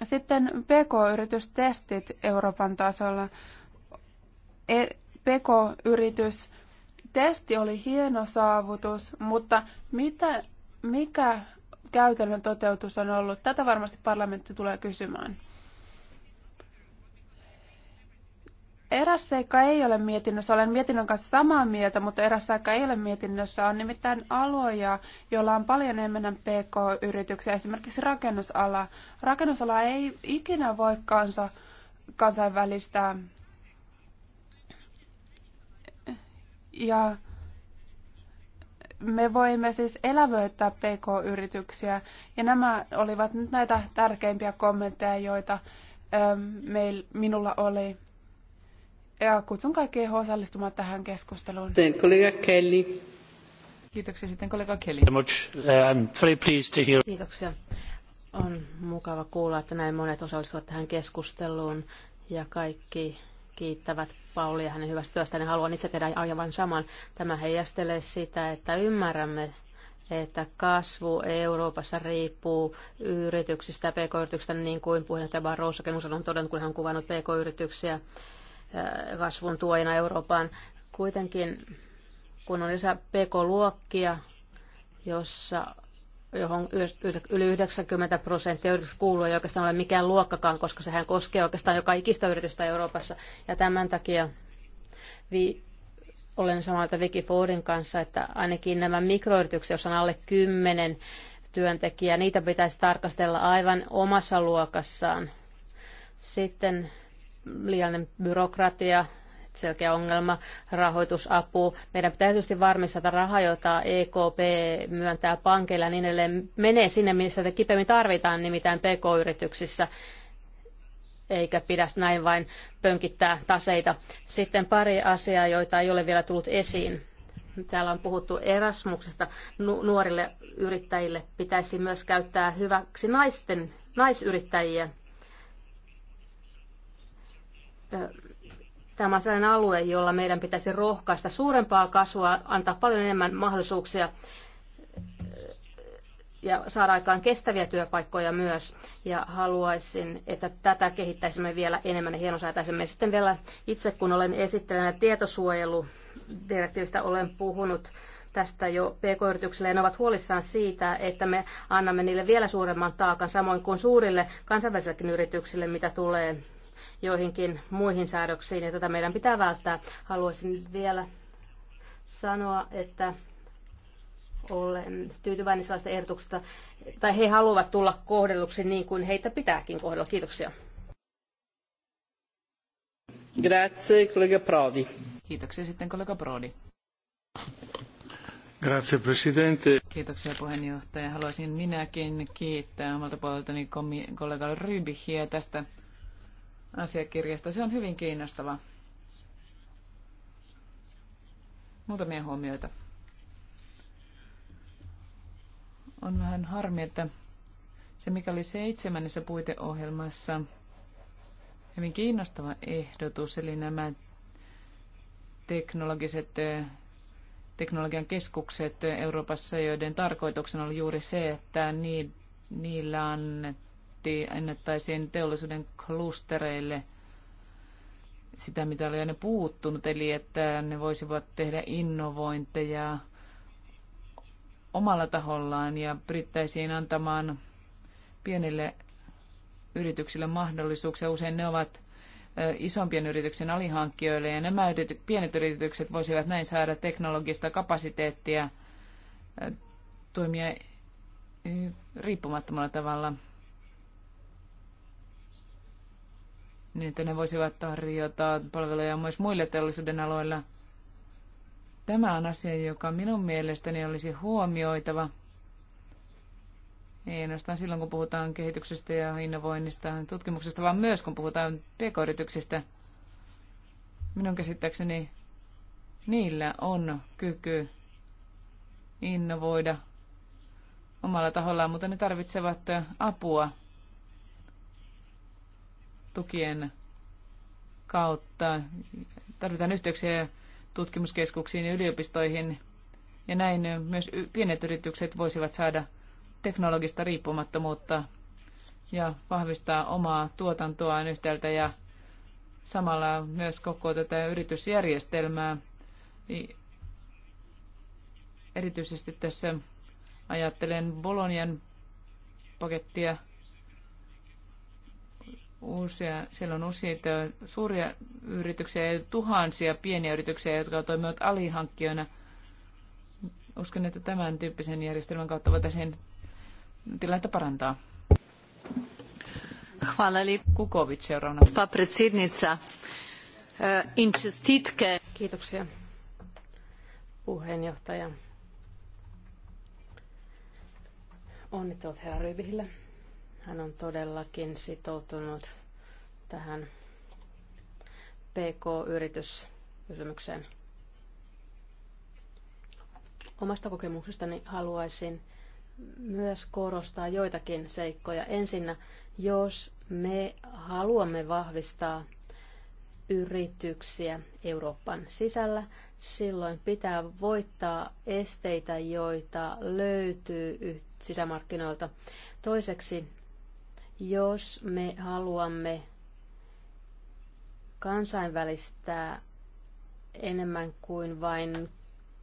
S3: Sitten PK-yritystestit Euroopan tasolla. E, PK-yritys. Testi oli hieno saavutus, mutta mitä, mikä käytännön toteutus on ollut? Tätä varmasti parlamentti tulee kysymään. Eräs seikka ei ole mietinnössä, olen mietinnön kanssa samaa mieltä, mutta eräs seikka ei ole mietinnössä, on nimittäin aloja, joilla on paljon enemmän pk-yrityksiä, esimerkiksi rakennusala. Rakennusala ei ikinä voi kansa, kansainvälistää Ja me voimme siis elävöittää PK-yrityksiä. Ja nämä olivat nyt näitä tärkeimpiä kommentteja, joita ähm, meil, minulla oli. Ja kutsun kaikkia osallistumaan tähän keskusteluun. Sitten kollega Kelly. Kiitoksia sitten
S2: kollega Kelly. Uh,
S5: Kiitoksia. On mukava kuulla, että näin monet osallistuvat tähän keskusteluun ja kaikki kiittävät Paulia hänen hyvästä työstä, niin haluan itse tehdä aivan saman. Tämä heijastelee sitä, että ymmärrämme että kasvu Euroopassa riippuu yrityksistä ja pk-yrityksistä, niin kuin puheenjohtaja Barrosokin usein on todennut, kun hän on kuvannut pk-yrityksiä kasvun tuojina Eurooppaan. Kuitenkin, kun on lisää pk-luokkia, jossa johon yli 90 prosenttia yritys kuuluu, ei oikeastaan ole mikään luokkakaan, koska sehän koskee oikeastaan joka ikistä yritystä Euroopassa. Ja tämän takia vi- olen samaa mieltä Vicky Fordin kanssa, että ainakin nämä mikroyritykset, joissa on alle 10 työntekijää, niitä pitäisi tarkastella aivan omassa luokassaan. Sitten liiallinen byrokratia, selkeä ongelma, rahoitusapu. Meidän pitää tietysti varmistaa, että raha, jota EKP myöntää pankeilla, niin edelleen menee sinne, missä sitä kipeämmin tarvitaan, nimittäin PK-yrityksissä eikä pidä näin vain pönkittää taseita. Sitten pari asiaa, joita ei ole vielä tullut esiin. Täällä on puhuttu Erasmuksesta. Nu- nuorille yrittäjille pitäisi myös käyttää hyväksi naisten, naisyrittäjiä. Ö- Tämä on sellainen alue, jolla meidän pitäisi rohkaista suurempaa kasvua, antaa paljon enemmän mahdollisuuksia eh, ja saada aikaan kestäviä työpaikkoja myös. Ja haluaisin, että tätä kehittäisimme vielä enemmän ja hienosäätäisimme. Sitten vielä itse, kun olen tietosuojelu tietosuojeludirektiivistä, olen puhunut tästä jo PK-yrityksille ja ne ovat huolissaan siitä, että me annamme niille vielä suuremman taakan, samoin kuin suurille kansainvälisillekin yrityksille, mitä tulee joihinkin muihin säädöksiin, ja tätä meidän pitää välttää. Haluaisin vielä sanoa, että olen tyytyväinen sellaista ehdotuksesta, tai he haluavat tulla kohdelluksi niin kuin heitä pitääkin kohdella. Kiitoksia.
S1: Grazie, kollega Prodi. Kiitoksia sitten kollega Prodi.
S2: Grazie, presidente.
S1: Kiitoksia puheenjohtaja. Haluaisin minäkin kiittää omalta puoleltani kollega Rybihiä tästä asiakirjasta. Se on hyvin kiinnostava. Muutamia huomioita. On vähän harmi, että se mikä oli seitsemännessä puiteohjelmassa, hyvin kiinnostava ehdotus, eli nämä teknologiset teknologian keskukset Euroopassa, joiden tarkoituksena oli juuri se, että niillä on annettiin, annettaisiin teollisuuden klustereille sitä, mitä oli aina puuttunut, eli että ne voisivat tehdä innovointeja omalla tahollaan ja pyrittäisiin antamaan pienille yrityksille mahdollisuuksia. Usein ne ovat isompien yrityksen alihankkijoille ja nämä yrity- pienet yritykset voisivat näin saada teknologista kapasiteettia toimia riippumattomalla tavalla niin että ne voisivat tarjota palveluja myös muille teollisuuden aloilla. Tämä on asia, joka minun mielestäni olisi huomioitava. Ei ainoastaan silloin, kun puhutaan kehityksestä ja innovoinnista, tutkimuksesta, vaan myös kun puhutaan pk-yrityksistä. Minun käsittääkseni niillä on kyky innovoida omalla tahollaan, mutta ne tarvitsevat apua tukien kautta. Tarvitaan yhteyksiä tutkimuskeskuksiin ja yliopistoihin, ja näin myös pienet yritykset voisivat saada teknologista riippumattomuutta ja vahvistaa omaa tuotantoaan yhtäältä ja samalla myös koko tätä yritysjärjestelmää. Erityisesti tässä ajattelen Bolonian pakettia – uusia, siellä on useita suuria yrityksiä ja tuhansia pieniä yrityksiä, jotka toimivat alihankkijoina. Uskon, että tämän tyyppisen järjestelmän kautta voitaisiin tilannetta parantaa. Hvala li Kukovic seuraavana. Spa
S4: predsednica. Eh, Kiitoksia
S5: puheenjohtaja. Onnittelut herra Rybihille hän on todellakin sitoutunut tähän PK-yrityskysymykseen. Omasta kokemuksestani haluaisin myös korostaa joitakin seikkoja. Ensinnä, jos me haluamme vahvistaa yrityksiä Euroopan sisällä, silloin pitää voittaa esteitä, joita löytyy sisämarkkinoilta. Toiseksi jos me haluamme kansainvälistää enemmän kuin vain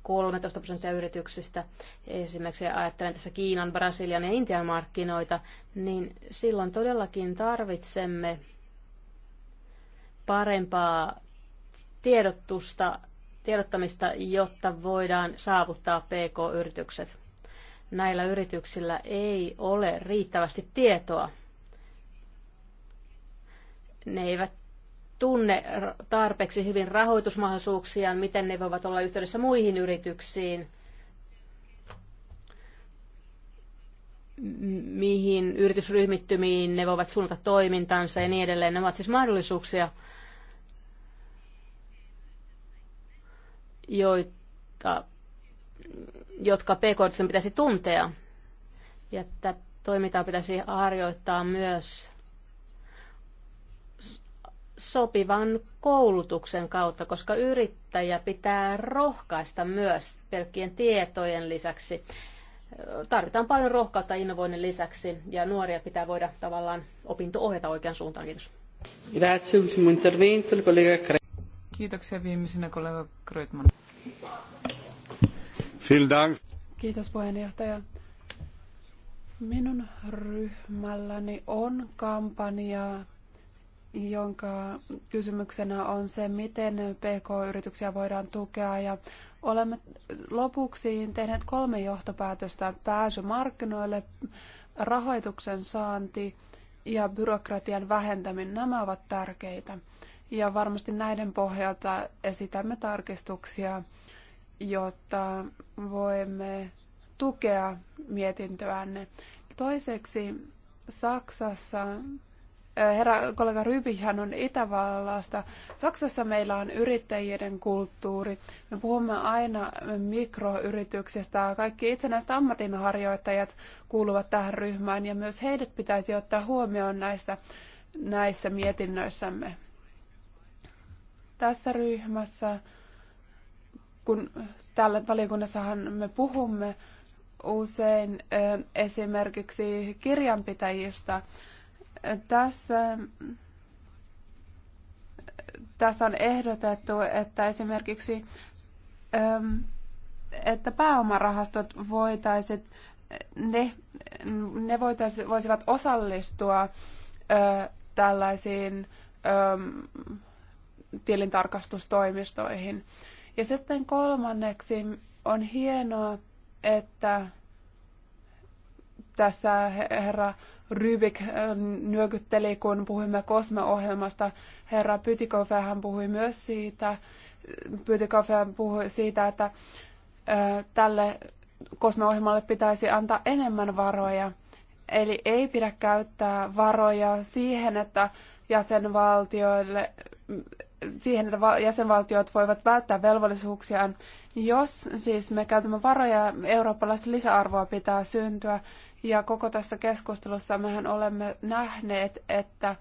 S5: 13 prosenttia yrityksistä, esimerkiksi ajattelen tässä Kiinan, Brasilian ja Intian markkinoita, niin silloin todellakin tarvitsemme parempaa tiedotusta, tiedottamista, jotta voidaan saavuttaa PK-yritykset. Näillä yrityksillä ei ole riittävästi tietoa ne eivät tunne tarpeeksi hyvin rahoitusmahdollisuuksiaan, miten ne voivat olla yhteydessä muihin yrityksiin, mihin yritysryhmittymiin ne voivat suunnata toimintansa ja niin edelleen. Ne ovat siis mahdollisuuksia, joita, jotka pk pitäisi tuntea. Ja että toimintaa pitäisi harjoittaa myös sopivan koulutuksen kautta, koska yrittäjä pitää rohkaista myös pelkkien tietojen lisäksi. Tarvitaan paljon rohkautta innovoinnin lisäksi ja nuoria pitää voida tavallaan opinto ohjata oikean suuntaan. Kiitos.
S1: Kiitoksia viimeisenä kollega Kröitman.
S3: Kiitos puheenjohtaja. Minun ryhmälläni on kampanja jonka kysymyksenä on se, miten PK-yrityksiä voidaan tukea. Ja olemme lopuksi tehneet kolme johtopäätöstä. Pääsy markkinoille, rahoituksen saanti ja byrokratian vähentäminen. Nämä ovat tärkeitä. Ja varmasti näiden pohjalta esitämme tarkistuksia, jotta voimme tukea mietintöänne. Toiseksi Saksassa herra kollega Rybihän on Itävallasta. Saksassa meillä on yrittäjien kulttuuri. Me puhumme aina mikroyrityksistä. Kaikki itsenäiset ammatinharjoittajat kuuluvat tähän ryhmään ja myös heidät pitäisi ottaa huomioon näissä, näissä mietinnöissämme. Tässä ryhmässä, kun tällä valiokunnassahan me puhumme usein esimerkiksi kirjanpitäjistä, tässä, tässä on ehdotettu, että esimerkiksi ähm, että pääomarahastot voitaisiin, ne, ne voitaisiin, voisivat osallistua tällaisiin ähm, tilintarkastustoimistoihin. Ja sitten kolmanneksi on hienoa, että tässä herra Rybik nyökytteli, kun puhuimme Kosme-ohjelmasta. Herra Pytikofe hän puhui myös siitä, Pytikofe puhui siitä, että tälle Kosme-ohjelmalle pitäisi antaa enemmän varoja. Eli ei pidä käyttää varoja siihen, että jäsenvaltioille siihen, että jäsenvaltiot voivat välttää velvollisuuksiaan. Jos siis me käytämme varoja, eurooppalaista lisäarvoa pitää syntyä. Ja koko tässä keskustelussa mehän olemme nähneet, että,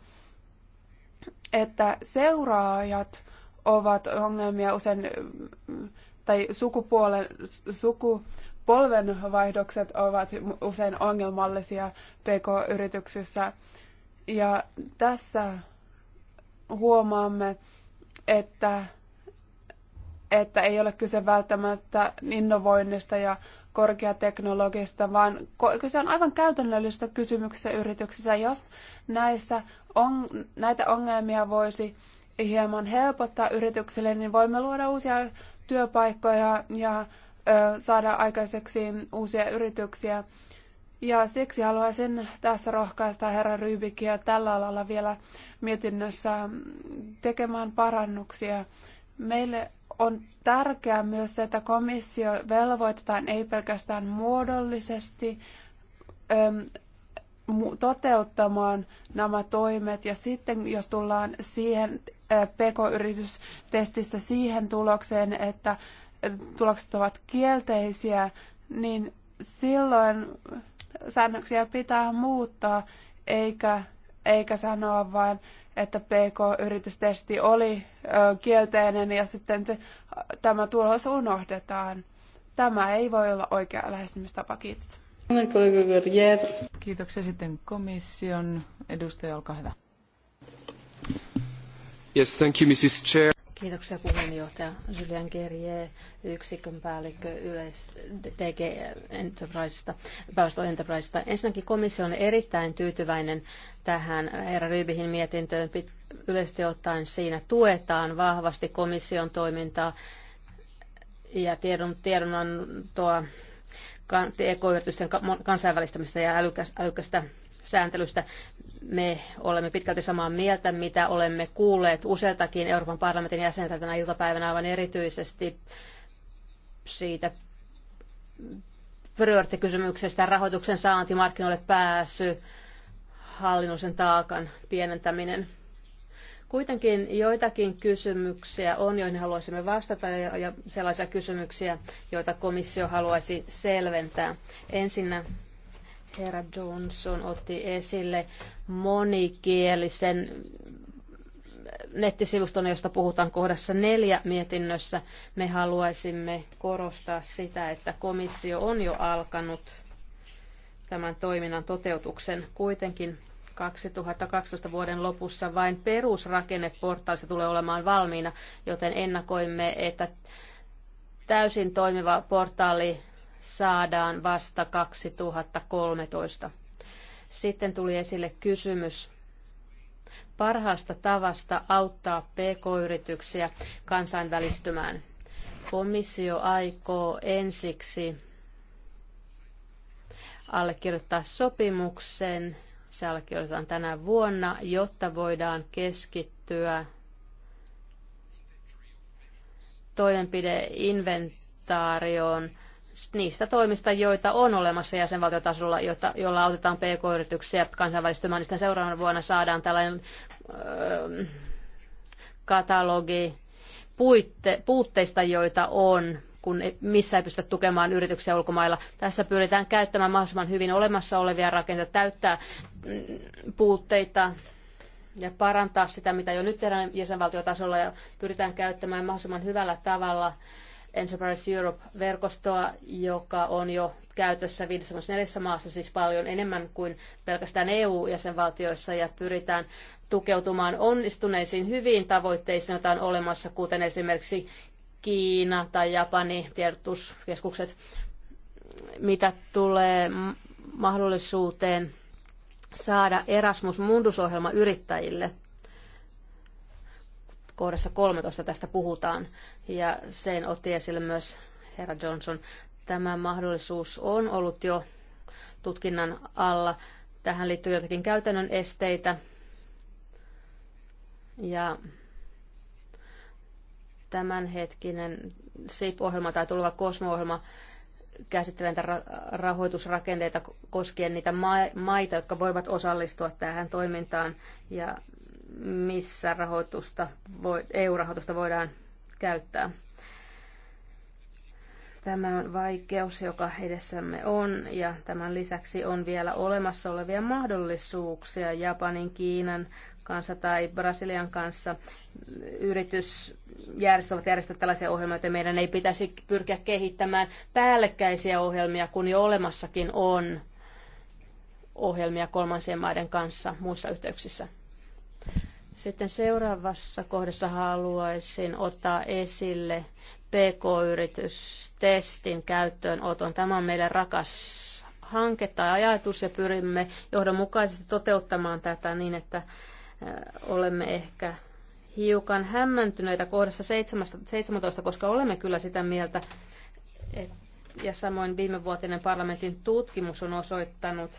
S3: että seuraajat ovat ongelmia usein, tai sukupuolen, polvenvaihdokset ovat usein ongelmallisia pk-yrityksissä. Ja tässä huomaamme, että, että ei ole kyse välttämättä innovoinnista ja korkeateknologista, vaan se on aivan käytännöllistä kysymyksessä yrityksissä. Jos näissä on, näitä ongelmia voisi hieman helpottaa yritykselle niin voimme luoda uusia työpaikkoja ja ö, saada aikaiseksi uusia yrityksiä. Ja siksi haluaisin tässä rohkaista herra Rybikiä tällä alalla vielä mietinnössä tekemään parannuksia. Meille on tärkeää myös se, että komissio velvoitetaan ei pelkästään muodollisesti ähm, toteuttamaan nämä toimet ja sitten jos tullaan siihen äh, pk-yritystestissä siihen tulokseen, että äh, tulokset ovat kielteisiä, niin silloin säännöksiä pitää muuttaa eikä, eikä sanoa vain, että PK-yritystesti oli kielteinen ja sitten se, tämä tulos unohdetaan. Tämä ei voi olla oikea lähestymistapa. Kiitos.
S1: Kiitoksia sitten komission edustaja, olkaa hyvä.
S2: Yes, thank you, Mrs. Chair.
S1: Kiitoksia puheenjohtaja Julian Kerje, yksikön
S5: päällikkö yleis DG Enterprisesta, Päästö Enterprisesta. Ensinnäkin komissio on erittäin tyytyväinen tähän herra Rybihin mietintöön. Yleisesti ottaen siinä tuetaan vahvasti komission toimintaa ja tiedon, tiedonantoa pk-yritysten kansainvälistämistä ja älykästä sääntelystä. Me olemme pitkälti samaa mieltä, mitä olemme kuulleet useiltakin Euroopan parlamentin jäseniltä tänä iltapäivänä aivan erityisesti siitä prioriteettikysymyksestä, rahoituksen saanti, markkinoille pääsy, hallinnollisen taakan pienentäminen. Kuitenkin joitakin kysymyksiä on, joihin haluaisimme vastata ja sellaisia kysymyksiä, joita komissio haluaisi selventää. Ensinnä herra Johnson otti esille monikielisen nettisivuston, josta puhutaan kohdassa neljä mietinnössä. Me haluaisimme korostaa sitä, että komissio on jo alkanut tämän toiminnan toteutuksen. Kuitenkin 2012 vuoden lopussa vain perusrakenneportaali tulee olemaan valmiina, joten ennakoimme, että täysin toimiva portaali saadaan vasta 2013. Sitten tuli esille kysymys parhaasta tavasta auttaa pk-yrityksiä kansainvälistymään. Komissio aikoo ensiksi allekirjoittaa sopimuksen. Se allekirjoitetaan tänä vuonna, jotta voidaan keskittyä toimenpideinventaarioon niistä toimista, joita on olemassa jäsenvaltiotasolla, joita, jolla autetaan pk-yrityksiä kansainvälistymään, niin seuraavana vuonna saadaan tällainen öö, katalogi puitte, puutteista, joita on kun missä ei pystytä tukemaan yrityksiä ulkomailla. Tässä pyritään käyttämään mahdollisimman hyvin olemassa olevia rakenteita, täyttää mm, puutteita ja parantaa sitä, mitä jo nyt tehdään jäsenvaltiotasolla ja pyritään käyttämään mahdollisimman hyvällä tavalla Enterprise Europe-verkostoa, joka on jo käytössä 54 maassa, siis paljon enemmän kuin pelkästään EU-jäsenvaltioissa, ja pyritään tukeutumaan onnistuneisiin hyviin tavoitteisiin, joita on olemassa, kuten esimerkiksi Kiina tai Japani tiedotuskeskukset, mitä tulee mahdollisuuteen saada Erasmus Mundus-ohjelma yrittäjille – Kohdassa 13 tästä puhutaan ja sen otti esille myös herra Johnson. Tämä mahdollisuus on ollut jo tutkinnan alla. Tähän liittyy jotakin käytännön esteitä ja tämänhetkinen SIP-ohjelma tai tuleva cosmo ohjelma käsittelee niitä rahoitusrakenteita koskien niitä maita, jotka voivat osallistua tähän toimintaan. Ja missä rahoitusta, EU-rahoitusta voidaan käyttää. Tämä on vaikeus, joka edessämme on, ja tämän lisäksi on vielä olemassa olevia mahdollisuuksia Japanin, Kiinan kanssa tai Brasilian kanssa. Yritysjärjestöt ovat järjestäneet tällaisia ohjelmia, että meidän ei pitäisi pyrkiä kehittämään päällekkäisiä ohjelmia, kun jo olemassakin on ohjelmia kolmansien maiden kanssa muissa yhteyksissä. Sitten seuraavassa kohdassa haluaisin ottaa esille PK-yritystestin käyttöönoton. Tämä on meille rakas hanke tai ajatus ja pyrimme johdonmukaisesti toteuttamaan tätä niin, että olemme ehkä hiukan hämmentyneitä kohdassa 17, koska olemme kyllä sitä mieltä, että ja samoin viime vuotinen parlamentin tutkimus on osoittanut,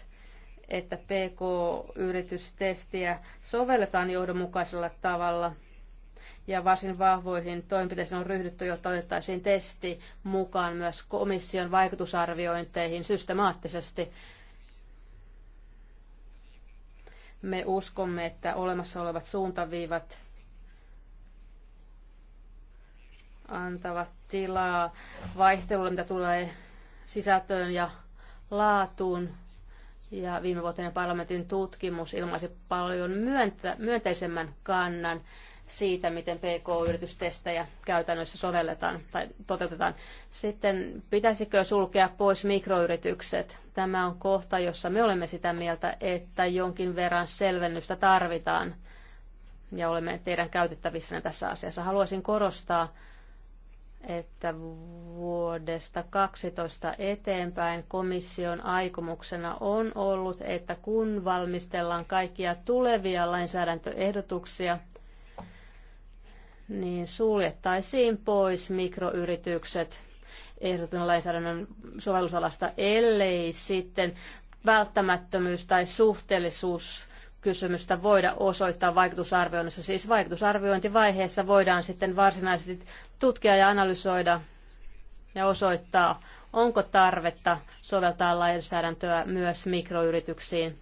S5: että PK-yritystestiä sovelletaan johdonmukaisella tavalla ja varsin vahvoihin toimenpiteisiin on ryhdytty, jotta otettaisiin testi mukaan myös komission vaikutusarviointeihin systemaattisesti. Me uskomme, että olemassa olevat suuntaviivat antavat tilaa vaihtelulle, mitä tulee sisältöön ja laatuun ja viimevuotinen parlamentin tutkimus ilmaisi paljon myöntä, myönteisemmän kannan siitä, miten PK-yritystestejä käytännössä sovelletaan tai toteutetaan. Sitten pitäisikö sulkea pois mikroyritykset? Tämä on kohta, jossa me olemme sitä mieltä, että jonkin verran selvennystä tarvitaan ja olemme teidän käytettävissä tässä asiassa. Haluaisin korostaa että vuodesta 12 eteenpäin komission aikomuksena on ollut, että kun valmistellaan kaikkia tulevia lainsäädäntöehdotuksia, niin suljettaisiin pois mikroyritykset ehdotetun lainsäädännön sovellusalasta, ellei sitten välttämättömyys tai suhteellisuus kysymystä voida osoittaa vaikutusarvioinnissa. Siis vaikutusarviointivaiheessa voidaan sitten varsinaisesti tutkia ja analysoida ja osoittaa, onko tarvetta soveltaa lainsäädäntöä myös mikroyrityksiin.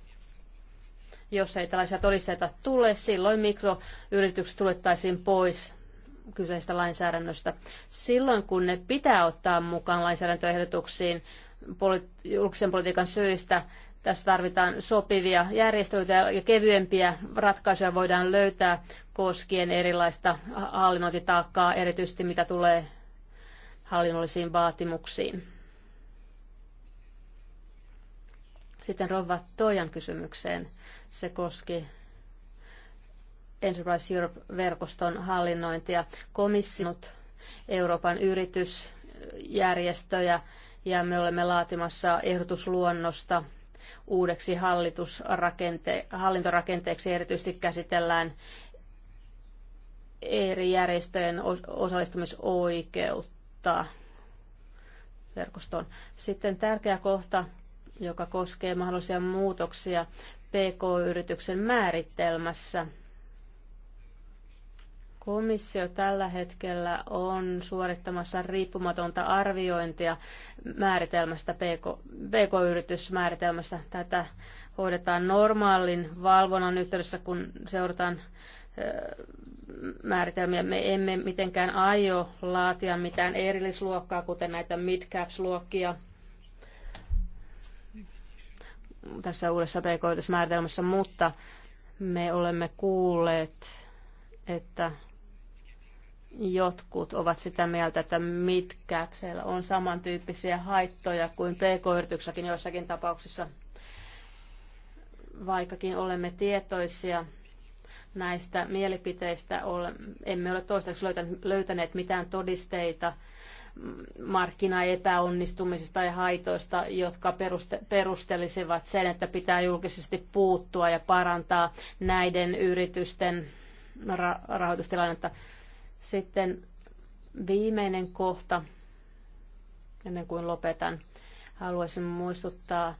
S5: Jos ei tällaisia todisteita tule, silloin mikroyritykset tulettaisiin pois kyseistä lainsäädännöstä. Silloin kun ne pitää ottaa mukaan lainsäädäntöehdotuksiin poli- julkisen politiikan syistä, tässä tarvitaan sopivia järjestelyitä ja kevyempiä ratkaisuja voidaan löytää koskien erilaista hallinnointitaakkaa, erityisesti mitä tulee hallinnollisiin vaatimuksiin. Sitten Rova Tojan kysymykseen. Se koski Enterprise Europe-verkoston hallinnointia. Komissinut Euroopan yritysjärjestöjä ja me olemme laatimassa ehdotusluonnosta uudeksi hallintorakenteeksi erityisesti käsitellään eri järjestöjen osallistumisoikeutta verkostoon. Sitten tärkeä kohta, joka koskee mahdollisia muutoksia PK-yrityksen määritelmässä Komissio tällä hetkellä on suorittamassa riippumatonta arviointia määritelmästä PK, PK-yritysmääritelmästä. Tätä hoidetaan normaalin valvonnan yhteydessä, kun seurataan määritelmiä. Me emme mitenkään aio laatia mitään erillisluokkaa, kuten näitä mid-caps-luokkia tässä uudessa pk määritelmässä, mutta me olemme kuulleet, että Jotkut ovat sitä mieltä, että mitkäksellä on samantyyppisiä haittoja kuin pk-yrityksilläkin joissakin tapauksissa. Vaikkakin olemme tietoisia näistä mielipiteistä, emme ole toistaiseksi löytäneet mitään todisteita markkinaepäonnistumisista ja haitoista, jotka perustelisivat sen, että pitää julkisesti puuttua ja parantaa näiden yritysten ra- rahoitustilannetta. Sitten viimeinen kohta, ennen kuin lopetan, haluaisin muistuttaa,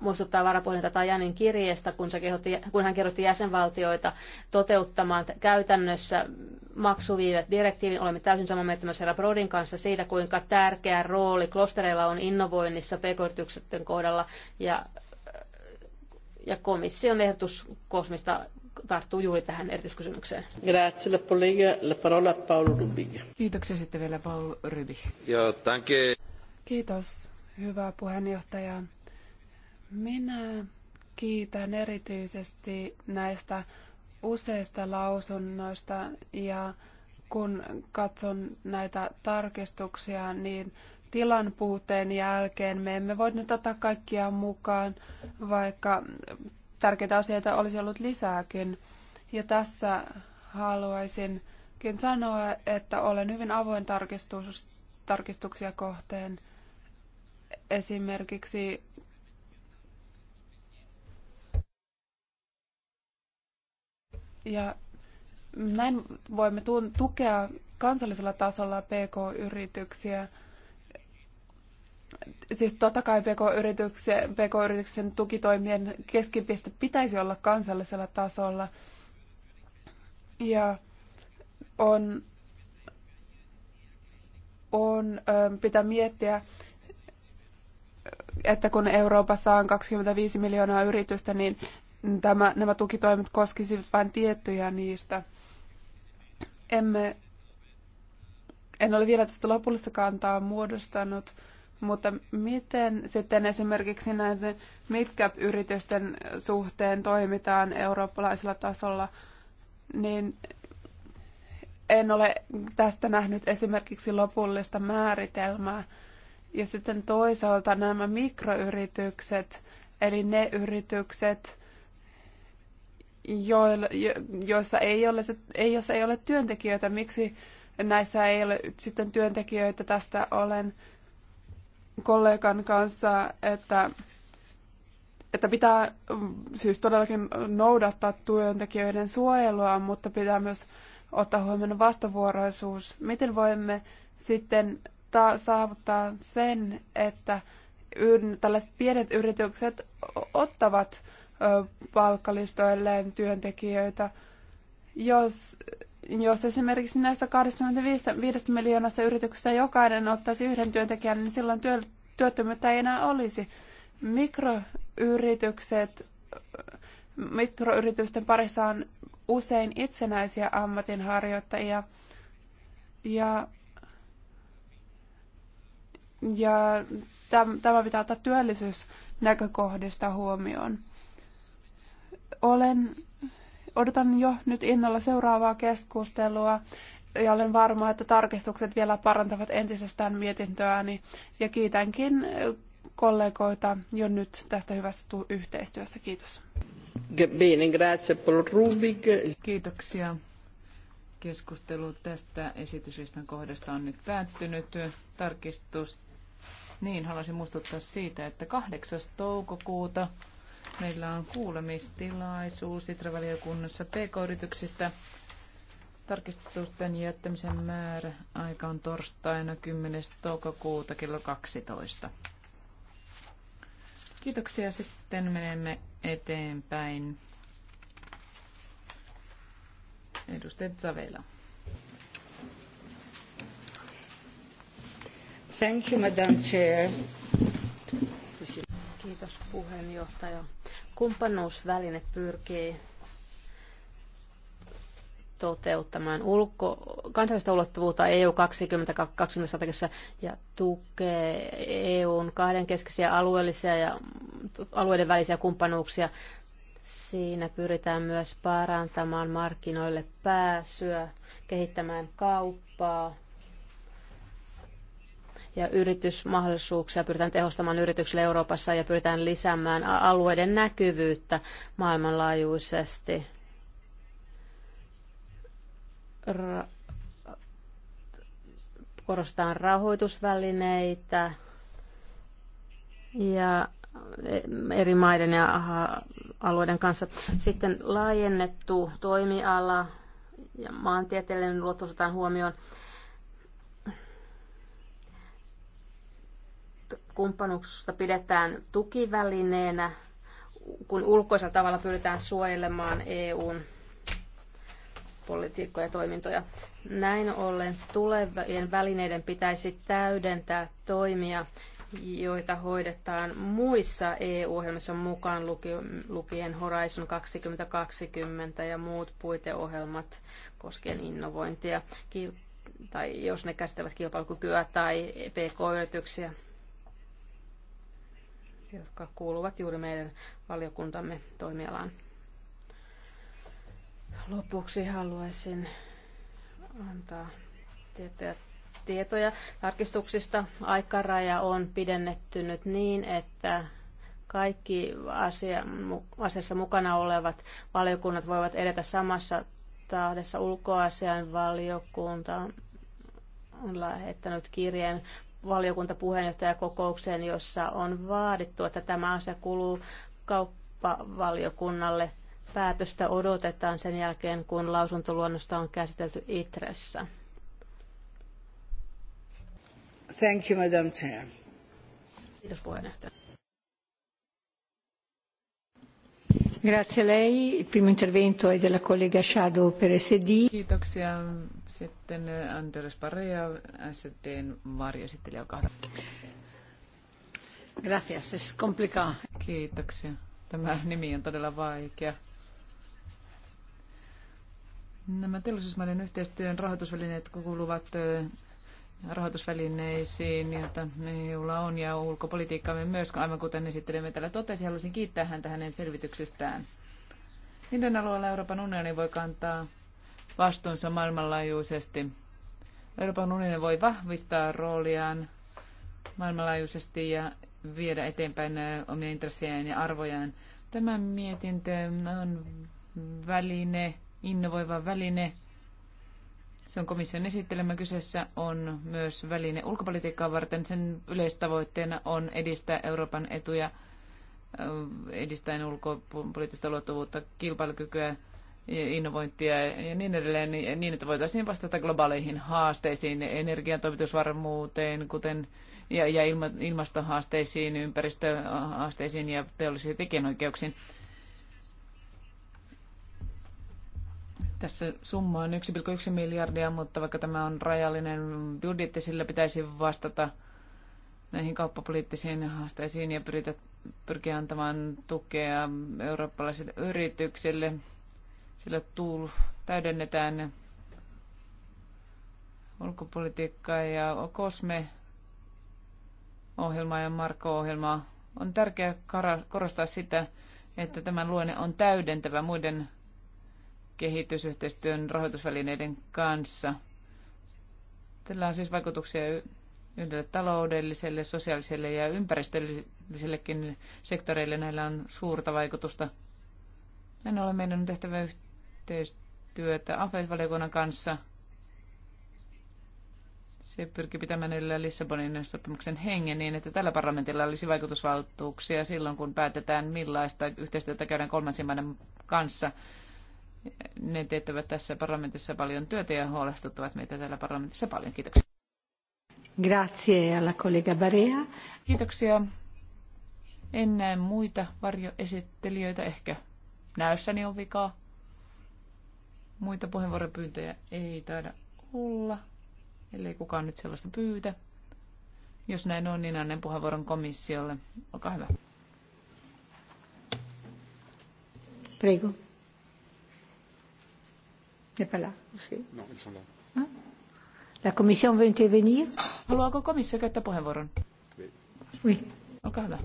S5: muistuttaa varapuolinta Tajanin kirjeestä, kun, se kehotti, kun hän kerrotti jäsenvaltioita toteuttamaan käytännössä maksuviivet direktiivin. Olemme täysin samaa mieltä myös herra Brodin kanssa siitä, kuinka tärkeä rooli klostereilla on innovoinnissa pk kohdalla ja ja komission ehdotus kosmista tarttuu juuri tähän erityiskysymykseen.
S2: Grazie, la
S3: collega, la parola Paolo Rubig. Kiitoksia sitten vielä Paul Rubig.
S2: Ja, danke.
S3: Kiitos, hyvä puheenjohtaja. Minä kiitän erityisesti näistä useista lausunnoista ja kun katson näitä tarkistuksia, niin tilan puutteen jälkeen me emme voi nyt ottaa kaikkia mukaan, vaikka tärkeitä asioita olisi ollut lisääkin. Ja tässä haluaisinkin sanoa, että olen hyvin avoin tarkistus, tarkistuksia kohteen. Esimerkiksi ja näin voimme tukea kansallisella tasolla pk-yrityksiä siis totta kai PK-yrityksen, PK-yrityksen tukitoimien keskipiste pitäisi olla kansallisella tasolla. Ja on, on ähm, pitää miettiä, että kun Euroopassa on 25 miljoonaa yritystä, niin tämä, nämä tukitoimet koskisivat vain tiettyjä niistä. Emme, en ole vielä tästä lopullista kantaa muodostanut, mutta miten sitten esimerkiksi näiden midcap-yritysten suhteen toimitaan eurooppalaisella tasolla, niin en ole tästä nähnyt esimerkiksi lopullista määritelmää. Ja sitten toisaalta nämä mikroyritykset, eli ne yritykset, joilla, joissa, ei ole, jos ei ole työntekijöitä, miksi näissä ei ole sitten työntekijöitä, tästä olen kollegan kanssa, että, että pitää mm, siis todellakin noudattaa työntekijöiden suojelua, mutta pitää myös ottaa huomioon vastavuoroisuus. Miten voimme sitten ta- saavuttaa sen, että yr- tällaiset pienet yritykset ottavat ö, palkkalistoilleen työntekijöitä, jos jos esimerkiksi näistä 25 miljoonasta yrityksestä jokainen ottaisi yhden työntekijän, niin silloin työ, työttömyyttä ei enää olisi. Mikroyritykset, mikroyritysten parissa on usein itsenäisiä ammatinharjoittajia ja, ja täm, tämä pitää ottaa työllisyysnäkökohdista huomioon. Olen odotan jo nyt innolla seuraavaa keskustelua ja olen varma, että tarkistukset vielä parantavat entisestään mietintöäni. Ja kiitänkin kollegoita jo nyt tästä hyvästä yhteistyöstä. Kiitos.
S2: Kiitoksia.
S1: Keskustelu tästä esityslistan kohdasta on nyt päättynyt. Tarkistus. Niin, haluaisin muistuttaa siitä, että 8. toukokuuta Meillä on kuulemistilaisuus Sitra-valiokunnassa PK-yrityksistä. Tarkistusten jättämisen määrä aika on torstaina 10. toukokuuta kello 12. Kiitoksia. Sitten menemme eteenpäin. Edustaja Zavela. Thank you, Madam
S4: Chair. Kiitos puheenjohtaja.
S5: Kumppanuusväline pyrkii toteuttamaan ulko, kansallista ulottuvuutta EU 2020 strategiassa ja tukee EUn kahdenkeskisiä alueellisia ja alueiden välisiä kumppanuuksia. Siinä pyritään myös parantamaan markkinoille pääsyä, kehittämään kauppaa ja yritysmahdollisuuksia pyritään tehostamaan yrityksille Euroopassa ja pyritään lisäämään alueiden näkyvyyttä maailmanlaajuisesti. Ra- korostetaan rahoitusvälineitä ja e- eri maiden ja alueiden kanssa. Sitten laajennettu toimiala ja maantieteellinen luotus huomioon kumppanuksesta pidetään tukivälineenä, kun ulkoisella tavalla pyritään suojelemaan EUn politiikkoja ja toimintoja. Näin ollen tulevien välineiden pitäisi täydentää toimia, joita hoidetaan muissa EU-ohjelmissa mukaan lukien Horizon 2020 ja muut puiteohjelmat koskien innovointia tai jos ne käsittävät kilpailukykyä tai PK-yrityksiä jotka kuuluvat juuri meidän valiokuntamme toimialaan. Lopuksi haluaisin antaa tietoja, tietoja tarkistuksista. Aikaraja on pidennetty nyt niin, että kaikki asia, asiassa mukana olevat valiokunnat voivat edetä samassa tahdessa. Ulkoasian valiokunta on lähettänyt kirjeen valiokuntapuheenjohtajakokoukseen, jossa on vaadittu, että tämä asia kuuluu kauppavaliokunnalle. Päätöstä odotetaan sen jälkeen, kun lausuntoluonnosta on käsitelty ITRESSä.
S4: Thank you, Madam Chair.
S5: Kiitos puheenjohtaja.
S4: Grazie lei. Il primo intervento è della collega Shadow per SD. Kiitoksia.
S1: Sitten eh, Anders Parrea, SDn varjoesittelijä, olkaa hyvä. Gracias, es complicado. Kiitoksia. Tämä nimi on todella vaikea. Nämä teollisuusmaiden yhteistyön rahoitusvälineet kuuluvat eh, rahoitusvälineisiin, joita EUlla on, ja ulkopolitiikkaamme myös, aivan kuten esittelemme täällä totesi, haluaisin kiittää häntä hänen selvityksestään. Miten alueella Euroopan unioni voi kantaa vastuunsa maailmanlaajuisesti? Euroopan unioni voi vahvistaa rooliaan maailmanlaajuisesti ja viedä eteenpäin omia intressejään ja arvojaan. Tämä mietintö on väline, innovoiva väline, se on komission esittelemä. Kyseessä on myös väline ulkopolitiikkaa varten. Sen yleistavoitteena on edistää Euroopan etuja edistäen ulkopoliittista luottavuutta, kilpailukykyä, innovointia ja niin edelleen, niin että voitaisiin vastata globaaleihin haasteisiin, energian toimitusvarmuuteen, kuten ja, ja ilma, ilmastohaasteisiin, ympäristöhaasteisiin ja teollisiin tekijänoikeuksiin. Tässä summa on 1,1 miljardia, mutta vaikka tämä on rajallinen budjetti, sillä pitäisi vastata näihin kauppapoliittisiin haasteisiin ja pyritä, pyrkiä antamaan tukea eurooppalaisille yrityksille. Sillä tuul, täydennetään ulkopolitiikkaa ja kosme ohjelmaa ja Marko-ohjelmaa. On tärkeää korostaa sitä, että tämän luonne on täydentävä muiden kehitysyhteistyön rahoitusvälineiden kanssa. Tällä on siis vaikutuksia yhdelle taloudelliselle, sosiaaliselle ja ympäristöllisellekin sektoreille. Näillä on suurta vaikutusta. Näin ollen meidän on tehtävä yhteistyötä AFET-valiokunnan kanssa. Se pyrkii pitämään yllä Lissabonin sopimuksen hengen niin, että tällä parlamentilla olisi vaikutusvaltuuksia silloin, kun päätetään millaista yhteistyötä käydään kolmansien kanssa – ne teettävät tässä parlamentissa paljon työtä ja huolestuttavat meitä täällä parlamentissa paljon. Kiitoksia. Grazie alla collega Barea. Kiitoksia. En näe muita varjoesittelijöitä. Ehkä näössäni on vikaa. Muita puheenvuoropyyntöjä ei taida olla, ellei kukaan nyt sellaista pyytä. Jos näin on, niin annan puheenvuoron komissiolle. Olkaa hyvä.
S4: Prego n'est pas là aussi. Non, ils sont là. Hein? La commission veut intervenir? Haluaako komissio käyttää puheenvuoron?
S3: Oui. Olkaa hyvä.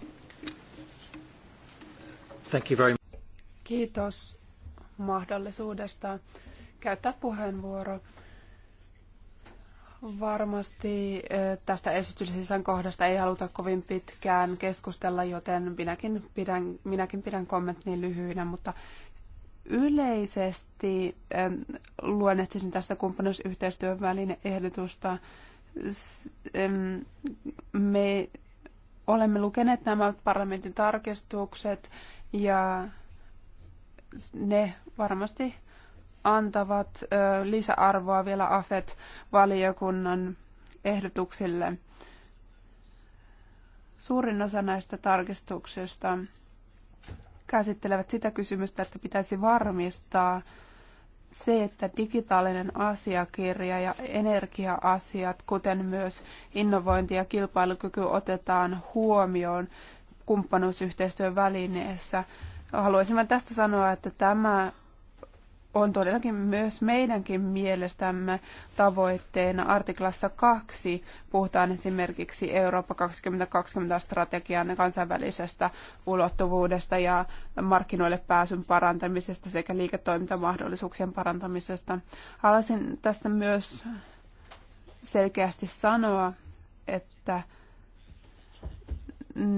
S4: Thank you very much.
S3: Kiitos mahdollisuudesta käyttää puheenvuoro. Varmasti eh, tästä esityksen kohdasta ei haluta kovin pitkään keskustella, joten minäkin pidän, minäkin pidän kommenttini lyhyinä, mutta yleisesti ähm, luonnehtisin tästä kumppanuusyhteistyön välineehdotusta. Ähm, me olemme lukeneet nämä parlamentin tarkistukset ja ne varmasti antavat lisäarvoa vielä AFET-valiokunnan ehdotuksille. Suurin osa näistä tarkistuksista käsittelevät sitä kysymystä, että pitäisi varmistaa se, että digitaalinen asiakirja ja energia-asiat, kuten myös innovointi ja kilpailukyky otetaan huomioon kumppanuusyhteistyön välineessä. Haluaisin tästä sanoa, että tämä on todellakin myös meidänkin mielestämme tavoitteena artiklassa 2 puhutaan esimerkiksi Eurooppa 2020 strategian kansainvälisestä ulottuvuudesta ja markkinoille pääsyn parantamisesta sekä liiketoimintamahdollisuuksien parantamisesta. Haluaisin tästä myös selkeästi sanoa, että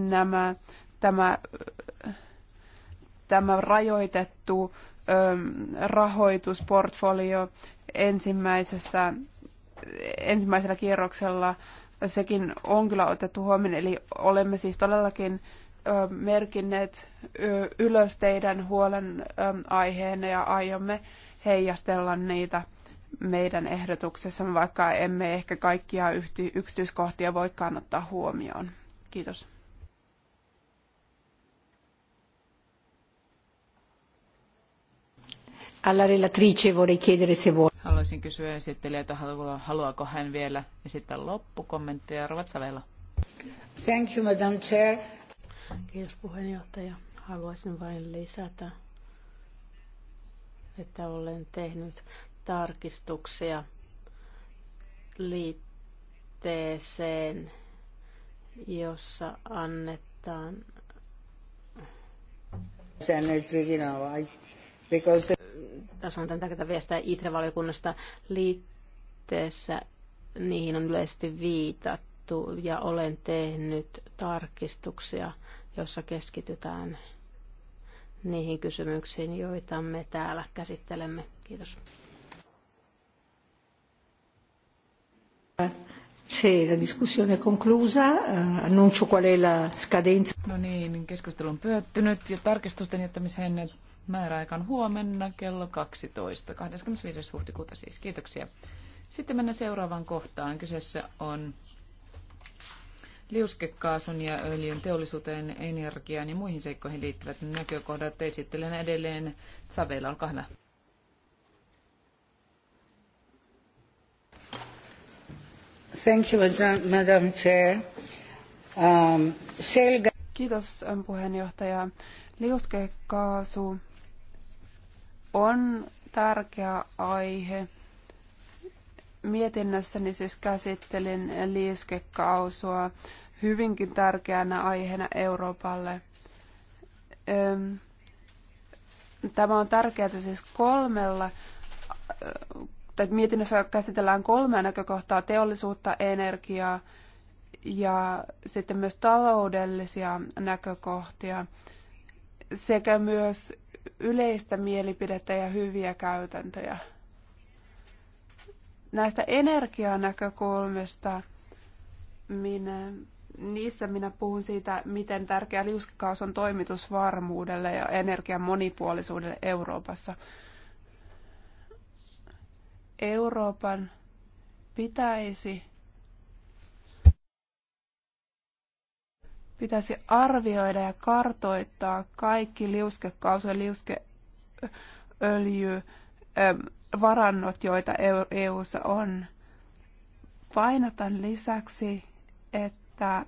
S3: nämä, tämä, tämä rajoitettu rahoitusportfolio ensimmäisessä, ensimmäisellä kierroksella. Sekin on kyllä otettu huomioon, eli olemme siis todellakin merkinneet ylös teidän huolen aiheen ja aiomme heijastella niitä meidän ehdotuksessamme, vaikka emme ehkä kaikkia yksityiskohtia voikaan ottaa huomioon. Kiitos.
S4: alla relatrice vorrei chiedere se vuole.
S1: Haluaisin kysyä esittelijältä, haluaako hän vielä esittää loppukommentteja. Rovat
S5: Thank you, Madam Chair. Kiitos puheenjohtaja. Haluaisin vain lisätä, että olen tehnyt tarkistuksia liitteeseen, jossa annetaan
S2: Säännöt, you
S5: know, I Because... Tässä on tärkeää viestää ITRE-valiokunnasta liitteessä. Niihin on yleisesti viitattu ja olen tehnyt tarkistuksia, joissa keskitytään niihin kysymyksiin, joita me täällä käsittelemme. Kiitos.
S4: Se, la discussione conclusa. Eh, annuncio qual è la
S1: scadenza. No niin, keskustelu on päättynyt ja tarkistusten jättämisen määräaika huomenna kello 12, 25. huhtikuuta siis. Kiitoksia. Sitten mennään seuraavaan kohtaan. Kyseessä on liuskekaasun ja öljyn teollisuuteen, energiaan ja muihin seikkoihin liittyvät näkökohdat. Esittelen edelleen. Saveilla, olkaa hyvä.
S3: Thank you, Madam Chair. Um, Kiitos ähm, puheenjohtaja. Liuskekaasu on tärkeä aihe. Mietinnössäni siis käsittelin liiskekausua hyvinkin tärkeänä aiheena Euroopalle. Tämä on tärkeää siis kolmella, tai mietinnössä käsitellään kolmea näkökohtaa, teollisuutta, energiaa ja sitten myös taloudellisia näkökohtia sekä myös yleistä mielipidettä ja hyviä käytäntöjä. Näistä energianäkökulmista minä, niissä minä puhun siitä, miten tärkeä liuskakaas on toimitusvarmuudelle ja energian monipuolisuudelle Euroopassa. Euroopan pitäisi pitäisi arvioida ja kartoittaa kaikki liuskekaus- ja liuskeöljyvarannot, joita EU:ssa on. Painotan lisäksi, että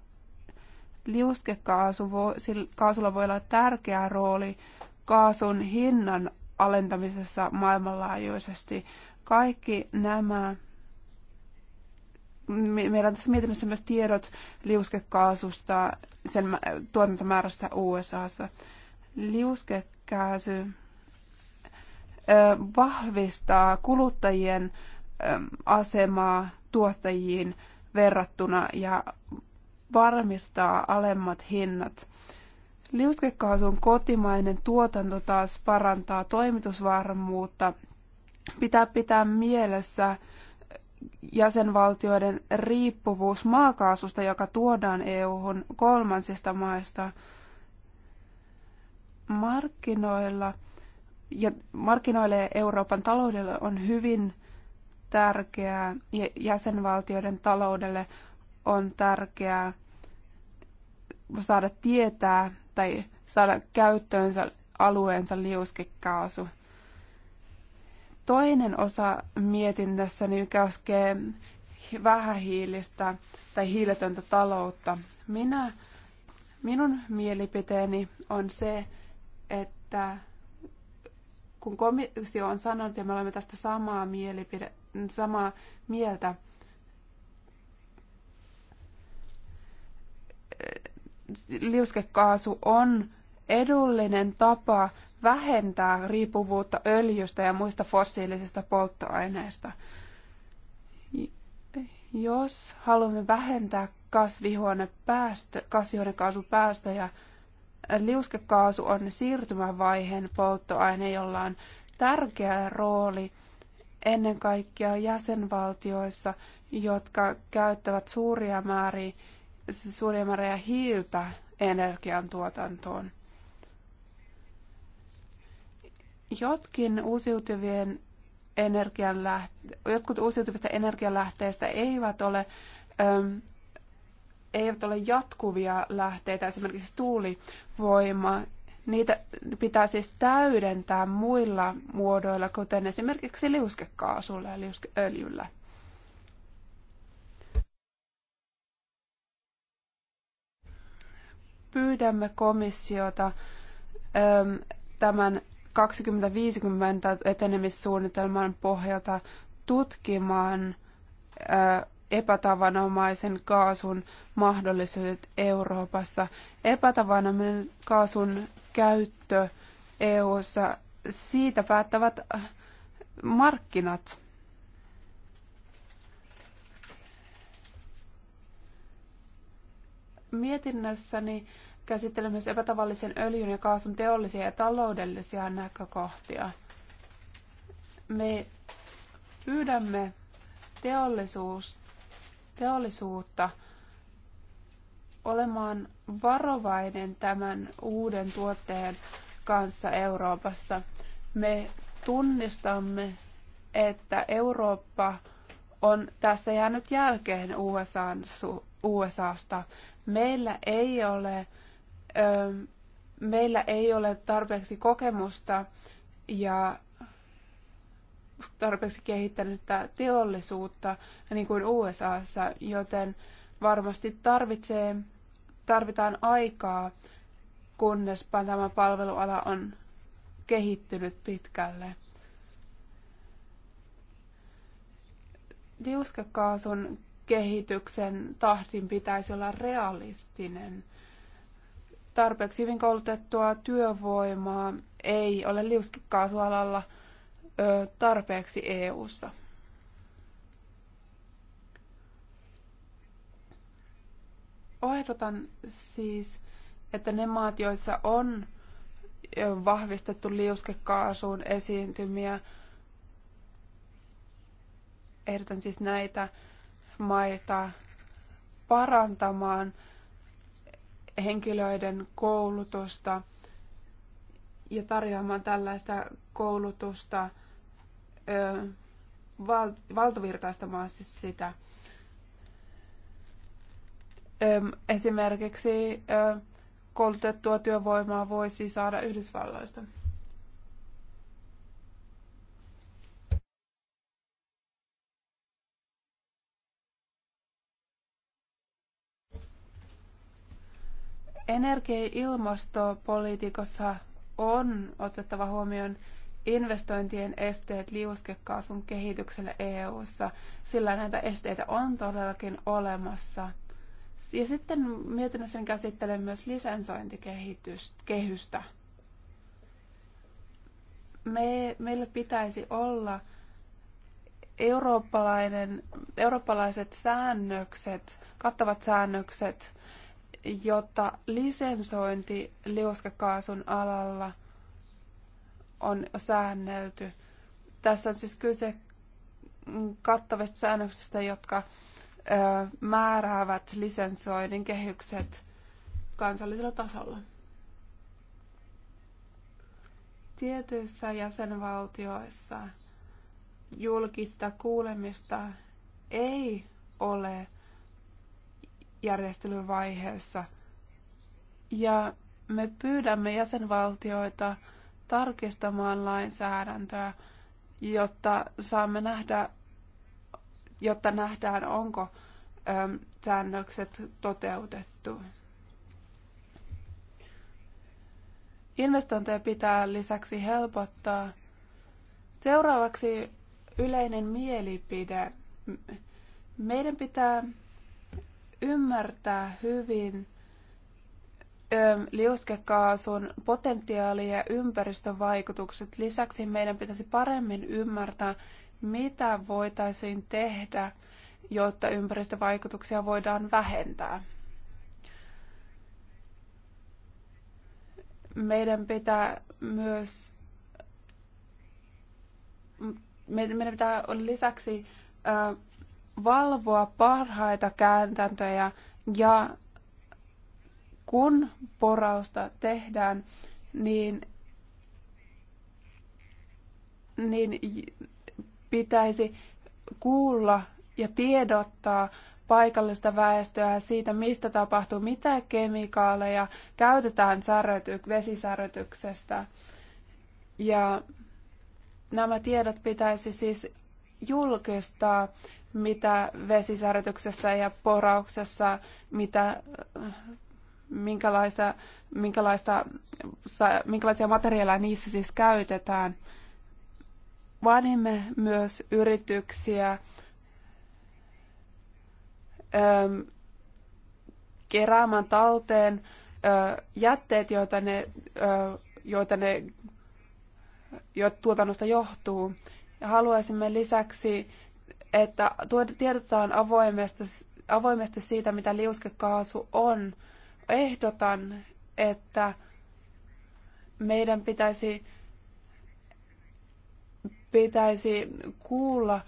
S3: liuskekaasulla voi olla tärkeä rooli kaasun hinnan alentamisessa maailmanlaajuisesti. Kaikki nämä meillä on tässä mietinnössä myös tiedot liuskekaasusta, sen tuotantomäärästä USAssa. Liuskekaasu vahvistaa kuluttajien asemaa tuottajiin verrattuna ja varmistaa alemmat hinnat. Liuskekaasun kotimainen tuotanto taas parantaa toimitusvarmuutta. Pitää pitää mielessä, jäsenvaltioiden riippuvuus maakaasusta, joka tuodaan EU-hun kolmansista maista markkinoilla ja markkinoille ja Euroopan taloudelle on hyvin tärkeää ja jäsenvaltioiden taloudelle on tärkeää saada tietää tai saada käyttöönsä alueensa liuskekaasu. Toinen osa mietinnässä, niin käskee vähähiilistä tai hiiletöntä taloutta. Minä, minun mielipiteeni on se, että kun komissio on sanonut, ja me olemme tästä samaa, mielipide, samaa mieltä, liuskekaasu on edullinen tapa vähentää riippuvuutta öljystä ja muista fossiilisista polttoaineista. Jos haluamme vähentää kasvihuonepäästö, kasvihuonekaasupäästöjä, liuskekaasu on siirtymävaiheen polttoaine, jolla on tärkeä rooli ennen kaikkea jäsenvaltioissa, jotka käyttävät suuria määriä, suuria määriä hiiltä energiantuotantoon. Jotkin uusiutuvien energianlähte- jotkut uusiutuvista energianlähteistä eivät ole, äm, eivät ole jatkuvia lähteitä, esimerkiksi tuulivoima. Niitä pitää siis täydentää muilla muodoilla, kuten esimerkiksi liuskekaasulla ja liuskeöljyllä. Pyydämme komissiota tämän 2050 etenemissuunnitelman pohjalta tutkimaan epätavanomaisen kaasun mahdollisuudet Euroopassa. Epätavanomainen kaasun käyttö EU:ssa siitä päättävät markkinat. Mietinnössäni käsittelee myös epätavallisen öljyn ja kaasun teollisia ja taloudellisia näkökohtia. Me pyydämme teollisuus, teollisuutta olemaan varovainen tämän uuden tuotteen kanssa Euroopassa. Me tunnistamme, että Eurooppa on tässä jäänyt jälkeen USAsta. Meillä ei ole meillä ei ole tarpeeksi kokemusta ja tarpeeksi kehittänyttä teollisuutta, niin kuin USAssa, joten varmasti tarvitsee, tarvitaan aikaa, kunnes tämä palveluala on kehittynyt pitkälle. Diuskakaasun kehityksen tahdin pitäisi olla realistinen – tarpeeksi hyvin koulutettua työvoimaa ei ole liuskikaasualalla tarpeeksi EU:ssa. Ohdotan siis, että ne maat, joissa on vahvistettu liuskekaasuun esiintymiä, ehdotan siis näitä maita parantamaan – henkilöiden koulutusta ja tarjoamaan tällaista koulutusta ö, val, valtavirtaistamaan siis sitä. Ö, esimerkiksi ö, koulutettua työvoimaa voisi saada Yhdysvalloista. Energia- ja ilmastopolitiikassa on otettava huomioon investointien esteet liuskekaasun kehitykselle EU:ssa, sillä näitä esteitä on todellakin olemassa. Ja sitten mietinnössä käsittelen myös lisensointikehystä. Me, meillä pitäisi olla eurooppalainen, eurooppalaiset säännökset, kattavat säännökset jotta lisensointi liuskakaasun alalla on säännelty. Tässä on siis kyse kattavista säännöksistä, jotka ö, määräävät lisensoinnin kehykset kansallisella tasolla. Tietyissä jäsenvaltioissa julkista kuulemista ei ole järjestelyvaiheessa. Ja me pyydämme jäsenvaltioita tarkistamaan lainsäädäntöä, jotta saamme nähdä, jotta nähdään, onko ö, säännökset toteutettu. Investointeja pitää lisäksi helpottaa. Seuraavaksi yleinen mielipide. Meidän pitää ymmärtää hyvin liuskekaasun potentiaali ja ympäristövaikutukset. Lisäksi meidän pitäisi paremmin ymmärtää, mitä voitaisiin tehdä, jotta ympäristövaikutuksia voidaan vähentää. Meidän pitää myös meidän pitää lisäksi valvoa parhaita kääntäntöjä ja kun porausta tehdään, niin, niin pitäisi kuulla ja tiedottaa paikallista väestöä siitä, mistä tapahtuu, mitä kemikaaleja käytetään säröty- vesisärötyksestä. Ja nämä tiedot pitäisi siis julkistaa mitä vesisärjätyksessä ja porauksessa, mitä, minkälaista, minkälaista, minkälaisia materiaaleja niissä siis käytetään. Vaadimme myös yrityksiä ähm, keräämään talteen äh, jätteet, joita ne, ö, äh, joita ne jo tuotannosta johtuu. Ja haluaisimme lisäksi että tiedotetaan avoimesti, avoimesti siitä, mitä liuskekaasu on. Ehdotan, että meidän pitäisi, pitäisi kuulla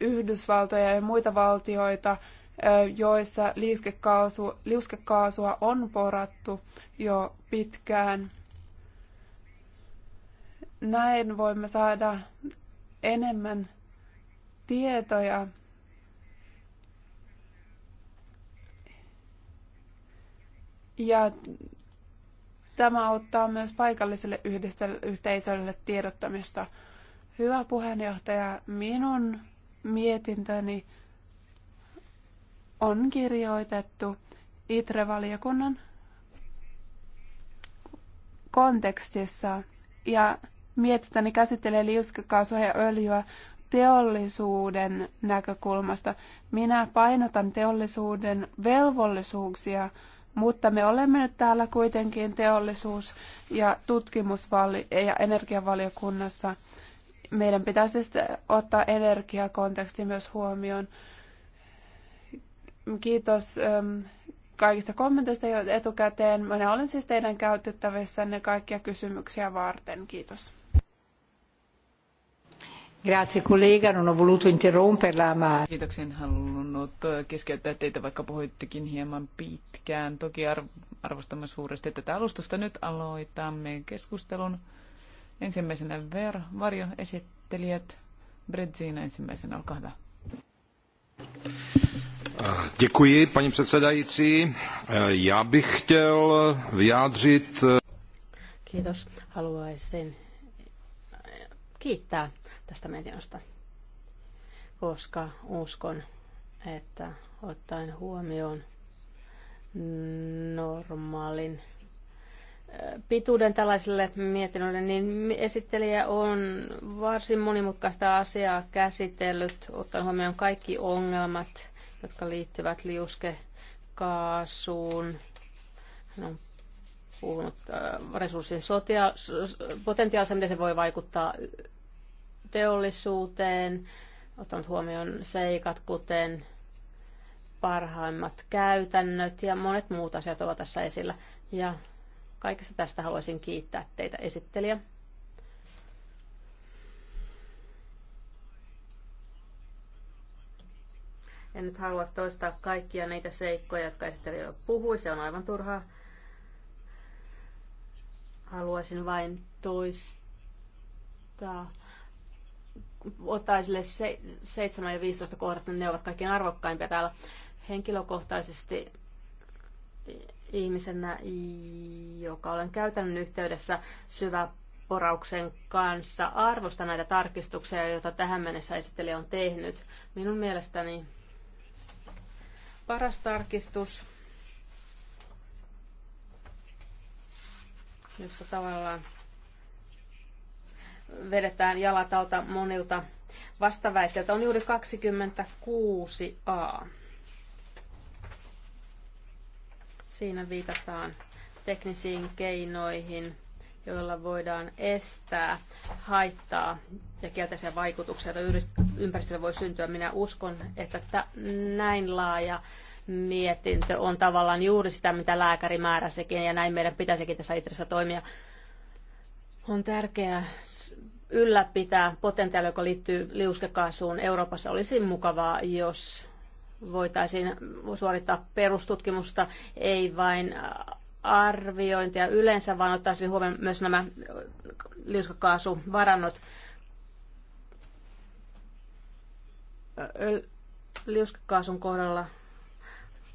S3: Yhdysvaltoja ja muita valtioita, joissa liuskekaasu, liuskekaasua on porattu jo pitkään. Näin voimme saada enemmän tietoja. Ja tämä auttaa myös paikalliselle yhteisölle tiedottamista. Hyvä puheenjohtaja, minun mietintöni on kirjoitettu ITRE-valiokunnan kontekstissa ja mietintäni käsittelee liuskakaasua ja öljyä teollisuuden näkökulmasta. Minä painotan teollisuuden velvollisuuksia, mutta me olemme nyt täällä kuitenkin teollisuus- ja tutkimusvali- ja energiavaliokunnassa. Meidän pitäisi siis ottaa energiakonteksti myös huomioon. Kiitos ähm, kaikista kommenteista jo etukäteen. Minä olen siis teidän käytettävissänne kaikkia kysymyksiä varten. Kiitos.
S4: Grazie collega, non ho voluto interromperla,
S1: ma... halunnut keskeyttää teitä, vaikka puhuittekin hieman pitkään. Toki arvostamme suuresti tätä alustusta. Nyt aloitamme keskustelun. Ensimmäisenä Ver, Varjo, esittelijät. Bredzina ensimmäisenä, olkaa hyvä.
S5: Děkuji, paní předsedající. Já bych chtěl vyjádřit... Kiitos. Haluaisin kiittää tästä mietinnöstä, koska uskon, että ottaen huomioon normaalin pituuden tällaisille mietinnöille, niin esittelijä on varsin monimutkaista asiaa käsitellyt, ottaen huomioon kaikki ongelmat, jotka liittyvät liuskekaasuun. Hän on puhunut resurssin sotia, potentiaalista, miten se voi vaikuttaa teollisuuteen, ottanut huomioon seikat, kuten parhaimmat käytännöt ja monet muut asiat ovat tässä esillä. Ja kaikesta tästä haluaisin kiittää teitä esittelijä. En nyt halua toistaa kaikkia niitä seikkoja, jotka esittelijä jo puhui, se on aivan turhaa. Haluaisin vain toistaa ottaa esille se, 7 ja 15 kohdat, niin ne ovat kaikkein arvokkaimpia täällä henkilökohtaisesti ihmisenä, joka olen käytännön yhteydessä syvä porauksen kanssa. arvosta näitä tarkistuksia, joita tähän mennessä esitteli on tehnyt. Minun mielestäni paras tarkistus, jossa tavallaan vedetään jalat alta monilta vastaväitteiltä, on juuri 26a. Siinä viitataan teknisiin keinoihin, joilla voidaan estää haittaa ja kielteisiä vaikutuksia, joita ympäristölle voi syntyä. Minä uskon, että näin laaja mietintö on tavallaan juuri sitä, mitä lääkäri määräsikin, ja näin meidän pitäisikin tässä itse toimia. On tärkeää ylläpitää potentiaalia, joka liittyy liuskekaasuun Euroopassa. Olisi mukavaa, jos voitaisiin suorittaa perustutkimusta, ei vain arviointia yleensä, vaan ottaisiin huomioon myös nämä liuskakaasuvarannot. Liuskakaasun kohdalla,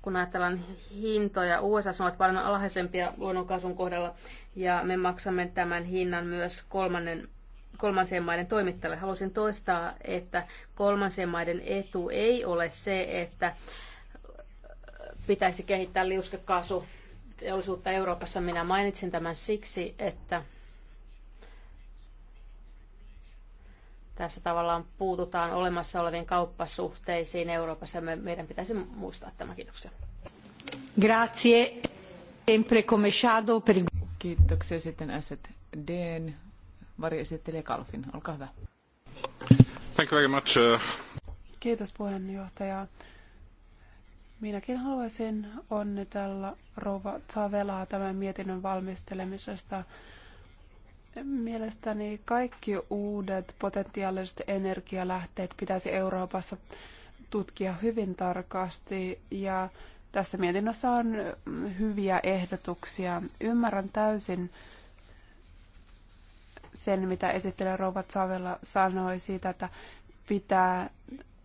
S5: kun ajatellaan hintoja, USA on paljon alhaisempia luonnonkaasun kohdalla, ja me maksamme tämän hinnan myös kolmannen kolmansien maiden toimittajalle. Haluaisin toistaa, että kolmansien maiden etu ei ole se, että pitäisi kehittää liuskekaasu teollisuutta Euroopassa. Minä mainitsin tämän siksi, että tässä tavallaan puututaan olemassa oleviin kauppasuhteisiin Euroopassa. Me, meidän pitäisi muistaa tämä. Kiitoksia.
S4: Grazie.
S1: Sempre come shadow per... Kiitoksia sitten Asset Dn
S3: varjoesittelijä Kalfin. Olkaa hyvä.
S2: Thank you very much. Uh,
S3: Kiitos puheenjohtaja. Minäkin haluaisin onnitella Rova Tavelaa tämän mietinnön valmistelemisesta. Mielestäni kaikki uudet potentiaaliset energialähteet pitäisi Euroopassa tutkia hyvin tarkasti ja tässä mietinnössä on hyviä ehdotuksia. Ymmärrän täysin sen, mitä esittelijä Rouva Savella sanoi siitä, että pitää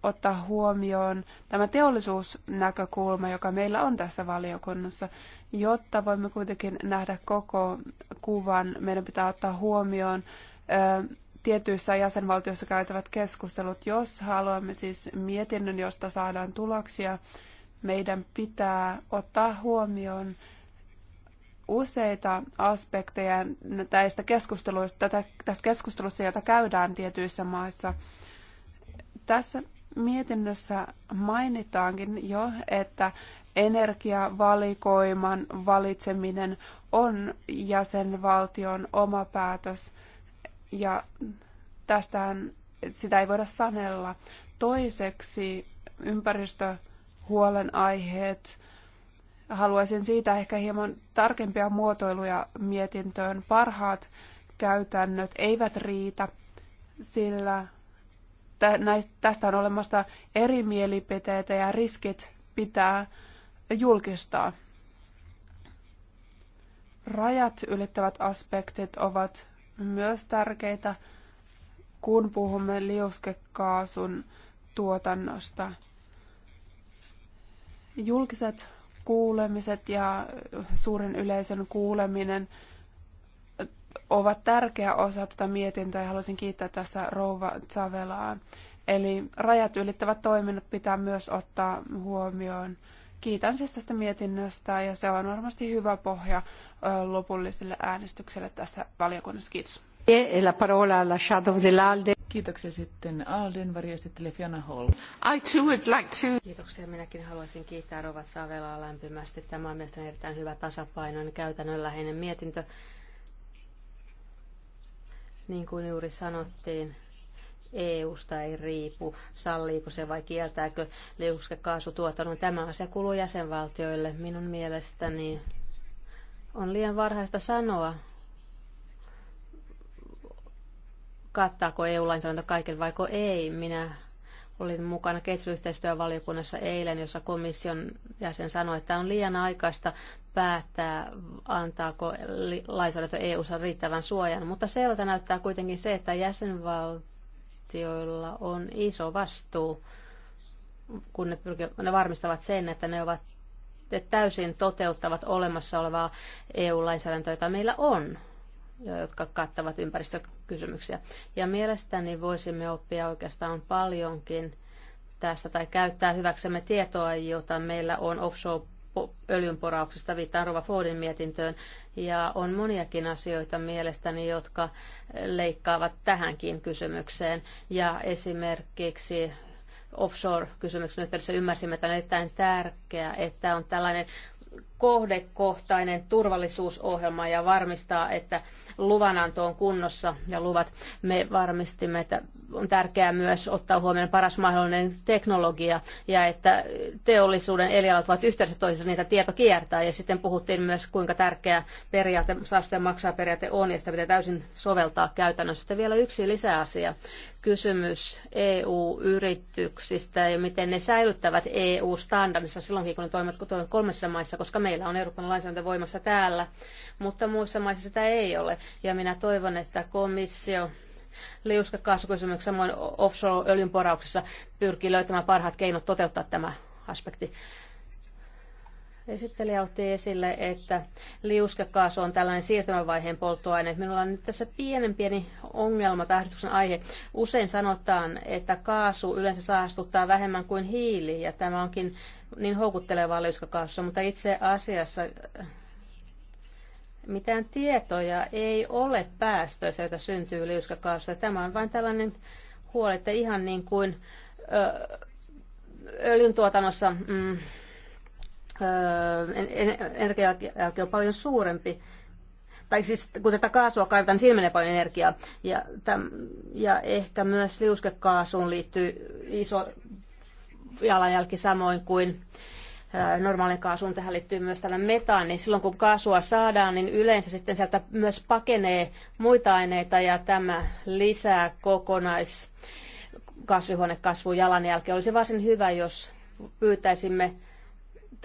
S3: ottaa huomioon tämä teollisuusnäkökulma, joka meillä on tässä valiokunnassa, jotta voimme kuitenkin nähdä koko kuvan. Meidän pitää ottaa huomioon ö, tietyissä jäsenvaltioissa käytävät keskustelut, jos haluamme siis mietinnön, josta saadaan tuloksia, meidän pitää ottaa huomioon useita aspekteja tästä keskustelusta, tätä, tästä keskustelusta, jota käydään tietyissä maissa. Tässä mietinnössä mainitaankin jo, että energiavalikoiman valitseminen on jäsenvaltion oma päätös ja tästähän sitä ei voida sanella. Toiseksi ympäristö huolenaiheet. Haluaisin siitä ehkä hieman tarkempia muotoiluja mietintöön. Parhaat käytännöt eivät riitä, sillä tästä on olemassa eri mielipiteitä ja riskit pitää julkistaa. Rajat ylittävät aspektit ovat myös tärkeitä, kun puhumme liuskekaasun tuotannosta. Julkiset kuulemiset ja suuren yleisön kuuleminen ovat tärkeä osa tätä mietintöä ja haluaisin kiittää tässä Rouva Zavelaa. Eli rajat ylittävät toiminnot pitää myös ottaa huomioon. Kiitän siis tästä mietinnöstä ja se on varmasti hyvä pohja lopulliselle äänestykselle tässä valiokunnassa. Kiitos.
S1: E Kiitoksia sitten Alden varjoesittelijä Fiona Hall. I
S5: too would like to... Kiitoksia. Minäkin haluaisin kiittää Rovat Savelaa lämpimästi. Tämä on mielestäni erittäin hyvä tasapainoinen käytännönläheinen mietintö. Niin kuin juuri sanottiin, EU-sta ei riipu, salliiko se vai kieltääkö liuskekaasutuotannon. Tämä asia kuuluu jäsenvaltioille. Minun mielestäni on liian varhaista sanoa, kattaako EU-lainsäädäntö kaiken vaiko ei. Minä olin mukana kehitysyhteistyövaliokunnassa eilen, jossa komission jäsen sanoi, että on liian aikaista päättää, antaako lainsäädäntö EU-ssa riittävän suojan. Mutta selvältä näyttää kuitenkin se, että jäsenvaltioilla on iso vastuu, kun ne, pyrkivät, ne varmistavat sen, että ne ovat että täysin toteuttavat olemassa olevaa EU-lainsäädäntöä, jota meillä on, jotka kattavat ympäristö- kysymyksiä. Ja mielestäni voisimme oppia oikeastaan paljonkin tästä tai käyttää hyväksemme tietoa, jota meillä on offshore öljynporauksesta, viittaan Rova Fordin mietintöön, ja on moniakin asioita mielestäni, jotka leikkaavat tähänkin kysymykseen. Ja esimerkiksi offshore-kysymyksen yhteydessä ymmärsimme, että on erittäin tärkeää, että on tällainen kohdekohtainen turvallisuusohjelma ja varmistaa, että luvananto on kunnossa ja luvat. Me varmistimme, että on tärkeää myös ottaa huomioon paras mahdollinen teknologia ja että teollisuuden elialat ovat yhteydessä toisensa, niitä tieto kiertää. Ja sitten puhuttiin myös, kuinka tärkeä periaate, saastujen maksaa periaate on ja sitä pitää täysin soveltaa käytännössä. Sitten vielä yksi lisäasia. Kysymys EU-yrityksistä ja miten ne säilyttävät EU-standardissa silloinkin, kun ne toimivat kolmessa maissa, koska meillä on Euroopan lainsäädäntö voimassa täällä, mutta muissa maissa sitä ei ole. Ja minä toivon, että komissio liuskakaasukysymyksessä samoin offshore-öljynporauksessa pyrkii löytämään parhaat keinot toteuttaa tämä aspekti. Esittelijä otti esille, että liuskekaasu on tällainen siirtymävaiheen polttoaine. Minulla on nyt tässä pienen pieni ongelma tähdistyksen aihe. Usein sanotaan, että kaasu yleensä saastuttaa vähemmän kuin hiili, ja tämä onkin niin houkuttelevaa liuskakaussa, mutta itse asiassa äh, mitään tietoja ei ole päästöistä, joita syntyy liuskakaasusta. Tämä on vain tällainen huoli, että ihan niin kuin äh, öljyntuotannossa mm, äh, energiajälki on paljon suurempi. Tai siis kun tätä kaasua kaivetaan, niin siinä menee paljon energiaa. Ja, täm, ja ehkä myös liuskekaasuun liittyy iso jalanjälki samoin kuin normaalin kaasuun. Tähän liittyy myös tämä metaani. Silloin kun kaasua saadaan, niin yleensä sitten sieltä myös pakenee muita aineita ja tämä lisää kokonais kasvihuonekasvun jalanjälki. Olisi varsin hyvä, jos pyytäisimme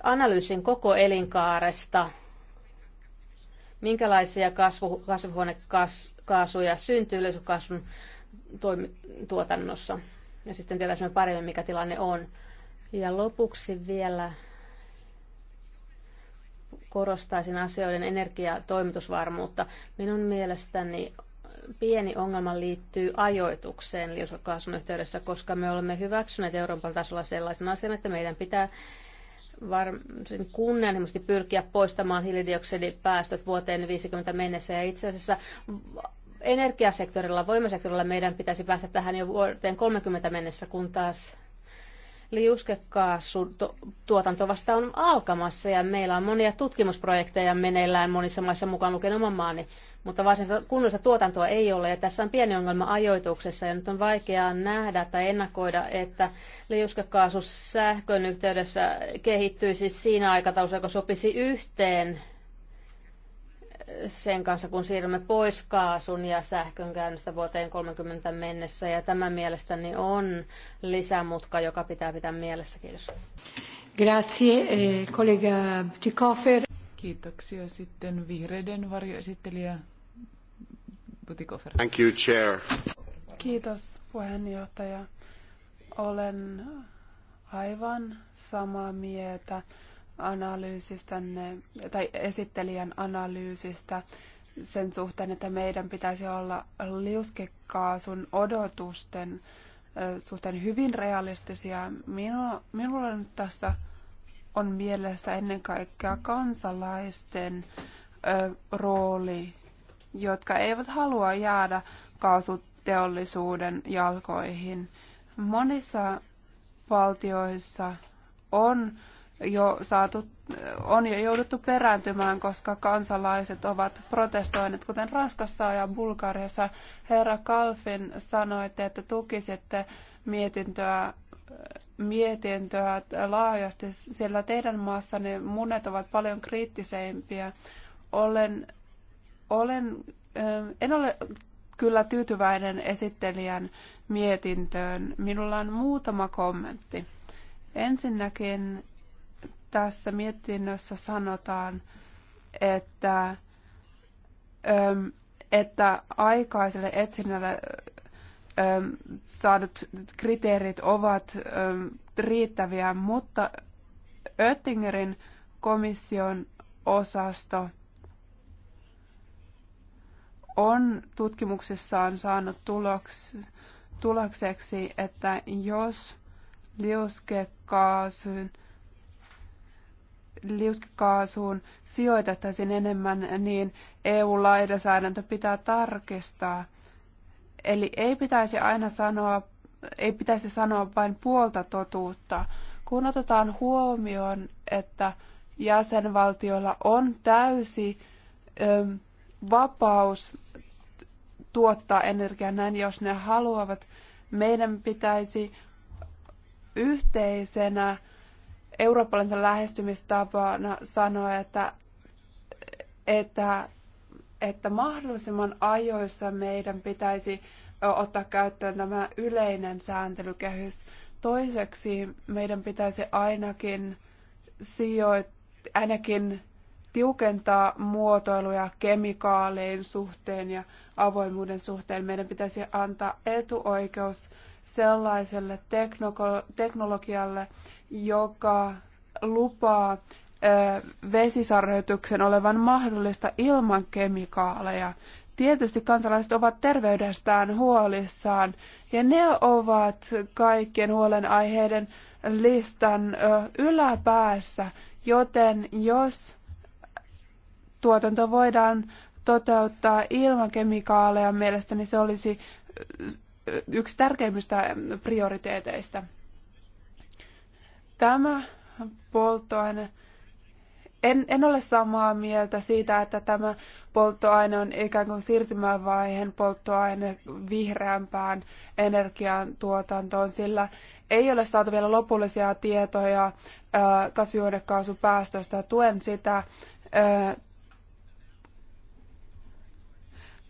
S5: analyysin koko elinkaaresta, minkälaisia kasvu, kasvihuonekaasuja syntyy yleisökasvun tuotannossa ja sitten tietäisimme paremmin, mikä tilanne on. Ja lopuksi vielä korostaisin asioiden energiatoimitusvarmuutta. Minun mielestäni pieni ongelma liittyy ajoitukseen liusokaasun yhteydessä, koska me olemme hyväksyneet Euroopan tasolla sellaisen asian, että meidän pitää varsin kunnianhimoisesti pyrkiä poistamaan hiilidioksidipäästöt vuoteen 50 mennessä. Ja itse asiassa energiasektorilla, voimasektorilla meidän pitäisi päästä tähän jo vuoteen 30 mennessä, kun taas liuskekaasun tuotanto vasta on alkamassa ja meillä on monia tutkimusprojekteja meneillään monissa maissa mukaan lukien oman maani, mutta varsinaista kunnollista tuotantoa ei ole ja tässä on pieni ongelma ajoituksessa ja nyt on vaikeaa nähdä tai ennakoida, että liuskekaasu sähkön yhteydessä kehittyisi siinä aikataulussa, joka sopisi yhteen sen kanssa, kun siirrymme pois kaasun ja sähkön käynnistä vuoteen 30 mennessä. Ja tämä mielestäni on lisämutka, joka pitää pitää mielessä. Kiitos.
S1: Grazie, kollega eh, Butikofer.
S3: Kiitoksia. Sitten vihreiden varjoesittelijä
S1: Butikofer.
S4: Thank you, chair.
S3: Kiitos, puheenjohtaja. Olen aivan samaa mieltä analyysistänne tai esittelijän analyysistä sen suhteen, että meidän pitäisi olla liuskekaasun odotusten suhteen hyvin realistisia. Minu, minulla nyt tässä on mielessä ennen kaikkea kansalaisten ö, rooli, jotka eivät halua jäädä kaasuteollisuuden jalkoihin. Monissa valtioissa on jo saatu, on jo jouduttu perääntymään, koska kansalaiset ovat protestoineet, kuten Ranskassa ja Bulgariassa. Herra Kalfin sanoitte, että tukisitte mietintöä, mietintöä laajasti, sillä teidän maassanne monet ovat paljon kriittisempiä. Olen, olen, en ole kyllä tyytyväinen esittelijän mietintöön. Minulla on muutama kommentti. Ensinnäkin tässä mietinnössä sanotaan, että, että aikaiselle etsinnälle saadut kriteerit ovat riittäviä, mutta Oettingerin komission osasto on tutkimuksissaan saanut tuloks, tulokseksi, että jos liuskekaasun liuskekaasuun sijoitettaisiin enemmän, niin EU-lainsäädäntö pitää tarkistaa. Eli ei pitäisi aina sanoa, ei pitäisi sanoa vain puolta totuutta. Kun otetaan huomioon, että jäsenvaltioilla on täysi ö, vapaus tuottaa energiaa näin, jos ne haluavat, meidän pitäisi yhteisenä eurooppalaisen lähestymistapana sanoa, että, että, että mahdollisimman ajoissa meidän pitäisi ottaa käyttöön tämä yleinen sääntelykehys. Toiseksi meidän pitäisi ainakin, sijoit- ainakin tiukentaa muotoiluja kemikaalien suhteen ja avoimuuden suhteen. Meidän pitäisi antaa etuoikeus sellaiselle teknologialle, joka lupaa vesisarjoituksen olevan mahdollista ilman kemikaaleja. Tietysti kansalaiset ovat terveydestään huolissaan ja ne ovat kaikkien huolenaiheiden listan yläpäässä, joten jos tuotanto voidaan toteuttaa ilman kemikaaleja, mielestäni se olisi yksi tärkeimmistä prioriteeteista. Tämä polttoaine. En, en ole samaa mieltä siitä, että tämä polttoaine on ikään kuin siirtymävaiheen polttoaine vihreämpään energiantuotantoon, sillä ei ole saatu vielä lopullisia tietoja kasvihuonekaasupäästöistä. Tuen sitä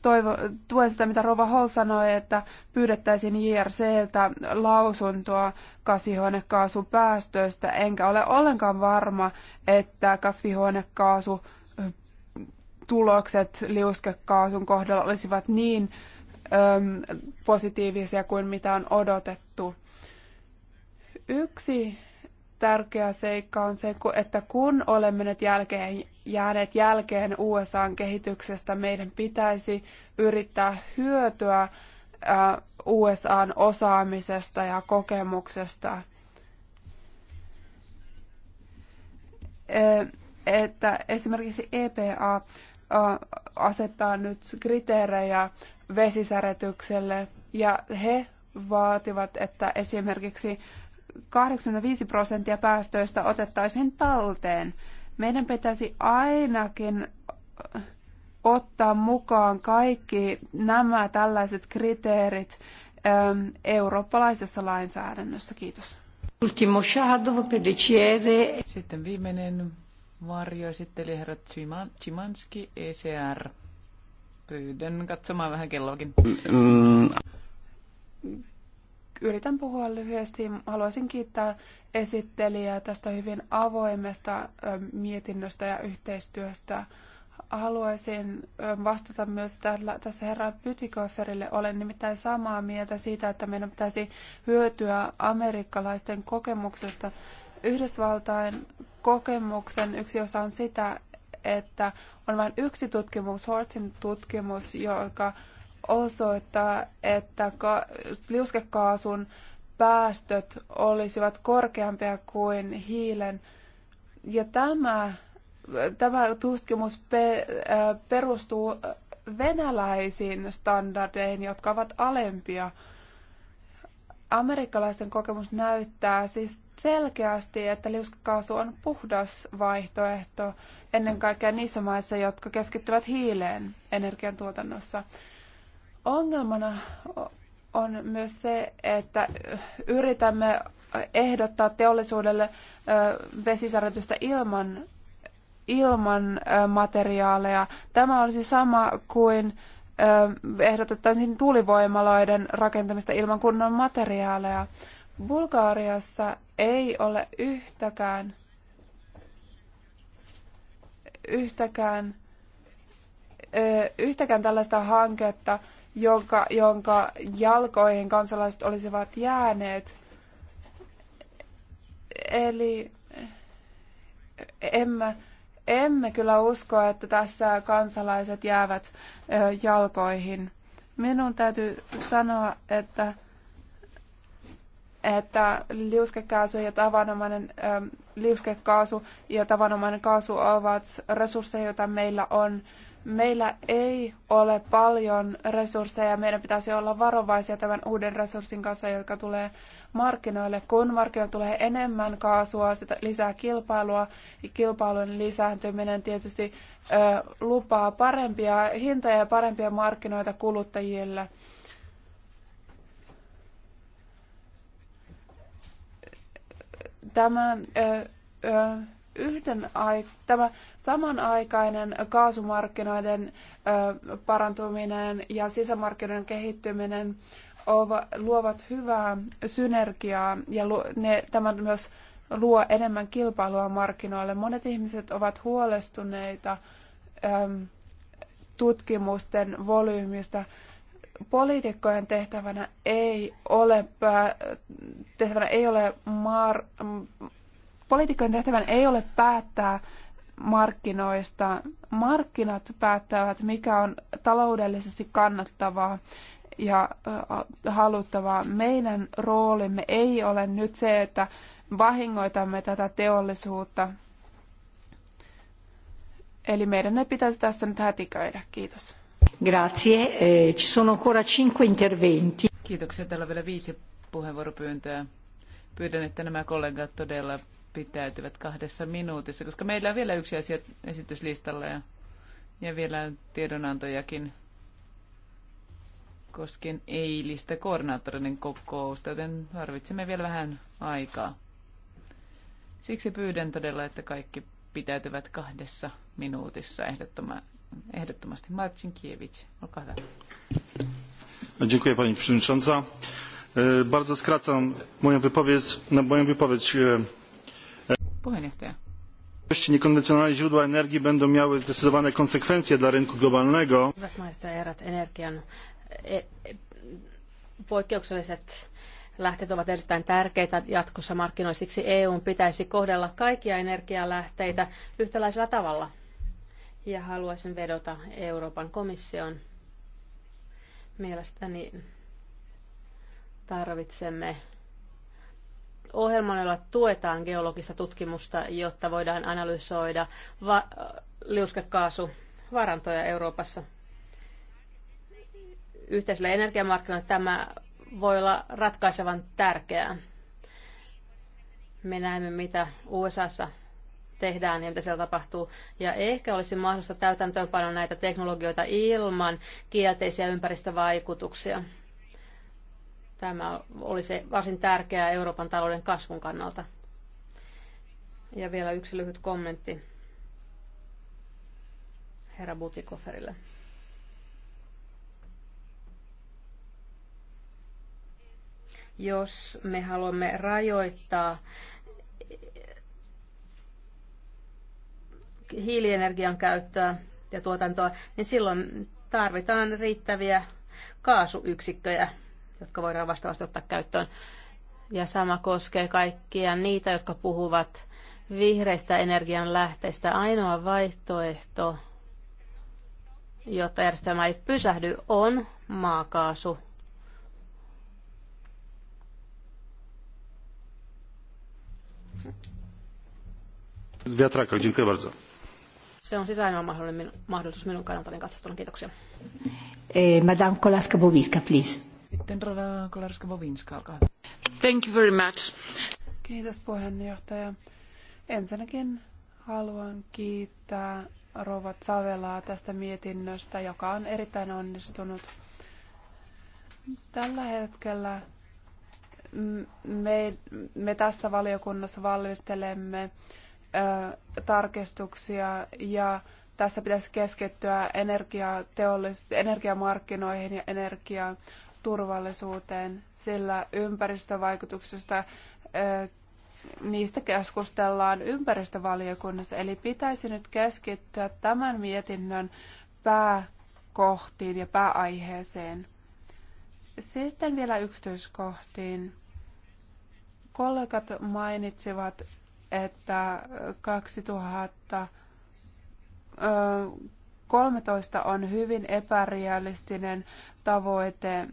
S3: toivo, tuen sitä, mitä Rova Hall sanoi, että pyydettäisiin JRCltä lausuntoa kasvihuonekaasupäästöistä, enkä ole ollenkaan varma, että kasvihuonekaasu tulokset liuskekaasun kohdalla olisivat niin öm, positiivisia kuin mitä on odotettu. Yksi tärkeä seikka on se, että kun olemme nyt jälkeen, jääneet jälkeen USAn kehityksestä, meidän pitäisi yrittää hyötyä USAn osaamisesta ja kokemuksesta. Että esimerkiksi EPA asettaa nyt kriteerejä vesisärätykselle ja he vaativat, että esimerkiksi 85 prosenttia päästöistä otettaisiin talteen. Meidän pitäisi ainakin ottaa mukaan kaikki nämä tällaiset kriteerit ähm, eurooppalaisessa lainsäädännössä. Kiitos.
S1: Ultimo shadow per DCR. Sitten viimeinen esitteli herra Chimanski, ECR. Pyydän katsomaan vähän kelloakin.
S2: Mm
S3: yritän puhua lyhyesti. Haluaisin kiittää esittelijää tästä hyvin avoimesta mietinnöstä ja yhteistyöstä. Haluaisin vastata myös tällä, tässä herra Pytikofferille. Olen nimittäin samaa mieltä siitä, että meidän pitäisi hyötyä amerikkalaisten kokemuksesta. Yhdysvaltain kokemuksen yksi osa on sitä, että on vain yksi tutkimus, Hortin tutkimus, joka osoittaa, että liuskekaasun päästöt olisivat korkeampia kuin hiilen. Ja tämä, tämä tutkimus äh, perustuu venäläisiin standardeihin, jotka ovat alempia. Amerikkalaisten kokemus näyttää siis selkeästi, että liuskekaasu on puhdas vaihtoehto ennen kaikkea niissä maissa, jotka keskittyvät hiileen energiantuotannossa. Ongelmana on myös se, että yritämme ehdottaa teollisuudelle vesisärjätystä ilman, ilman materiaaleja. Tämä olisi sama kuin ehdotettaisiin tuulivoimaloiden rakentamista ilman kunnon materiaaleja. Bulgaariassa ei ole yhtäkään yhtäkään yhtäkään tällaista hanketta, jonka, jonka jalkoihin kansalaiset olisivat jääneet. Eli emme, emme kyllä usko, että tässä kansalaiset jäävät jalkoihin. Minun täytyy sanoa, että, että liuskekaasu ja tavanomainen liuskekaasu ja tavanomainen kaasu ovat resursseja, joita meillä on Meillä ei ole paljon resursseja. Meidän pitäisi olla varovaisia tämän uuden resurssin kanssa, joka tulee markkinoille. Kun markkinoille tulee enemmän kaasua, sitä lisää kilpailua. Kilpailun lisääntyminen tietysti ö, lupaa parempia hintoja ja parempia markkinoita kuluttajille. Tämä ö, ö, yhden ai- tämä Samanaikainen kaasumarkkinoiden parantuminen ja sisämarkkinoiden kehittyminen luovat hyvää synergiaa ja ne, tämä myös luo enemmän kilpailua markkinoille. Monet ihmiset ovat huolestuneita tutkimusten volyymista. Poliitikkojen tehtävänä ei ole, tehtävänä ei ole mar, poliitikkojen tehtävänä ei ole päättää markkinoista. Markkinat päättävät, mikä on taloudellisesti kannattavaa ja haluttavaa. Meidän roolimme ei ole nyt se, että vahingoitamme tätä teollisuutta. Eli meidän ne pitäisi tästä nyt hätiköidä. Kiitos.
S4: Grazie. Eh, ci sono ancora cinque interventi.
S1: Kiitoksia. Täällä on vielä viisi puheenvuoropyyntöä. Pyydän, että nämä kollegat todella pitäytyvät kahdessa minuutissa, koska meillä on vielä yksi asia esityslistalla ja, ja vielä tiedonantojakin koskien eilistä koordinaattorinen kokousta, joten tarvitsemme vielä vähän aikaa. Siksi pyydän todella, että kaikki pitäytyvät kahdessa minuutissa ehdottoma, ehdottomasti. Marcin Kiewicz, olkaa hyvä.
S4: No, dziękuję Pani Przewodnicząca. E, bardzo skracam moją wypowiedź, moją wypowiedź e, puheenjohtaja. Niekonwencjonalne źródła energii będą miały zdecydowane konsekwencje dla rynku globalnego.
S5: Hyvät naiset ja herrat, energian e, e, poikkeukselliset lähteet ovat erittäin tärkeitä jatkossa markkinoilla. Siksi EU pitäisi kohdella kaikkia energialähteitä yhtäläisellä tavalla. Ja haluaisin vedota Euroopan komission. Mielestäni tarvitsemme ohjelman, jolla tuetaan geologista tutkimusta, jotta voidaan analysoida va- liuskekaasuvarantoja Euroopassa. Yhteisellä energiamarkkinoilla tämä voi olla ratkaisevan tärkeää. Me näemme, mitä USAssa tehdään ja mitä siellä tapahtuu. Ja ehkä olisi mahdollista täytäntöönpanoa näitä teknologioita ilman kielteisiä ympäristövaikutuksia. Tämä oli se varsin tärkeää Euroopan talouden kasvun kannalta. Ja vielä yksi lyhyt kommentti herra Butikoferille. Jos me haluamme rajoittaa hiilienergian käyttöä ja tuotantoa, niin silloin tarvitaan riittäviä kaasuyksikköjä jotka voidaan vastaavasti ottaa käyttöön. Ja sama koskee kaikkia niitä, jotka puhuvat vihreistä energian lähteistä. Ainoa vaihtoehto, jotta järjestelmä ei pysähdy, on maakaasu. Se on siis ainoa
S1: mahdollinen mahdollisuus minun kannaltani katsottuna. Kiitoksia.
S4: Eh, Madame Kolaska-Bobiska, please.
S1: Sitten Rova Kolarska-Bovinska, olkaa hyvä. Thank you very much.
S3: Kiitos puheenjohtaja. Ensinnäkin haluan kiittää Rovat Savelaa tästä mietinnöstä, joka on erittäin onnistunut. Tällä hetkellä me, me tässä valiokunnassa valmistelemme ö, tarkistuksia ja tässä pitäisi keskittyä energiateollis- energiamarkkinoihin ja energiaan turvallisuuteen, sillä ympäristövaikutuksista niistä keskustellaan ympäristövaliokunnassa, eli pitäisi nyt keskittyä tämän mietinnön pääkohtiin ja pääaiheeseen. Sitten vielä yksityiskohtiin. Kollegat mainitsivat, että 2013 on hyvin epärealistinen tavoite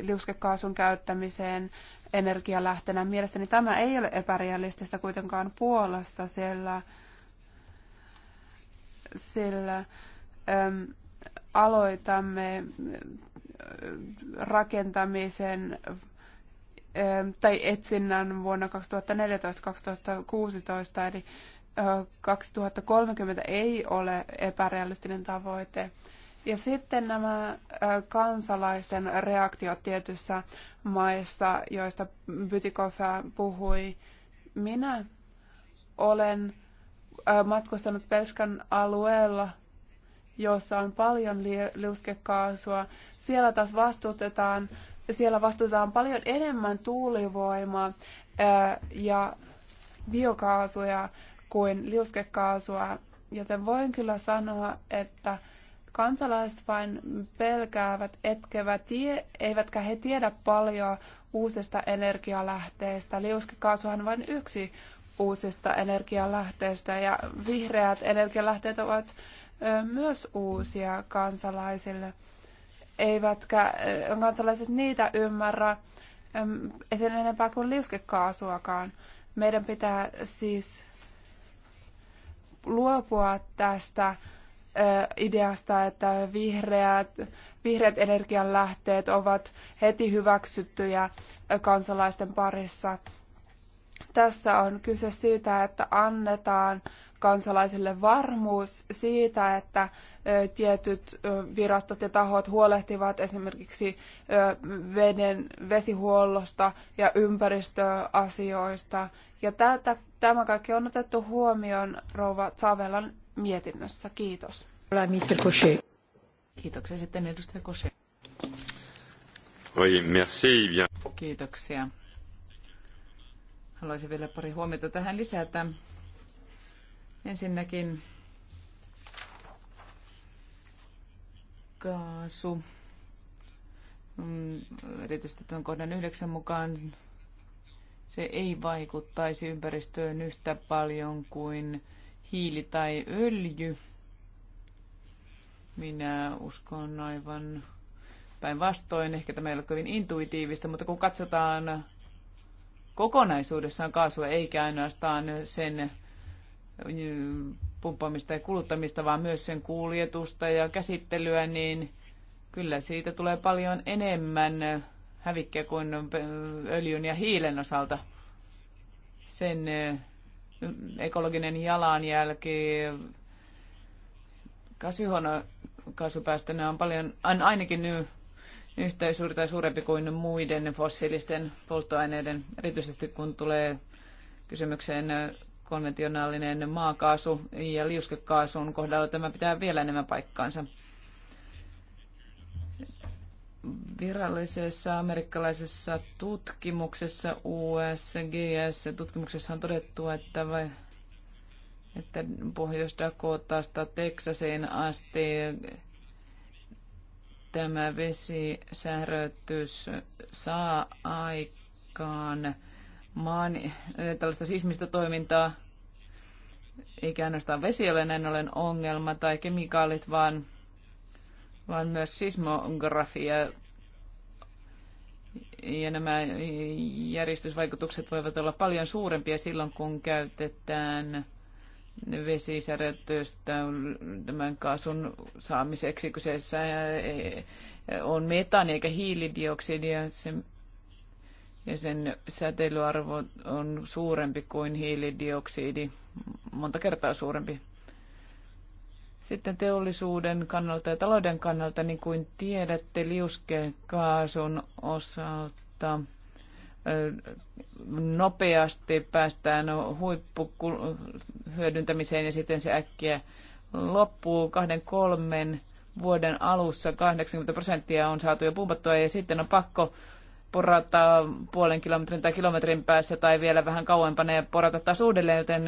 S3: liuskekaasun käyttämiseen energialähtenä. Mielestäni tämä ei ole epärealistista kuitenkaan Puolassa, sillä, sillä äm, aloitamme äh, rakentamisen äm, tai etsinnän vuonna 2014-2016, eli 2030 äh, ei ole epärealistinen tavoite. Ja sitten nämä kansalaisten reaktiot tietyissä maissa, joista Bytikoff puhui. Minä olen matkustanut Pelskan alueella, jossa on paljon liuskekaasua. Siellä taas vastutetaan, siellä vastutetaan paljon enemmän tuulivoimaa ja biokaasuja kuin liuskekaasua, joten voin kyllä sanoa, että – Kansalaiset vain pelkäävät, etkevät tie, eivätkä he tiedä paljon uusista energialähteistä. Liuskekaasuhan on vain yksi uusista energialähteistä ja vihreät energialähteet ovat myös uusia kansalaisille. Eivätkä kansalaiset niitä ymmärrä sen enempää kuin liuskekaasuakaan. Meidän pitää siis luopua tästä ideasta, että vihreät, vihreät energianlähteet ovat heti hyväksyttyjä kansalaisten parissa. Tässä on kyse siitä, että annetaan kansalaisille varmuus siitä, että tietyt virastot ja tahot huolehtivat esimerkiksi veden, vesihuollosta ja ympäristöasioista. Ja tätä, tämä kaikki on otettu huomioon rouva Savelan mietinnössä. Kiitos.
S1: Kiitoksia sitten edustaja Koshe.
S2: Oi, merci. Bien.
S1: Kiitoksia. Haluaisin vielä pari huomiota tähän lisätä. Ensinnäkin kaasu. Mm, erityisesti tuon kohdan yhdeksän mukaan se ei vaikuttaisi ympäristöön yhtä paljon kuin hiili tai öljy. Minä uskon aivan päinvastoin. Ehkä tämä ei ole kovin intuitiivista, mutta kun katsotaan kokonaisuudessaan kaasua, eikä ainoastaan sen äh, pumppamista ja kuluttamista, vaan myös sen kuljetusta ja käsittelyä, niin kyllä siitä tulee paljon enemmän hävikkiä kuin äh, öljyn ja hiilen osalta. Sen äh, ekologinen jalanjälki kasvihuonekaasupäästönä on paljon, ainakin nyt yhtä suuri tai suurempi kuin muiden fossiilisten polttoaineiden, erityisesti kun tulee kysymykseen konventionaalinen maakaasu ja liuskekaasun kohdalla tämä pitää vielä enemmän paikkaansa virallisessa amerikkalaisessa tutkimuksessa USGS-tutkimuksessa on todettu, että, vai, että Pohjois-Dakotasta Teksaseen asti tämä vesisäröitys saa aikaan maan, tällaista sismistä toimintaa, eikä ainoastaan vesi ole näin ollen ongelma tai kemikaalit, vaan vaan myös sismografia. Ja nämä järjestysvaikutukset voivat olla paljon suurempia silloin, kun käytetään vesisärötystä tämän kaasun saamiseksi. Kyseessä eh, on metaani eikä hiilidioksidia. sen, ja sen säteilyarvo on suurempi kuin hiilidioksidi, monta kertaa suurempi. Sitten teollisuuden kannalta ja talouden kannalta, niin kuin tiedätte, liuskekaasun osalta nopeasti päästään huippuhyödyntämiseen ja sitten se äkkiä loppuu kahden kolmen vuoden alussa 80 prosenttia on saatu jo pumpattua ja sitten on pakko porata puolen kilometrin tai kilometrin päässä tai vielä vähän kauempana ja porata taas uudelleen, joten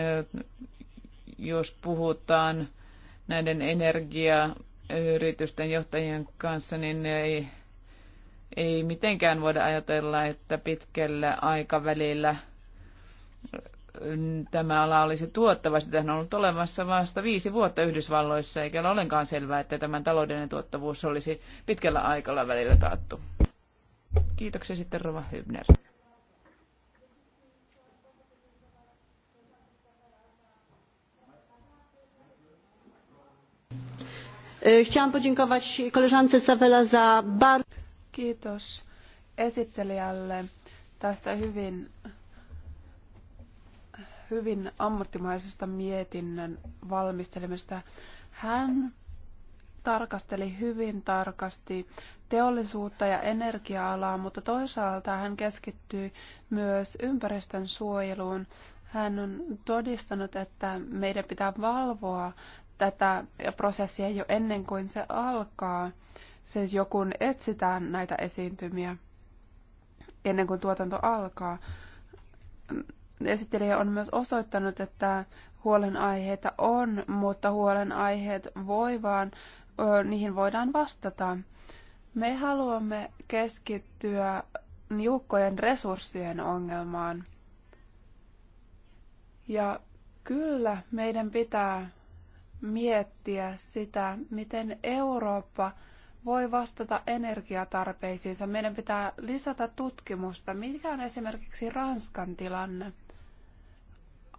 S1: jos puhutaan näiden energiayritysten johtajien kanssa, niin ei, ei mitenkään voida ajatella, että pitkällä aikavälillä tämä ala olisi tuottava. Sitä on ollut olemassa vasta viisi vuotta Yhdysvalloissa, eikä ole ollenkaan selvää, että tämän taloudellinen tuottavuus olisi pitkällä aikavälillä taattu. Kiitoksia sitten Rova Hybner.
S3: E, chciałam podziękować koleżance Savela za bardzo... Kiitos esittelijälle tästä hyvin, hyvin ammattimaisesta mietinnön valmistelemista. Hän tarkasteli hyvin tarkasti teollisuutta ja energia-alaa, mutta toisaalta hän keskittyi myös ympäristön suojeluun. Hän on todistanut, että meidän pitää valvoa tätä prosessia jo ennen kuin se alkaa. Siis jo etsitään näitä esiintymiä ennen kuin tuotanto alkaa. Esittelijä on myös osoittanut, että huolenaiheita on, mutta huolenaiheet voi vaan, niihin voidaan vastata. Me haluamme keskittyä niukkojen resurssien ongelmaan. Ja kyllä meidän pitää miettiä sitä, miten Eurooppa voi vastata energiatarpeisiinsa. Meidän pitää lisätä tutkimusta. Mikä on esimerkiksi Ranskan tilanne?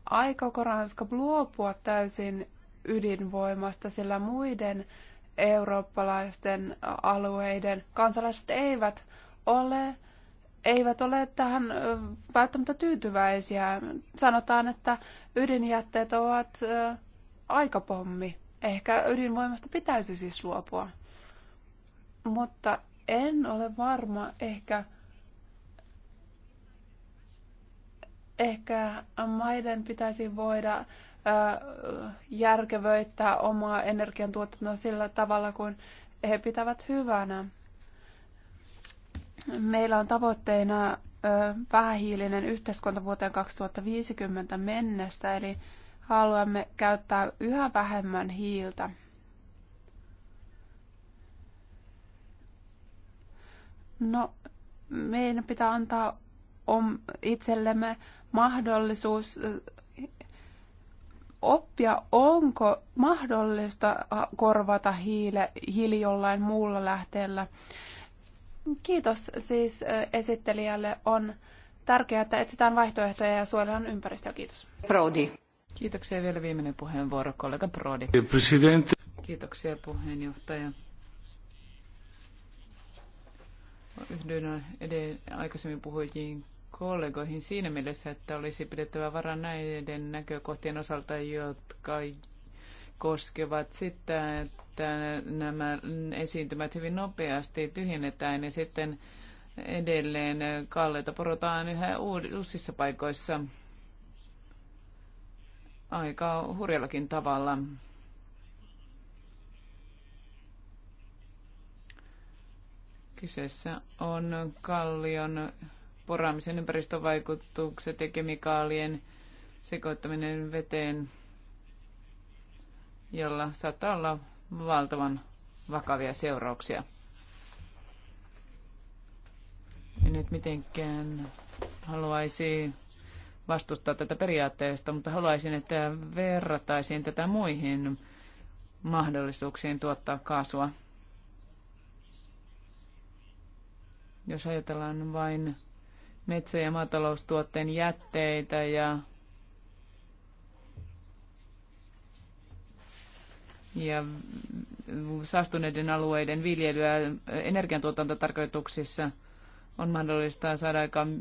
S3: Aikooko Ranska luopua täysin ydinvoimasta, sillä muiden eurooppalaisten alueiden kansalaiset eivät ole, eivät ole tähän välttämättä tyytyväisiä. Sanotaan, että ydinjätteet ovat aikapommi. Ehkä ydinvoimasta pitäisi siis luopua. Mutta en ole varma, ehkä, ehkä maiden pitäisi voida järkevöittää omaa energiantuotantoa sillä tavalla, kun he pitävät hyvänä. Meillä on tavoitteena vähähiilinen yhteiskunta vuoteen 2050 mennessä, eli haluamme käyttää yhä vähemmän hiiltä. No, meidän pitää antaa itsellemme mahdollisuus oppia, onko mahdollista korvata hiile, hiili jollain muulla lähteellä. Kiitos siis esittelijälle. On tärkeää, että etsitään vaihtoehtoja ja suojellaan ympäristöä. Kiitos. Brody. Kiitoksia. Vielä
S1: viimeinen puheenvuoro, kollega Prodi. Kiitoksia puheenjohtaja. Yhdyn edellä aikaisemmin puhujiin kollegoihin siinä mielessä, että olisi pidettävä vara näiden näkökohtien osalta, jotka koskevat sitä, että nämä esiintymät hyvin nopeasti tyhjennetään ja sitten edelleen kalleita porotaan yhä uusissa paikoissa aika hurjallakin tavalla. Kyseessä on kallion poraamisen ympäristövaikutukset ja kemikaalien sekoittaminen veteen, jolla saattaa olla valtavan vakavia seurauksia. En nyt mitenkään haluaisi vastustaa tätä periaatteesta, mutta haluaisin, että verrataisiin tätä muihin mahdollisuuksiin tuottaa kaasua. Jos ajatellaan vain metsä- ja maataloustuotteen jätteitä ja, ja saastuneiden alueiden viljelyä energiantuotantotarkoituksissa – on mahdollista saada aikaan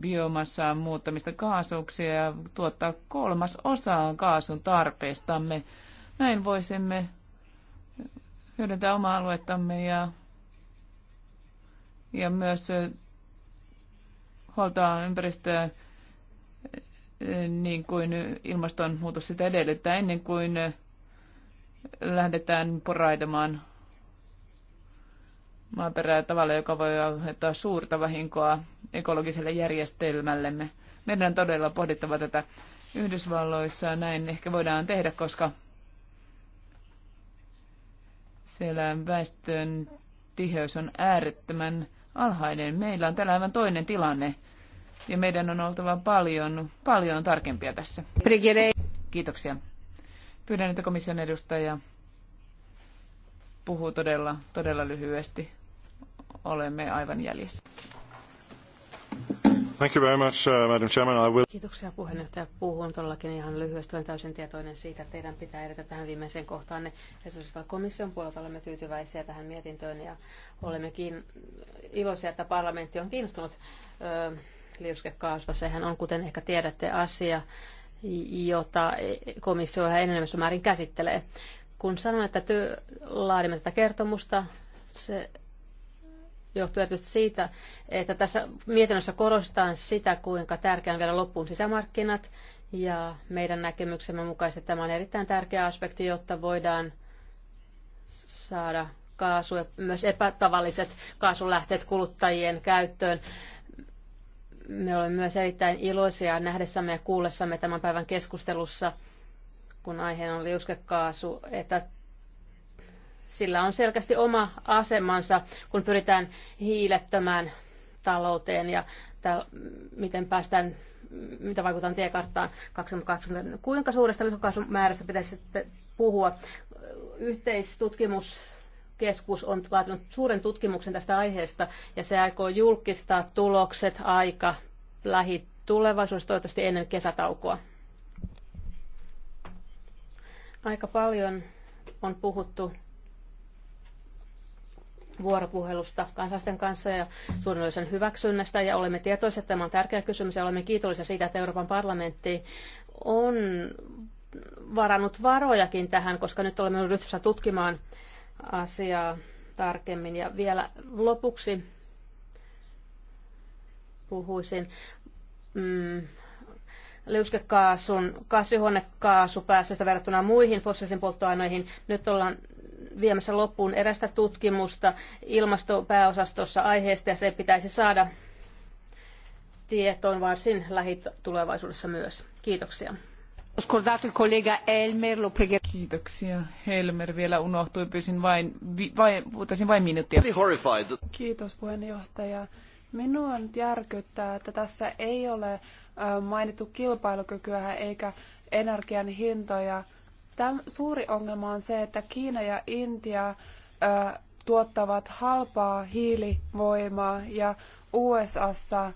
S1: biomassaan muuttamista kaasuksi ja tuottaa kolmas osa kaasun tarpeestamme. Näin voisimme hyödyntää omaa aluettamme ja, ja myös huoltaa ympäristöä niin kuin ilmastonmuutos sitä edellyttää ennen kuin lähdetään poraidemaan maaperää tavalla, joka voi aiheuttaa suurta vahinkoa ekologiselle järjestelmällemme. Meidän on todella pohdittava tätä Yhdysvalloissa. Näin ehkä voidaan tehdä, koska siellä väestön tiheys on äärettömän alhainen. Meillä on täällä aivan toinen tilanne ja meidän on oltava paljon, paljon tarkempia tässä. Kiitoksia. Pyydän, että komission edustaja puhuu todella, todella lyhyesti olemme aivan jäljessä.
S4: Thank you very much, uh, Madam Chairman. I will...
S1: Kiitoksia puheenjohtaja. Puhun
S5: todellakin ihan lyhyesti. Olen täysin tietoinen siitä, että teidän pitää edetä tähän viimeiseen kohtaan. Ne komission puolelta olemme tyytyväisiä tähän mietintöön ja olemmekin iloisia, että parlamentti on kiinnostunut ö, liuskekaasusta. Sehän on, kuten ehkä tiedätte, asia, jota komissio ihan enemmän määrin käsittelee. Kun sanoin, että työ, laadimme tätä kertomusta, se johtuu erityisesti siitä, että tässä mietinnössä korostetaan sitä, kuinka tärkeää on vielä loppuun sisämarkkinat. Ja meidän näkemyksemme mukaisesti tämä on erittäin tärkeä aspekti, jotta voidaan saada kaasu ja myös epätavalliset kaasulähteet kuluttajien käyttöön. Me olemme myös erittäin iloisia nähdessämme ja kuullessamme tämän päivän keskustelussa, kun aiheena on liuskekaasu, että sillä on selkeästi oma asemansa, kun pyritään hiilettömään talouteen ja täl, miten päästään, mitä vaikutaan tiekarttaan 2020. Kuinka suuresta lisäkasvumäärästä pitäisi puhua? Yhteistutkimuskeskus on laatinut suuren tutkimuksen tästä aiheesta ja se aikoo julkistaa tulokset aika lähitulevaisuudessa, toivottavasti ennen kesätaukoa. Aika paljon on puhuttu vuoropuhelusta kansalaisten kanssa ja suunnallisen hyväksynnästä. Ja olemme tietoisia, että tämä on tärkeä kysymys ja olemme kiitollisia siitä, että Euroopan parlamentti on varannut varojakin tähän, koska nyt olemme ryhtymässä tutkimaan asiaa tarkemmin. Ja vielä lopuksi puhuisin mm, liuskekaasun kasvihuonekaasupäästöistä verrattuna muihin fossiilisiin polttoaineisiin. Nyt ollaan viemässä loppuun erästä tutkimusta ilmastopääosastossa aiheesta ja se pitäisi saada tietoon varsin lähitulevaisuudessa myös. Kiitoksia.
S1: Kiitoksia. Helmer vielä unohtui. Pyysin vain, vi, vai, vain minuuttia.
S3: Kiitos puheenjohtaja. Minua nyt järkyttää, että tässä ei ole mainittu kilpailukykyä eikä energian hintoja Tämä suuri ongelma on se, että Kiina ja Intia ö, tuottavat halpaa hiilivoimaa ja USAssa ö,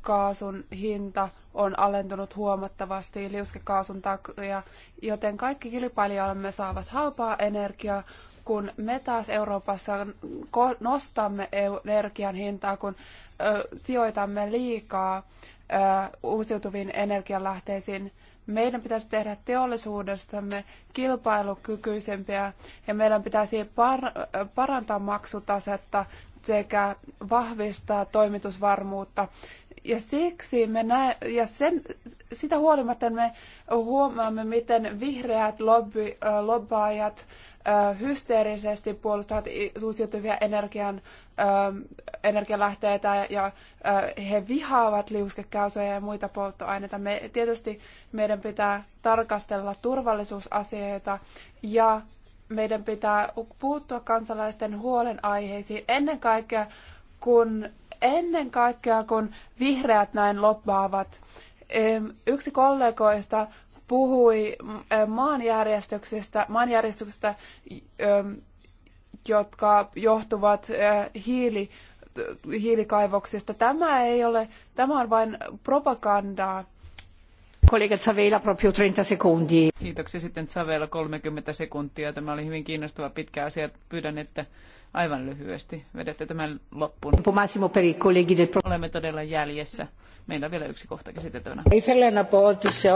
S3: kaasun hinta on alentunut huomattavasti liuskekaasun takia, joten kaikki kilpailijamme saavat halpaa energiaa, kun me taas Euroopassa nostamme energian hintaa, kun ö, sijoitamme liikaa ö, uusiutuviin energianlähteisiin. Meidän pitäisi tehdä teollisuudestamme kilpailukykyisempiä ja meidän pitäisi par- parantaa maksutasetta sekä vahvistaa toimitusvarmuutta. Ja siksi me näe, ja sen, sitä huolimatta me huomaamme, miten vihreät lobby, lobbaajat hysteerisesti puolustavat uusiutuvia energian, energialähteitä ja he vihaavat liuskekäysoja ja muita polttoaineita. Me, tietysti meidän pitää tarkastella turvallisuusasioita ja meidän pitää puuttua kansalaisten huolenaiheisiin ennen kaikkea, kun, ennen kaikkea, kun vihreät näin loppaavat. Yksi kollegoista puhui maanjärjestyksestä, maanjärjestyksestä jotka johtuvat hiili, hiilikaivoksista. Tämä ei ole, tämä on vain propagandaa. Kollega
S1: Savela, proprio 30 sekuntia. Kiitoksia sitten Savela, 30 sekuntia. Tämä oli hyvin kiinnostava pitkä asia. Pyydän, että aivan lyhyesti vedätte tämän loppuun. Olemme todella jäljessä. Meillä on vielä yksi kohta käsiteltävänä.
S4: Ήθελα να πω ότι σε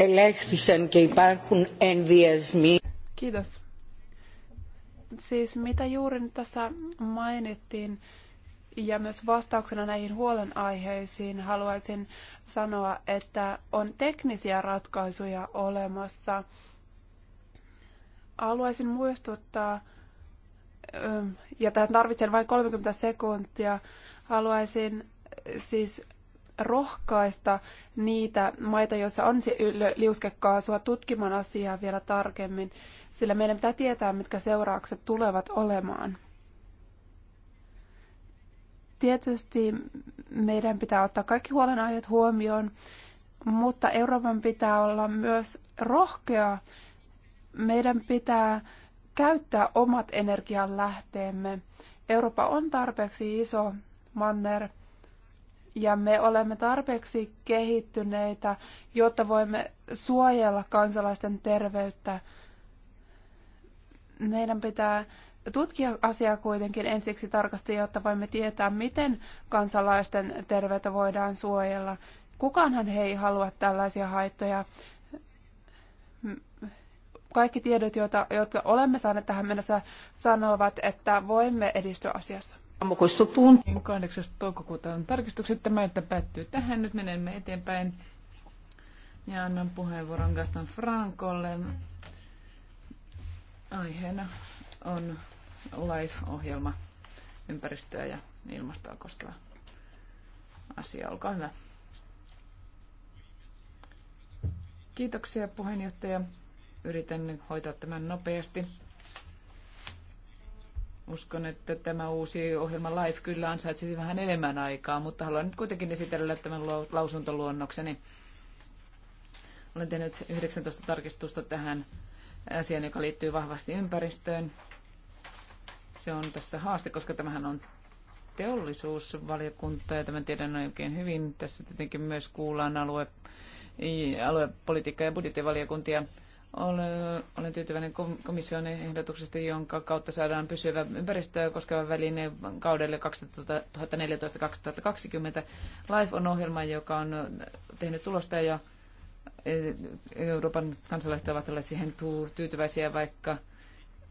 S4: ελέγχθησαν και υπάρχουν ενδιασμοί.
S3: Kiitos. Siis mitä juuri nyt tässä mainittiin ja myös vastauksena näihin huolenaiheisiin haluaisin sanoa, että on teknisiä ratkaisuja olemassa. Haluaisin muistuttaa, ja tähän tarvitsen vain 30 sekuntia, haluaisin siis rohkaista niitä maita, joissa on liuskekaasua, tutkimaan asiaa vielä tarkemmin, sillä meidän pitää tietää, mitkä seuraukset tulevat olemaan. Tietysti meidän pitää ottaa kaikki huolenaiheet huomioon, mutta Euroopan pitää olla myös rohkea. Meidän pitää käyttää omat energianlähteemme. Eurooppa on tarpeeksi iso manner ja me olemme tarpeeksi kehittyneitä, jotta voimme suojella kansalaisten terveyttä. Meidän pitää tutkia asiaa kuitenkin ensiksi tarkasti, jotta voimme tietää, miten kansalaisten terveyttä voidaan suojella. Kukaanhan he ei halua tällaisia haittoja. Kaikki tiedot, joita, jotka olemme saaneet tähän mennessä, sanovat, että voimme edistyä asiassa.
S1: 8. toukokuuta on tarkistukset. Tämä, että päättyy tähän. Nyt menemme eteenpäin. Ja annan puheenvuoron Gaston Frankolle. Aiheena on live-ohjelma ympäristöä ja ilmastoa koskeva asia. Olkaa hyvä. Kiitoksia puheenjohtaja. Yritän hoitaa tämän nopeasti. Uskon, että tämä uusi ohjelma Life kyllä ansaitsisi vähän enemmän aikaa, mutta haluan nyt kuitenkin esitellä tämän lausuntoluonnokseni. Olen tehnyt 19 tarkistusta tähän asiaan, joka liittyy vahvasti ympäristöön. Se on tässä haaste, koska tämähän on teollisuusvaliokunta ja tämän tiedän oikein hyvin. Tässä tietenkin myös kuullaan alue, aluepolitiikka- ja budjettivaliokuntia olen, olen tyytyväinen komission ehdotuksesta, jonka kautta saadaan pysyvä ympäristöä koskeva väline kaudelle 2014-2020. LIFE on ohjelma, joka on tehnyt tulosta ja e, Euroopan kansalaiset ovat olleet siihen tyytyväisiä, vaikka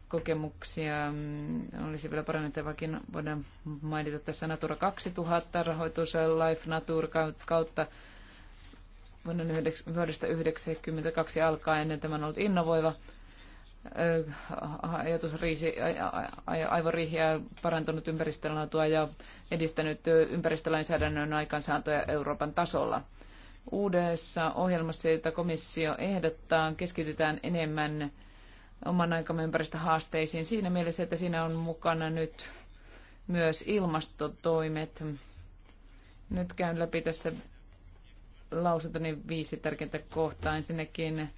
S1: kokemuksia mm, olisi vielä parannettavakin. Voidaan mainita tässä Natura 2000 rahoitus LIFE Natur kautta vuonna vuodesta 1992 alkaen. Tämä on ollut innovoiva ajatusriisi, aivoriihi ja parantunut ympäristölaatua ja edistänyt ympäristölainsäädännön aikansaantoja Euroopan tasolla. Uudessa ohjelmassa, jota komissio ehdottaa, keskitytään enemmän oman aikamme ympäristöhaasteisiin siinä mielessä, että siinä on mukana nyt myös ilmastotoimet. Nyt käyn läpi tässä niin viisi tärkeintä kohtaa. Ensinnäkin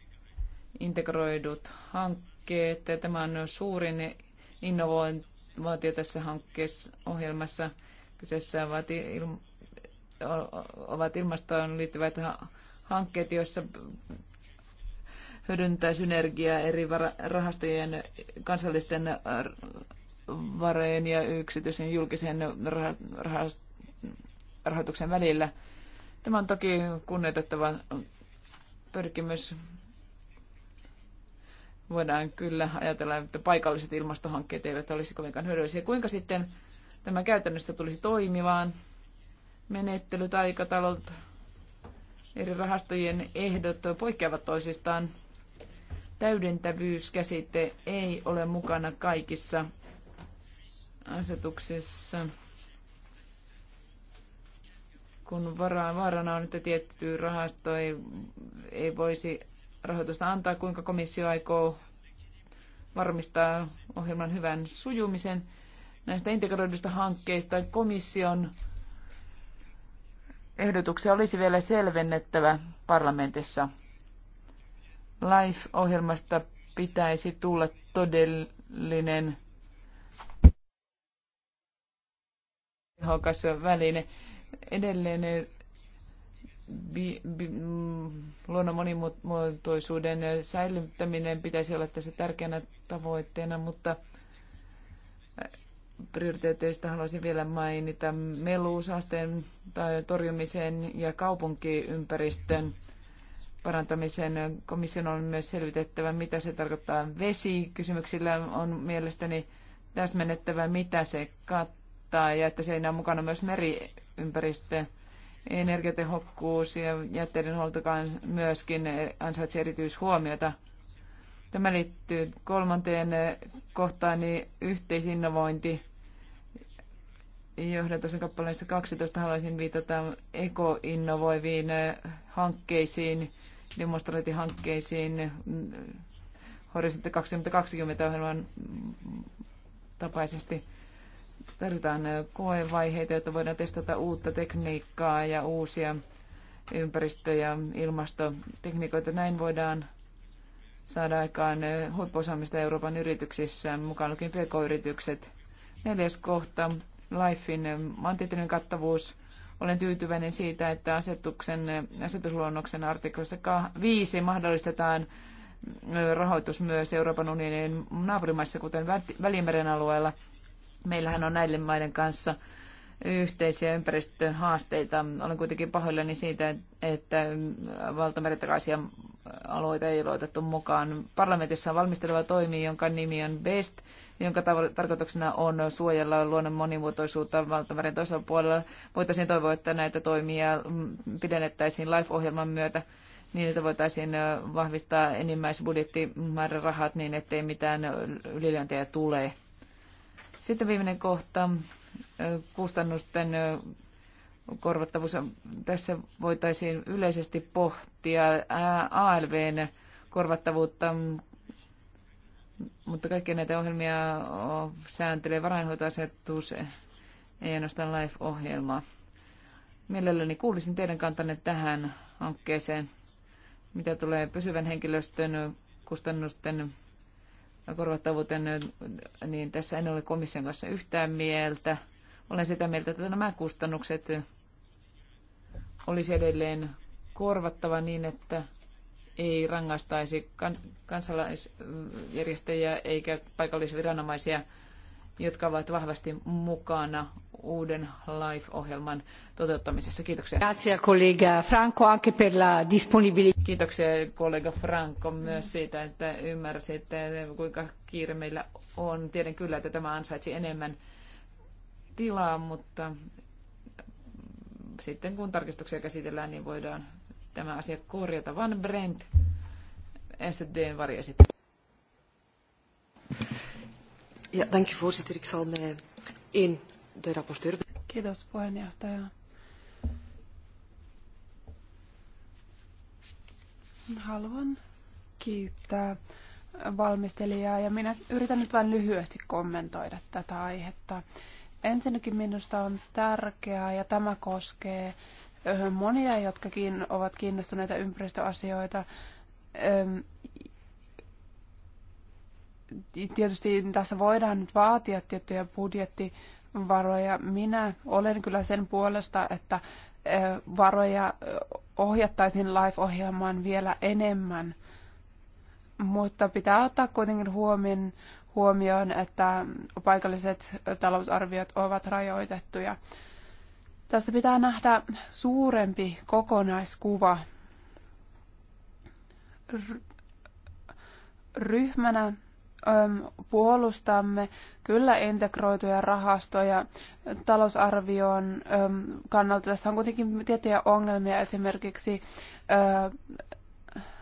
S1: integroidut hankkeet. Tämä on suurin innovaatio tässä hankkeessa ohjelmassa. Kyseessä ovat ilmastoon liittyvät hankkeet, joissa hyödyntää synergiaa eri rahastojen kansallisten äh, varojen ja yksityisen julkisen rahoituksen välillä. Tämä on toki kunnioitettava pyrkimys. Voidaan kyllä ajatella, että paikalliset ilmastohankkeet eivät olisi kovinkaan hyödyllisiä. Kuinka sitten tämä käytännössä tulisi toimivaan? Menettelyt, aikataulut, eri rahastojen ehdot poikkeavat toisistaan. Täydentävyyskäsite ei ole mukana kaikissa asetuksissa kun varaan, vaarana on, että tietty rahasto ei, ei voisi rahoitusta antaa, kuinka komissio aikoo varmistaa ohjelman hyvän sujumisen näistä integroidusta hankkeista. Komission ehdotuksia olisi vielä selvennettävä parlamentissa. LIFE-ohjelmasta pitäisi tulla todellinen tehokas väline edelleen eh, bi, bi, mm, luonnon monimuotoisuuden säilyttäminen pitäisi olla tässä tärkeänä tavoitteena, mutta eh, prioriteeteista haluaisin vielä mainita meluusasteen tai torjumisen ja kaupunkiympäristön parantamisen. Komission on myös selvitettävä, mitä se tarkoittaa vesikysymyksillä. On mielestäni täsmennettävä, mitä se kattaa ja että siinä on mukana myös meri ympäristö, energiatehokkuus ja jätteiden huolto myöskin ansaitsee erityishuomiota. Tämä liittyy kolmanteen kohtaan, niin yhteisinnovointi. Johdatossa kappaleessa 12 haluaisin viitata ekoinnovoiviin hankkeisiin, demonstrointihankkeisiin, Horisontti 2020 ohjelman tapaisesti Tarvitaan koevaiheita, jotta voidaan testata uutta tekniikkaa ja uusia ympäristö- ja ilmastotekniikoita. Näin voidaan saada aikaan huippuosaamista Euroopan yrityksissä, mukaan lukien pk-yritykset. Neljäs kohta, LIFEin maantieteellinen kattavuus. Olen tyytyväinen siitä, että asetuksen, asetusluonnoksen artiklassa 5 mahdollistetaan rahoitus myös Euroopan unionin naapurimaissa, kuten Välimeren alueella. Meillähän on näiden maiden kanssa yhteisiä ympäristön haasteita. Olen kuitenkin pahoillani siitä, että valtameritakaisia alueita ei ole otettu mukaan. Parlamentissa on valmisteleva toimi, jonka nimi on BEST, jonka tarkoituksena on suojella luonnon monimuotoisuutta valtameren toisella puolella. Voitaisiin toivoa, että näitä toimia pidennettäisiin LIFE-ohjelman myötä niin, että voitaisiin vahvistaa enimmäisbudjettimäärärahat niin, ettei mitään ylilöintejä tule. Sitten viimeinen kohta, kustannusten korvattavuus. Tässä voitaisiin yleisesti pohtia ALVn korvattavuutta, mutta kaikkia näitä ohjelmia sääntelee varainhoitoasetus, ei ainoastaan LIFE-ohjelma. Mielelläni kuulisin teidän kantanne tähän hankkeeseen, mitä tulee pysyvän henkilöstön kustannusten korvattavuuteen, niin tässä en ole komission kanssa yhtään mieltä. Olen sitä mieltä, että nämä kustannukset olisi edelleen korvattava niin, että ei rangaistaisi kan- kansalaisjärjestöjä eikä paikallisviranomaisia jotka ovat vahvasti mukana uuden LIFE-ohjelman toteuttamisessa. Kiitoksia. Grazie collega Franco anche per la disponibilità. Kiitoksia kollega Franco myös siitä, että ymmärsitte kuinka kiire meillä on. Tiedän kyllä, että tämä ansaitsi enemmän tilaa, mutta sitten kun tarkistuksia käsitellään, niin voidaan tämä asia korjata. Van Brent, SDn varjesitte. Ja,
S2: dank u voorzitter.
S1: Ik zal mij één de rapporteur...
S3: Kiitos puheenjohtaja. Haluan kiittää valmistelijaa ja minä yritän nyt vain lyhyesti kommentoida tätä aihetta. Ensinnäkin minusta on tärkeää ja tämä koskee monia, jotka ovat kiinnostuneita ympäristöasioita, tietysti tässä voidaan nyt vaatia tiettyjä budjettivaroja. Minä olen kyllä sen puolesta, että varoja ohjattaisiin live-ohjelmaan vielä enemmän. Mutta pitää ottaa kuitenkin huomioon, huomioon, että paikalliset talousarviot ovat rajoitettuja. Tässä pitää nähdä suurempi kokonaiskuva. ryhmänä puolustamme kyllä integroituja rahastoja talousarvion kannalta. Tässä on kuitenkin tiettyjä ongelmia, esimerkiksi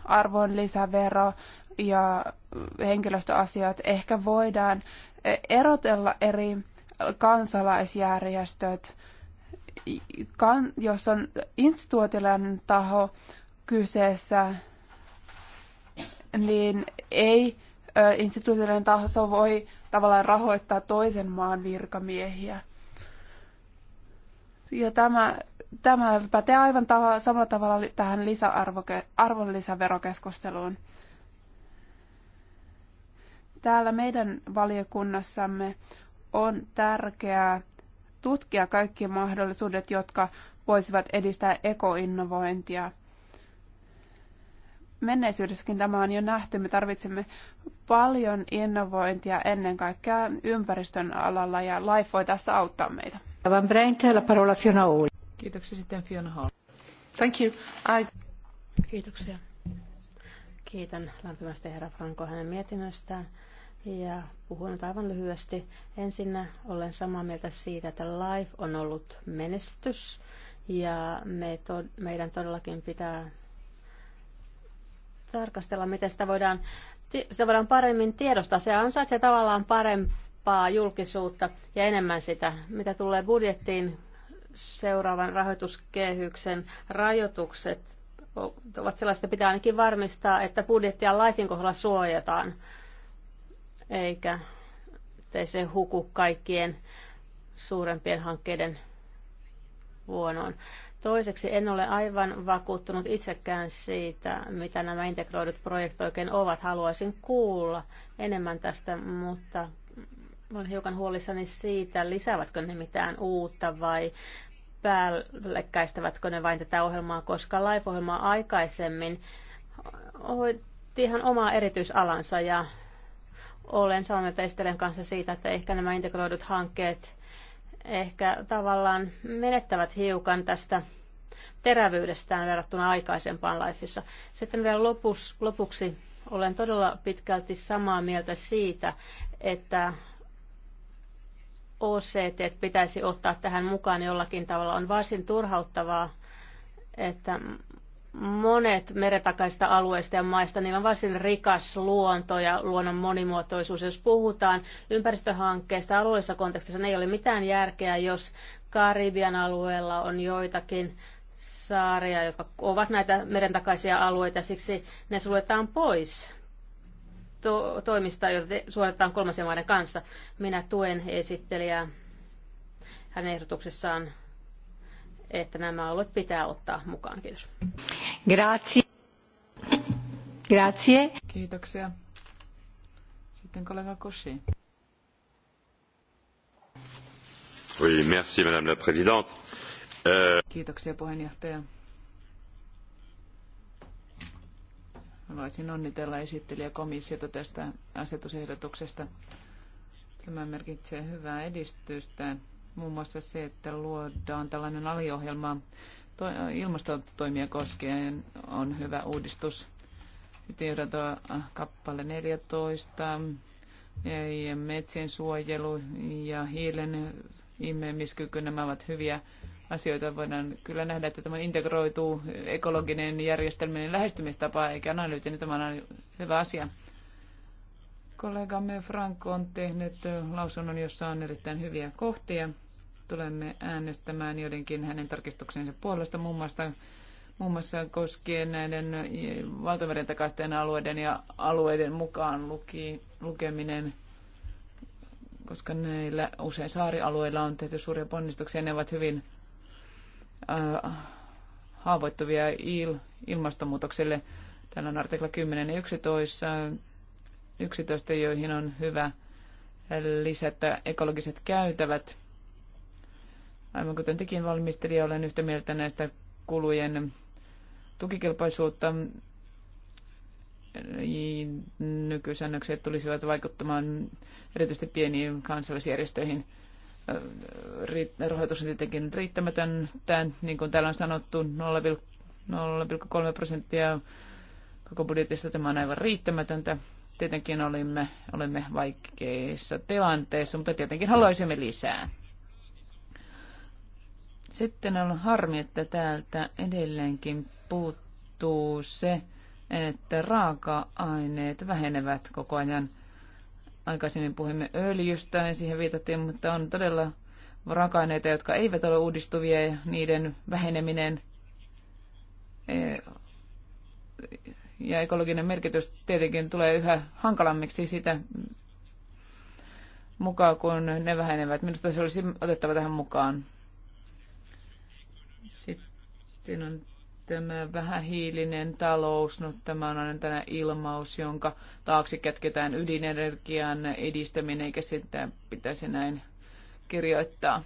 S3: arvonlisävero ja henkilöstöasiat. Ehkä voidaan erotella eri kansalaisjärjestöt, jos on instituutilainen taho kyseessä, niin ei instituutioiden taso voi tavallaan rahoittaa toisen maan virkamiehiä. Ja tämä, tämä pätee aivan tava, samalla tavalla tähän arvonlisäverokeskusteluun. Täällä meidän valiokunnassamme on tärkeää tutkia kaikki mahdollisuudet, jotka voisivat edistää ekoinnovointia – menneisyydessäkin tämä on jo nähty. Me tarvitsemme paljon innovointia ennen kaikkea ympäristön alalla ja LIFE voi tässä auttaa meitä.
S4: Kiitoksia sitten Fiona Hall.
S3: Thank you. I... Kiitoksia.
S5: Kiitän lämpimästi herra Franco hänen mietinnöstään. Ja puhun nyt aivan lyhyesti. Ensinnä olen samaa mieltä siitä, että live on ollut menestys ja me to- meidän todellakin pitää tarkastella, miten sitä voidaan, sitä voidaan paremmin tiedostaa. Se ansaitsee tavallaan parempaa julkisuutta ja enemmän sitä, mitä tulee budjettiin. Seuraavan rahoituskehyksen rajoitukset ovat sellaista, pitää ainakin varmistaa, että budjettia laitin kohdalla suojataan, eikä ettei se huku kaikkien suurempien hankkeiden vuonoon. Toiseksi en ole aivan vakuuttunut itsekään siitä, mitä nämä integroidut projektit oikein ovat. Haluaisin kuulla enemmän tästä, mutta olen hiukan huolissani siitä, lisäävätkö ne mitään uutta vai päällekkäistävätkö ne vain tätä ohjelmaa, koska Life-ohjelmaa aikaisemmin hoitti ihan omaa erityisalansa ja olen samaa mieltä Estelen kanssa siitä, että ehkä nämä integroidut hankkeet ehkä tavallaan menettävät hiukan tästä terävyydestään verrattuna aikaisempaan laifissa. Sitten vielä lopuksi, lopuksi olen todella pitkälti samaa mieltä siitä, että OCT pitäisi ottaa tähän mukaan jollakin tavalla. On varsin turhauttavaa, että monet meretakaisista alueista ja maista, niillä on varsin rikas luonto ja luonnon monimuotoisuus. Jos puhutaan ympäristöhankkeista alueellisessa kontekstissa, niin ei ole mitään järkeä, jos Karibian alueella on joitakin saaria, jotka ovat näitä merentakaisia alueita, siksi ne suljetaan pois to- toimista, joita suoritetaan kolmansien maiden kanssa. Minä tuen esittelijää hänen ehdotuksessaan että nämä alueet pitää ottaa mukaan. Kiitos.
S4: Grazie.
S1: Grazie. Kiitoksia. Sitten kollega Koshi.
S2: Oui, merci, madame la présidente.
S3: Euh,
S1: Kiitoksia puheenjohtaja. Haluaisin onnitella esittelijä komissiota tästä asetusehdotuksesta. Tämä merkitsee hyvää edistystä muun muassa se, että luodaan tällainen aliohjelma ilmastotoimia koskien on hyvä uudistus. Sitten johdataan äh, kappale 14, ja metsien suojelu ja hiilen immemiskyky, nämä ovat hyviä asioita. Voidaan kyllä nähdä, että tämä integroituu ekologinen järjestelmän lähestymistapa eikä analyytinen, tämä on hyvä asia. Kollegamme Franco on tehnyt lausunnon, jossa on erittäin hyviä kohtia. Tulemme äänestämään joidenkin hänen tarkistuksensa puolesta, muun muassa, muun muassa koskien näiden valtameren takaisten alueiden ja alueiden mukaan luki, lukeminen koska näillä usein saarialueilla on tehty suuria ponnistuksia. Ne ovat hyvin äh, haavoittuvia il, ilmastonmuutokselle. Täällä on artikla 10 ja 11 11, joihin on hyvä lisätä ekologiset käytävät. Aivan kuten tekin valmistelija, olen yhtä mieltä näistä kulujen tukikelpoisuutta. Nykysäännökset tulisivat vaikuttamaan erityisesti pieniin kansallisjärjestöihin. Rahoitus on tietenkin riittämätön. Tämä, niin kuin täällä on sanottu, 0,3 prosenttia koko budjetista tämä on aivan riittämätöntä. Tietenkin olimme, olimme vaikeissa tilanteissa, mutta tietenkin haluaisimme lisää. Sitten on harmi, että täältä edelleenkin puuttuu se, että raaka-aineet vähenevät koko ajan. Aikaisemmin puhuimme öljystä ja siihen viitattiin, mutta on todella raaka-aineita, jotka eivät ole uudistuvia ja niiden väheneminen eh, ja ekologinen merkitys tietenkin tulee yhä hankalammiksi sitä mukaan, kun ne vähenevät. Minusta se olisi otettava tähän mukaan. Sitten on tämä vähähiilinen talous. No, tämä on aina tänä ilmaus, jonka taakse kätketään ydinenergian edistäminen, eikä sitä pitäisi näin kirjoittaa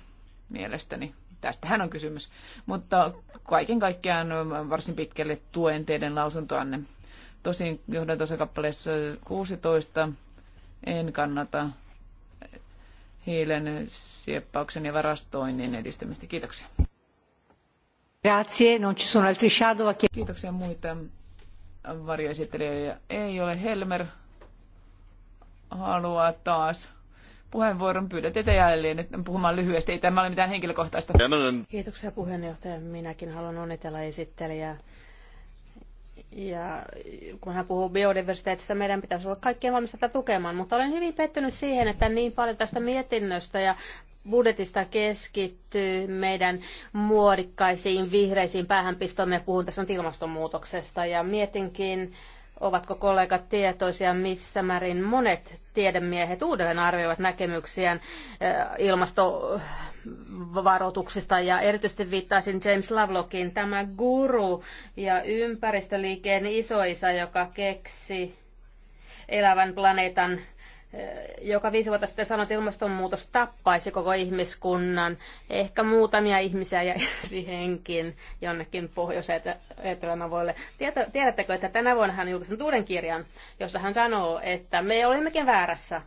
S1: mielestäni. Tästähän on kysymys. Mutta kaiken kaikkiaan varsin pitkälle tuen teidän lausuntoanne. Tosin johdantosen kappaleessa 16 en kannata hiilen sieppauksen ja varastoinnin edistämistä. Kiitoksia.
S4: Grazie, non ci sono altri shadow. Kiitoksia muita
S1: varjoesittelijöitä. Ei ole Helmer haluaa taas puheenvuoron. Pyydän teitä jälleen puhumaan lyhyesti. Ei tämä ole mitään henkilökohtaista. Kiitoksia puheenjohtaja. Minäkin haluan onnitella esittelijää ja
S5: kun hän puhuu biodiversiteetistä, meidän pitäisi olla kaikkien valmis tätä tukemaan. Mutta olen hyvin pettynyt siihen, että niin paljon tästä mietinnöstä ja budjetista keskittyy meidän muodikkaisiin vihreisiin päähänpistoihin. Puhun tässä on ilmastonmuutoksesta ja mietinkin, Ovatko kollegat tietoisia, missä määrin monet tiedemiehet uudelleen arvioivat näkemyksiään eh, ilmastovaroituksista ja erityisesti viittaisin James Lovelockin, tämä guru ja ympäristöliikkeen isoisa, joka keksi elävän planeetan joka viisi vuotta sitten sanoi, että ilmastonmuutos tappaisi koko ihmiskunnan. Ehkä muutamia ihmisiä jäisi henkin jonnekin pohjoiseen voille. Tiedättekö, että tänä vuonna hän julkaisi uuden kirjan, jossa hän sanoo, että me olimmekin väärässä.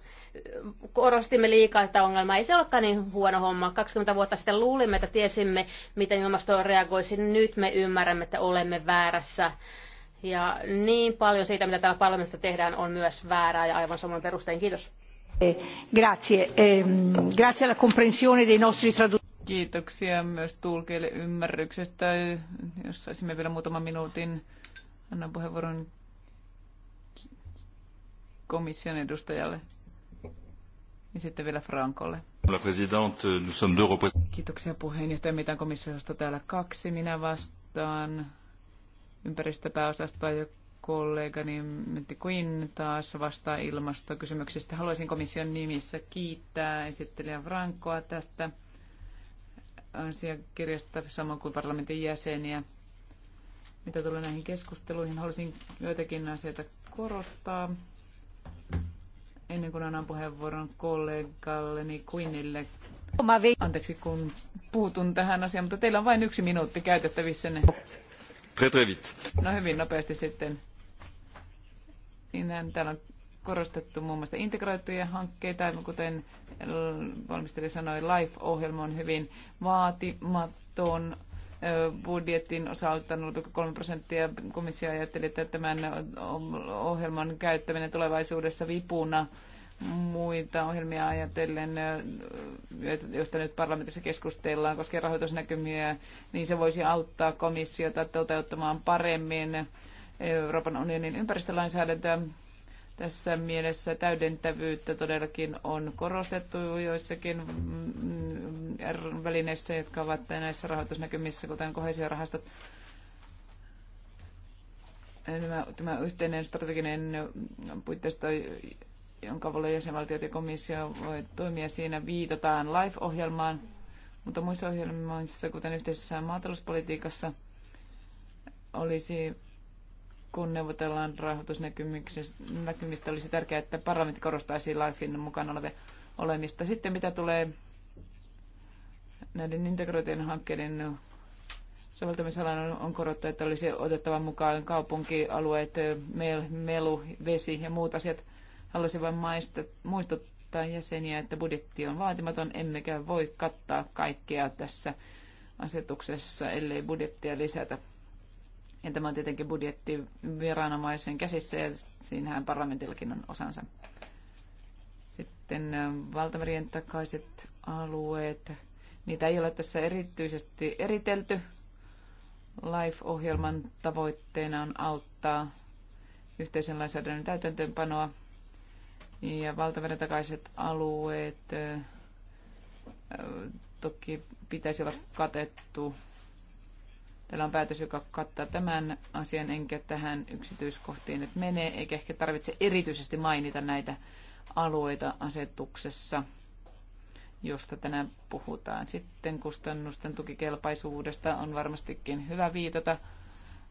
S5: Korostimme liikaa tätä ongelmaa. Ei se olekaan niin huono homma. 20 vuotta sitten luulimme, että tiesimme, miten ilmastoon reagoisi. Nyt me ymmärrämme, että olemme väärässä ja niin paljon siitä, mitä täällä parlamentissa tehdään, on myös väärää ja aivan samoin perustein. Kiitos.
S4: Eh, grazie. Eh,
S1: grazie alla comprensione dei nostri traduttori. Kiitoksia myös tulkeille ymmärryksestä. Jos saisimme vielä muutaman minuutin, annan puheenvuoron komission edustajalle ja sitten vielä Frankolle. Kiitoksia puheenjohtaja. Mitä komissiosta täällä kaksi? Minä vastaan ympäristöpääosastoa ja kollegani Mette Quinn taas vastaa ilmastokysymyksistä. Haluaisin komission nimissä kiittää esittelijä Frankoa tästä asiakirjasta, samoin kuin parlamentin jäseniä. Mitä tulee näihin keskusteluihin, haluaisin joitakin asioita korostaa. Ennen kuin annan puheenvuoron kollegalleni Quinnille. Anteeksi, kun puutun tähän asiaan, mutta teillä on vain yksi minuutti käytettävissä. Très, très vite. No hyvin nopeasti sitten. Niin täällä on korostettu muun muassa integroituja hankkeita, kuten valmistelija sanoi, LIFE-ohjelma on hyvin vaatimaton budjetin osalta 0,3 prosenttia. Komissio ajatteli, että tämän ohjelman käyttäminen tulevaisuudessa vipuna muita ohjelmia ajatellen, joista nyt parlamentissa keskustellaan koskien rahoitusnäkymiä, niin se voisi auttaa komissiota toteuttamaan paremmin Euroopan unionin ympäristölainsäädäntöä. Tässä mielessä täydentävyyttä todellakin on korostettu joissakin mm, välineissä, jotka ovat näissä rahoitusnäkymissä, kuten kohesiorahastot. Tämä, tämä yhteinen strateginen puitteisto jonka avulla jäsenvaltiot ja komissio voi toimia. Siinä viitataan LIFE-ohjelmaan, mutta muissa ohjelmissa, kuten yhteisessä maatalouspolitiikassa, olisi kun neuvotellaan rahoitusnäkymistä, olisi tärkeää, että parlamentti korostaisi LIFEin mukana olemista. Sitten mitä tulee näiden integroitujen hankkeiden soveltamisalan on korottu, että olisi otettava mukaan kaupunkialueet, melu, vesi ja muut asiat – Haluaisin vain maista, muistuttaa jäseniä, että budjetti on vaatimaton, emmekä voi kattaa kaikkea tässä asetuksessa, ellei budjettia lisätä. Ja tämä on tietenkin budjetti viranomaisen käsissä ja siinähän parlamentillakin on osansa. Sitten ähm, valtamerien takaiset alueet. Niitä ei ole tässä erityisesti eritelty. LIFE-ohjelman tavoitteena on auttaa yhteisen lainsäädännön täytäntöönpanoa ja valtaveren takaiset alueet toki pitäisi olla katettu. Täällä on päätös, joka kattaa tämän asian, enkä tähän yksityiskohtiin nyt mene, eikä ehkä tarvitse erityisesti mainita näitä alueita asetuksessa, josta tänään puhutaan. Sitten kustannusten tukikelpaisuudesta on varmastikin hyvä viitata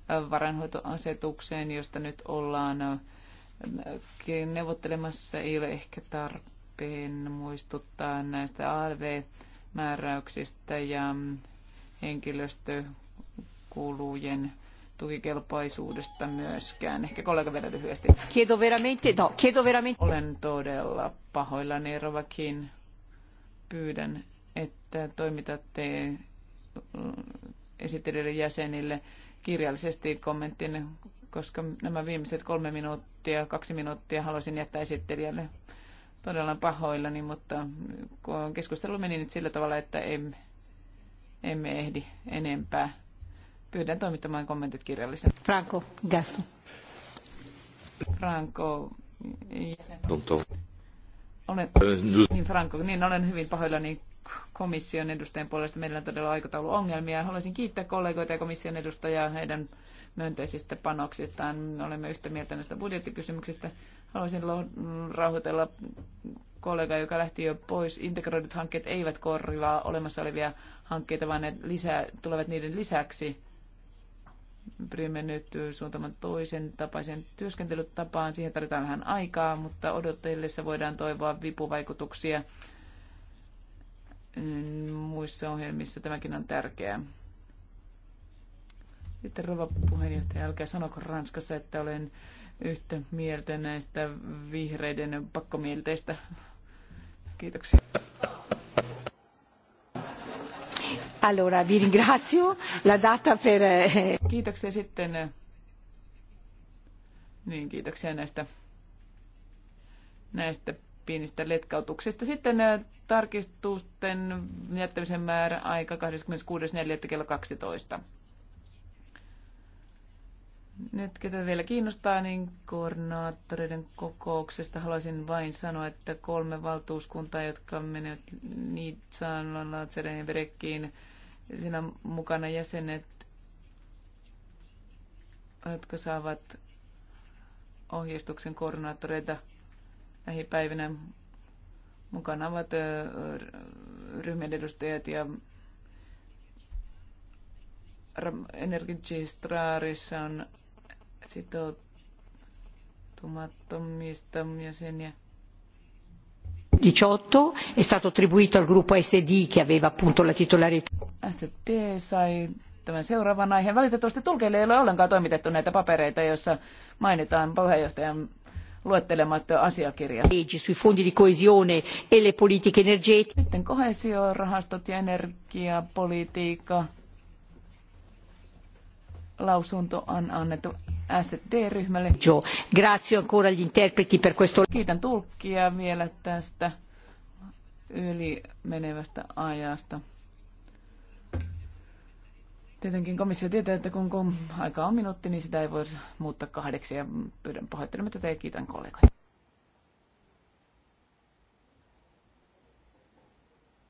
S1: varainhoitoasetukseen, josta nyt ollaan neuvottelemassa ei ole ehkä tarpeen muistuttaa näistä ALV-määräyksistä ja henkilöstökulujen tukikelpoisuudesta myöskään. Ehkä kollega vielä lyhyesti. Chiedo veramente, no, chiedo veramente. Olen todella pahoillani, Rovakin. Pyydän, että toimitatte mm, esittelijöiden jäsenille kirjallisesti kommenttin koska nämä viimeiset kolme minuuttia, kaksi minuuttia haluaisin jättää esittelijälle todella pahoillani, mutta kun keskustelu meni nyt sillä tavalla, että emme, emme ehdi enempää. Pyydän toimittamaan kommentit kirjallisen. Franco Gaston. Franco Gaston. Olen, niin Franco, niin olen hyvin pahoillani komission edustajan puolesta. Meillä on todella aikatauluongelmia. Haluaisin kiittää kollegoita ja komission edustajaa heidän myönteisistä panoksistaan. Olemme yhtä mieltä näistä budjettikysymyksistä. Haluaisin rauhoitella kollega, joka lähti jo pois. Integroidut hankkeet eivät korvaa olemassa olevia hankkeita, vaan ne lisää, tulevat niiden lisäksi. Pyrimme nyt suuntamaan toisen tapaisen työskentelytapaan. Siihen tarvitaan vähän aikaa, mutta odotellessa voidaan toivoa vipuvaikutuksia mm, muissa ohjelmissa. Tämäkin on tärkeää. Sitten rouva puheenjohtaja, älkää sanoko Ranskassa, että olen yhtä mieltä näistä vihreiden pakkomielteistä. Kiitoksia.
S4: Allora, vi ringrazio. La data per... Eh,
S1: kiitoksia sitten. Niin, kiitoksia näistä, näistä pienistä letkautuksista. Sitten eh, tarkistusten jättämisen määrä aika 26.4. kello 12. Nyt ketä vielä kiinnostaa, niin koordinaattoreiden kokouksesta haluaisin vain sanoa, että kolme valtuuskuntaa, jotka menevät Nitsaan, Lanzereen ja Verekkiin, siinä on mukana jäsenet, jotka saavat ohjeistuksen koordinaattoreita lähipäivinä. Mukana ovat ryhmien edustajat ja Energy Straarissa on sitoutumattomista jäseniä.
S4: 18 è stato attribuito al gruppo SD che aveva appunto la titolarità.
S1: SD sai tämän seuraavan aiheen. Valitettavasti tulkeille ei ole ollenkaan toimitettu näitä papereita, joissa mainitaan puheenjohtajan luettelemat asiakirjat. Sui fondi di coesione e le politiche energetiche. Sitten kohesiorahastot ja energiapolitiikka. Lausunto on annettu SD-ryhmälle. Joo, grazie ancora interpreti per questo. Kiitän tulkkia vielä tästä yli menevästä ajasta. Tietenkin komissio tietää, että kun, kun aika on minuutti, niin sitä ei voi muuttaa kahdeksi ja pyydän pahoittelematta teitä ja kiitän kollegoita.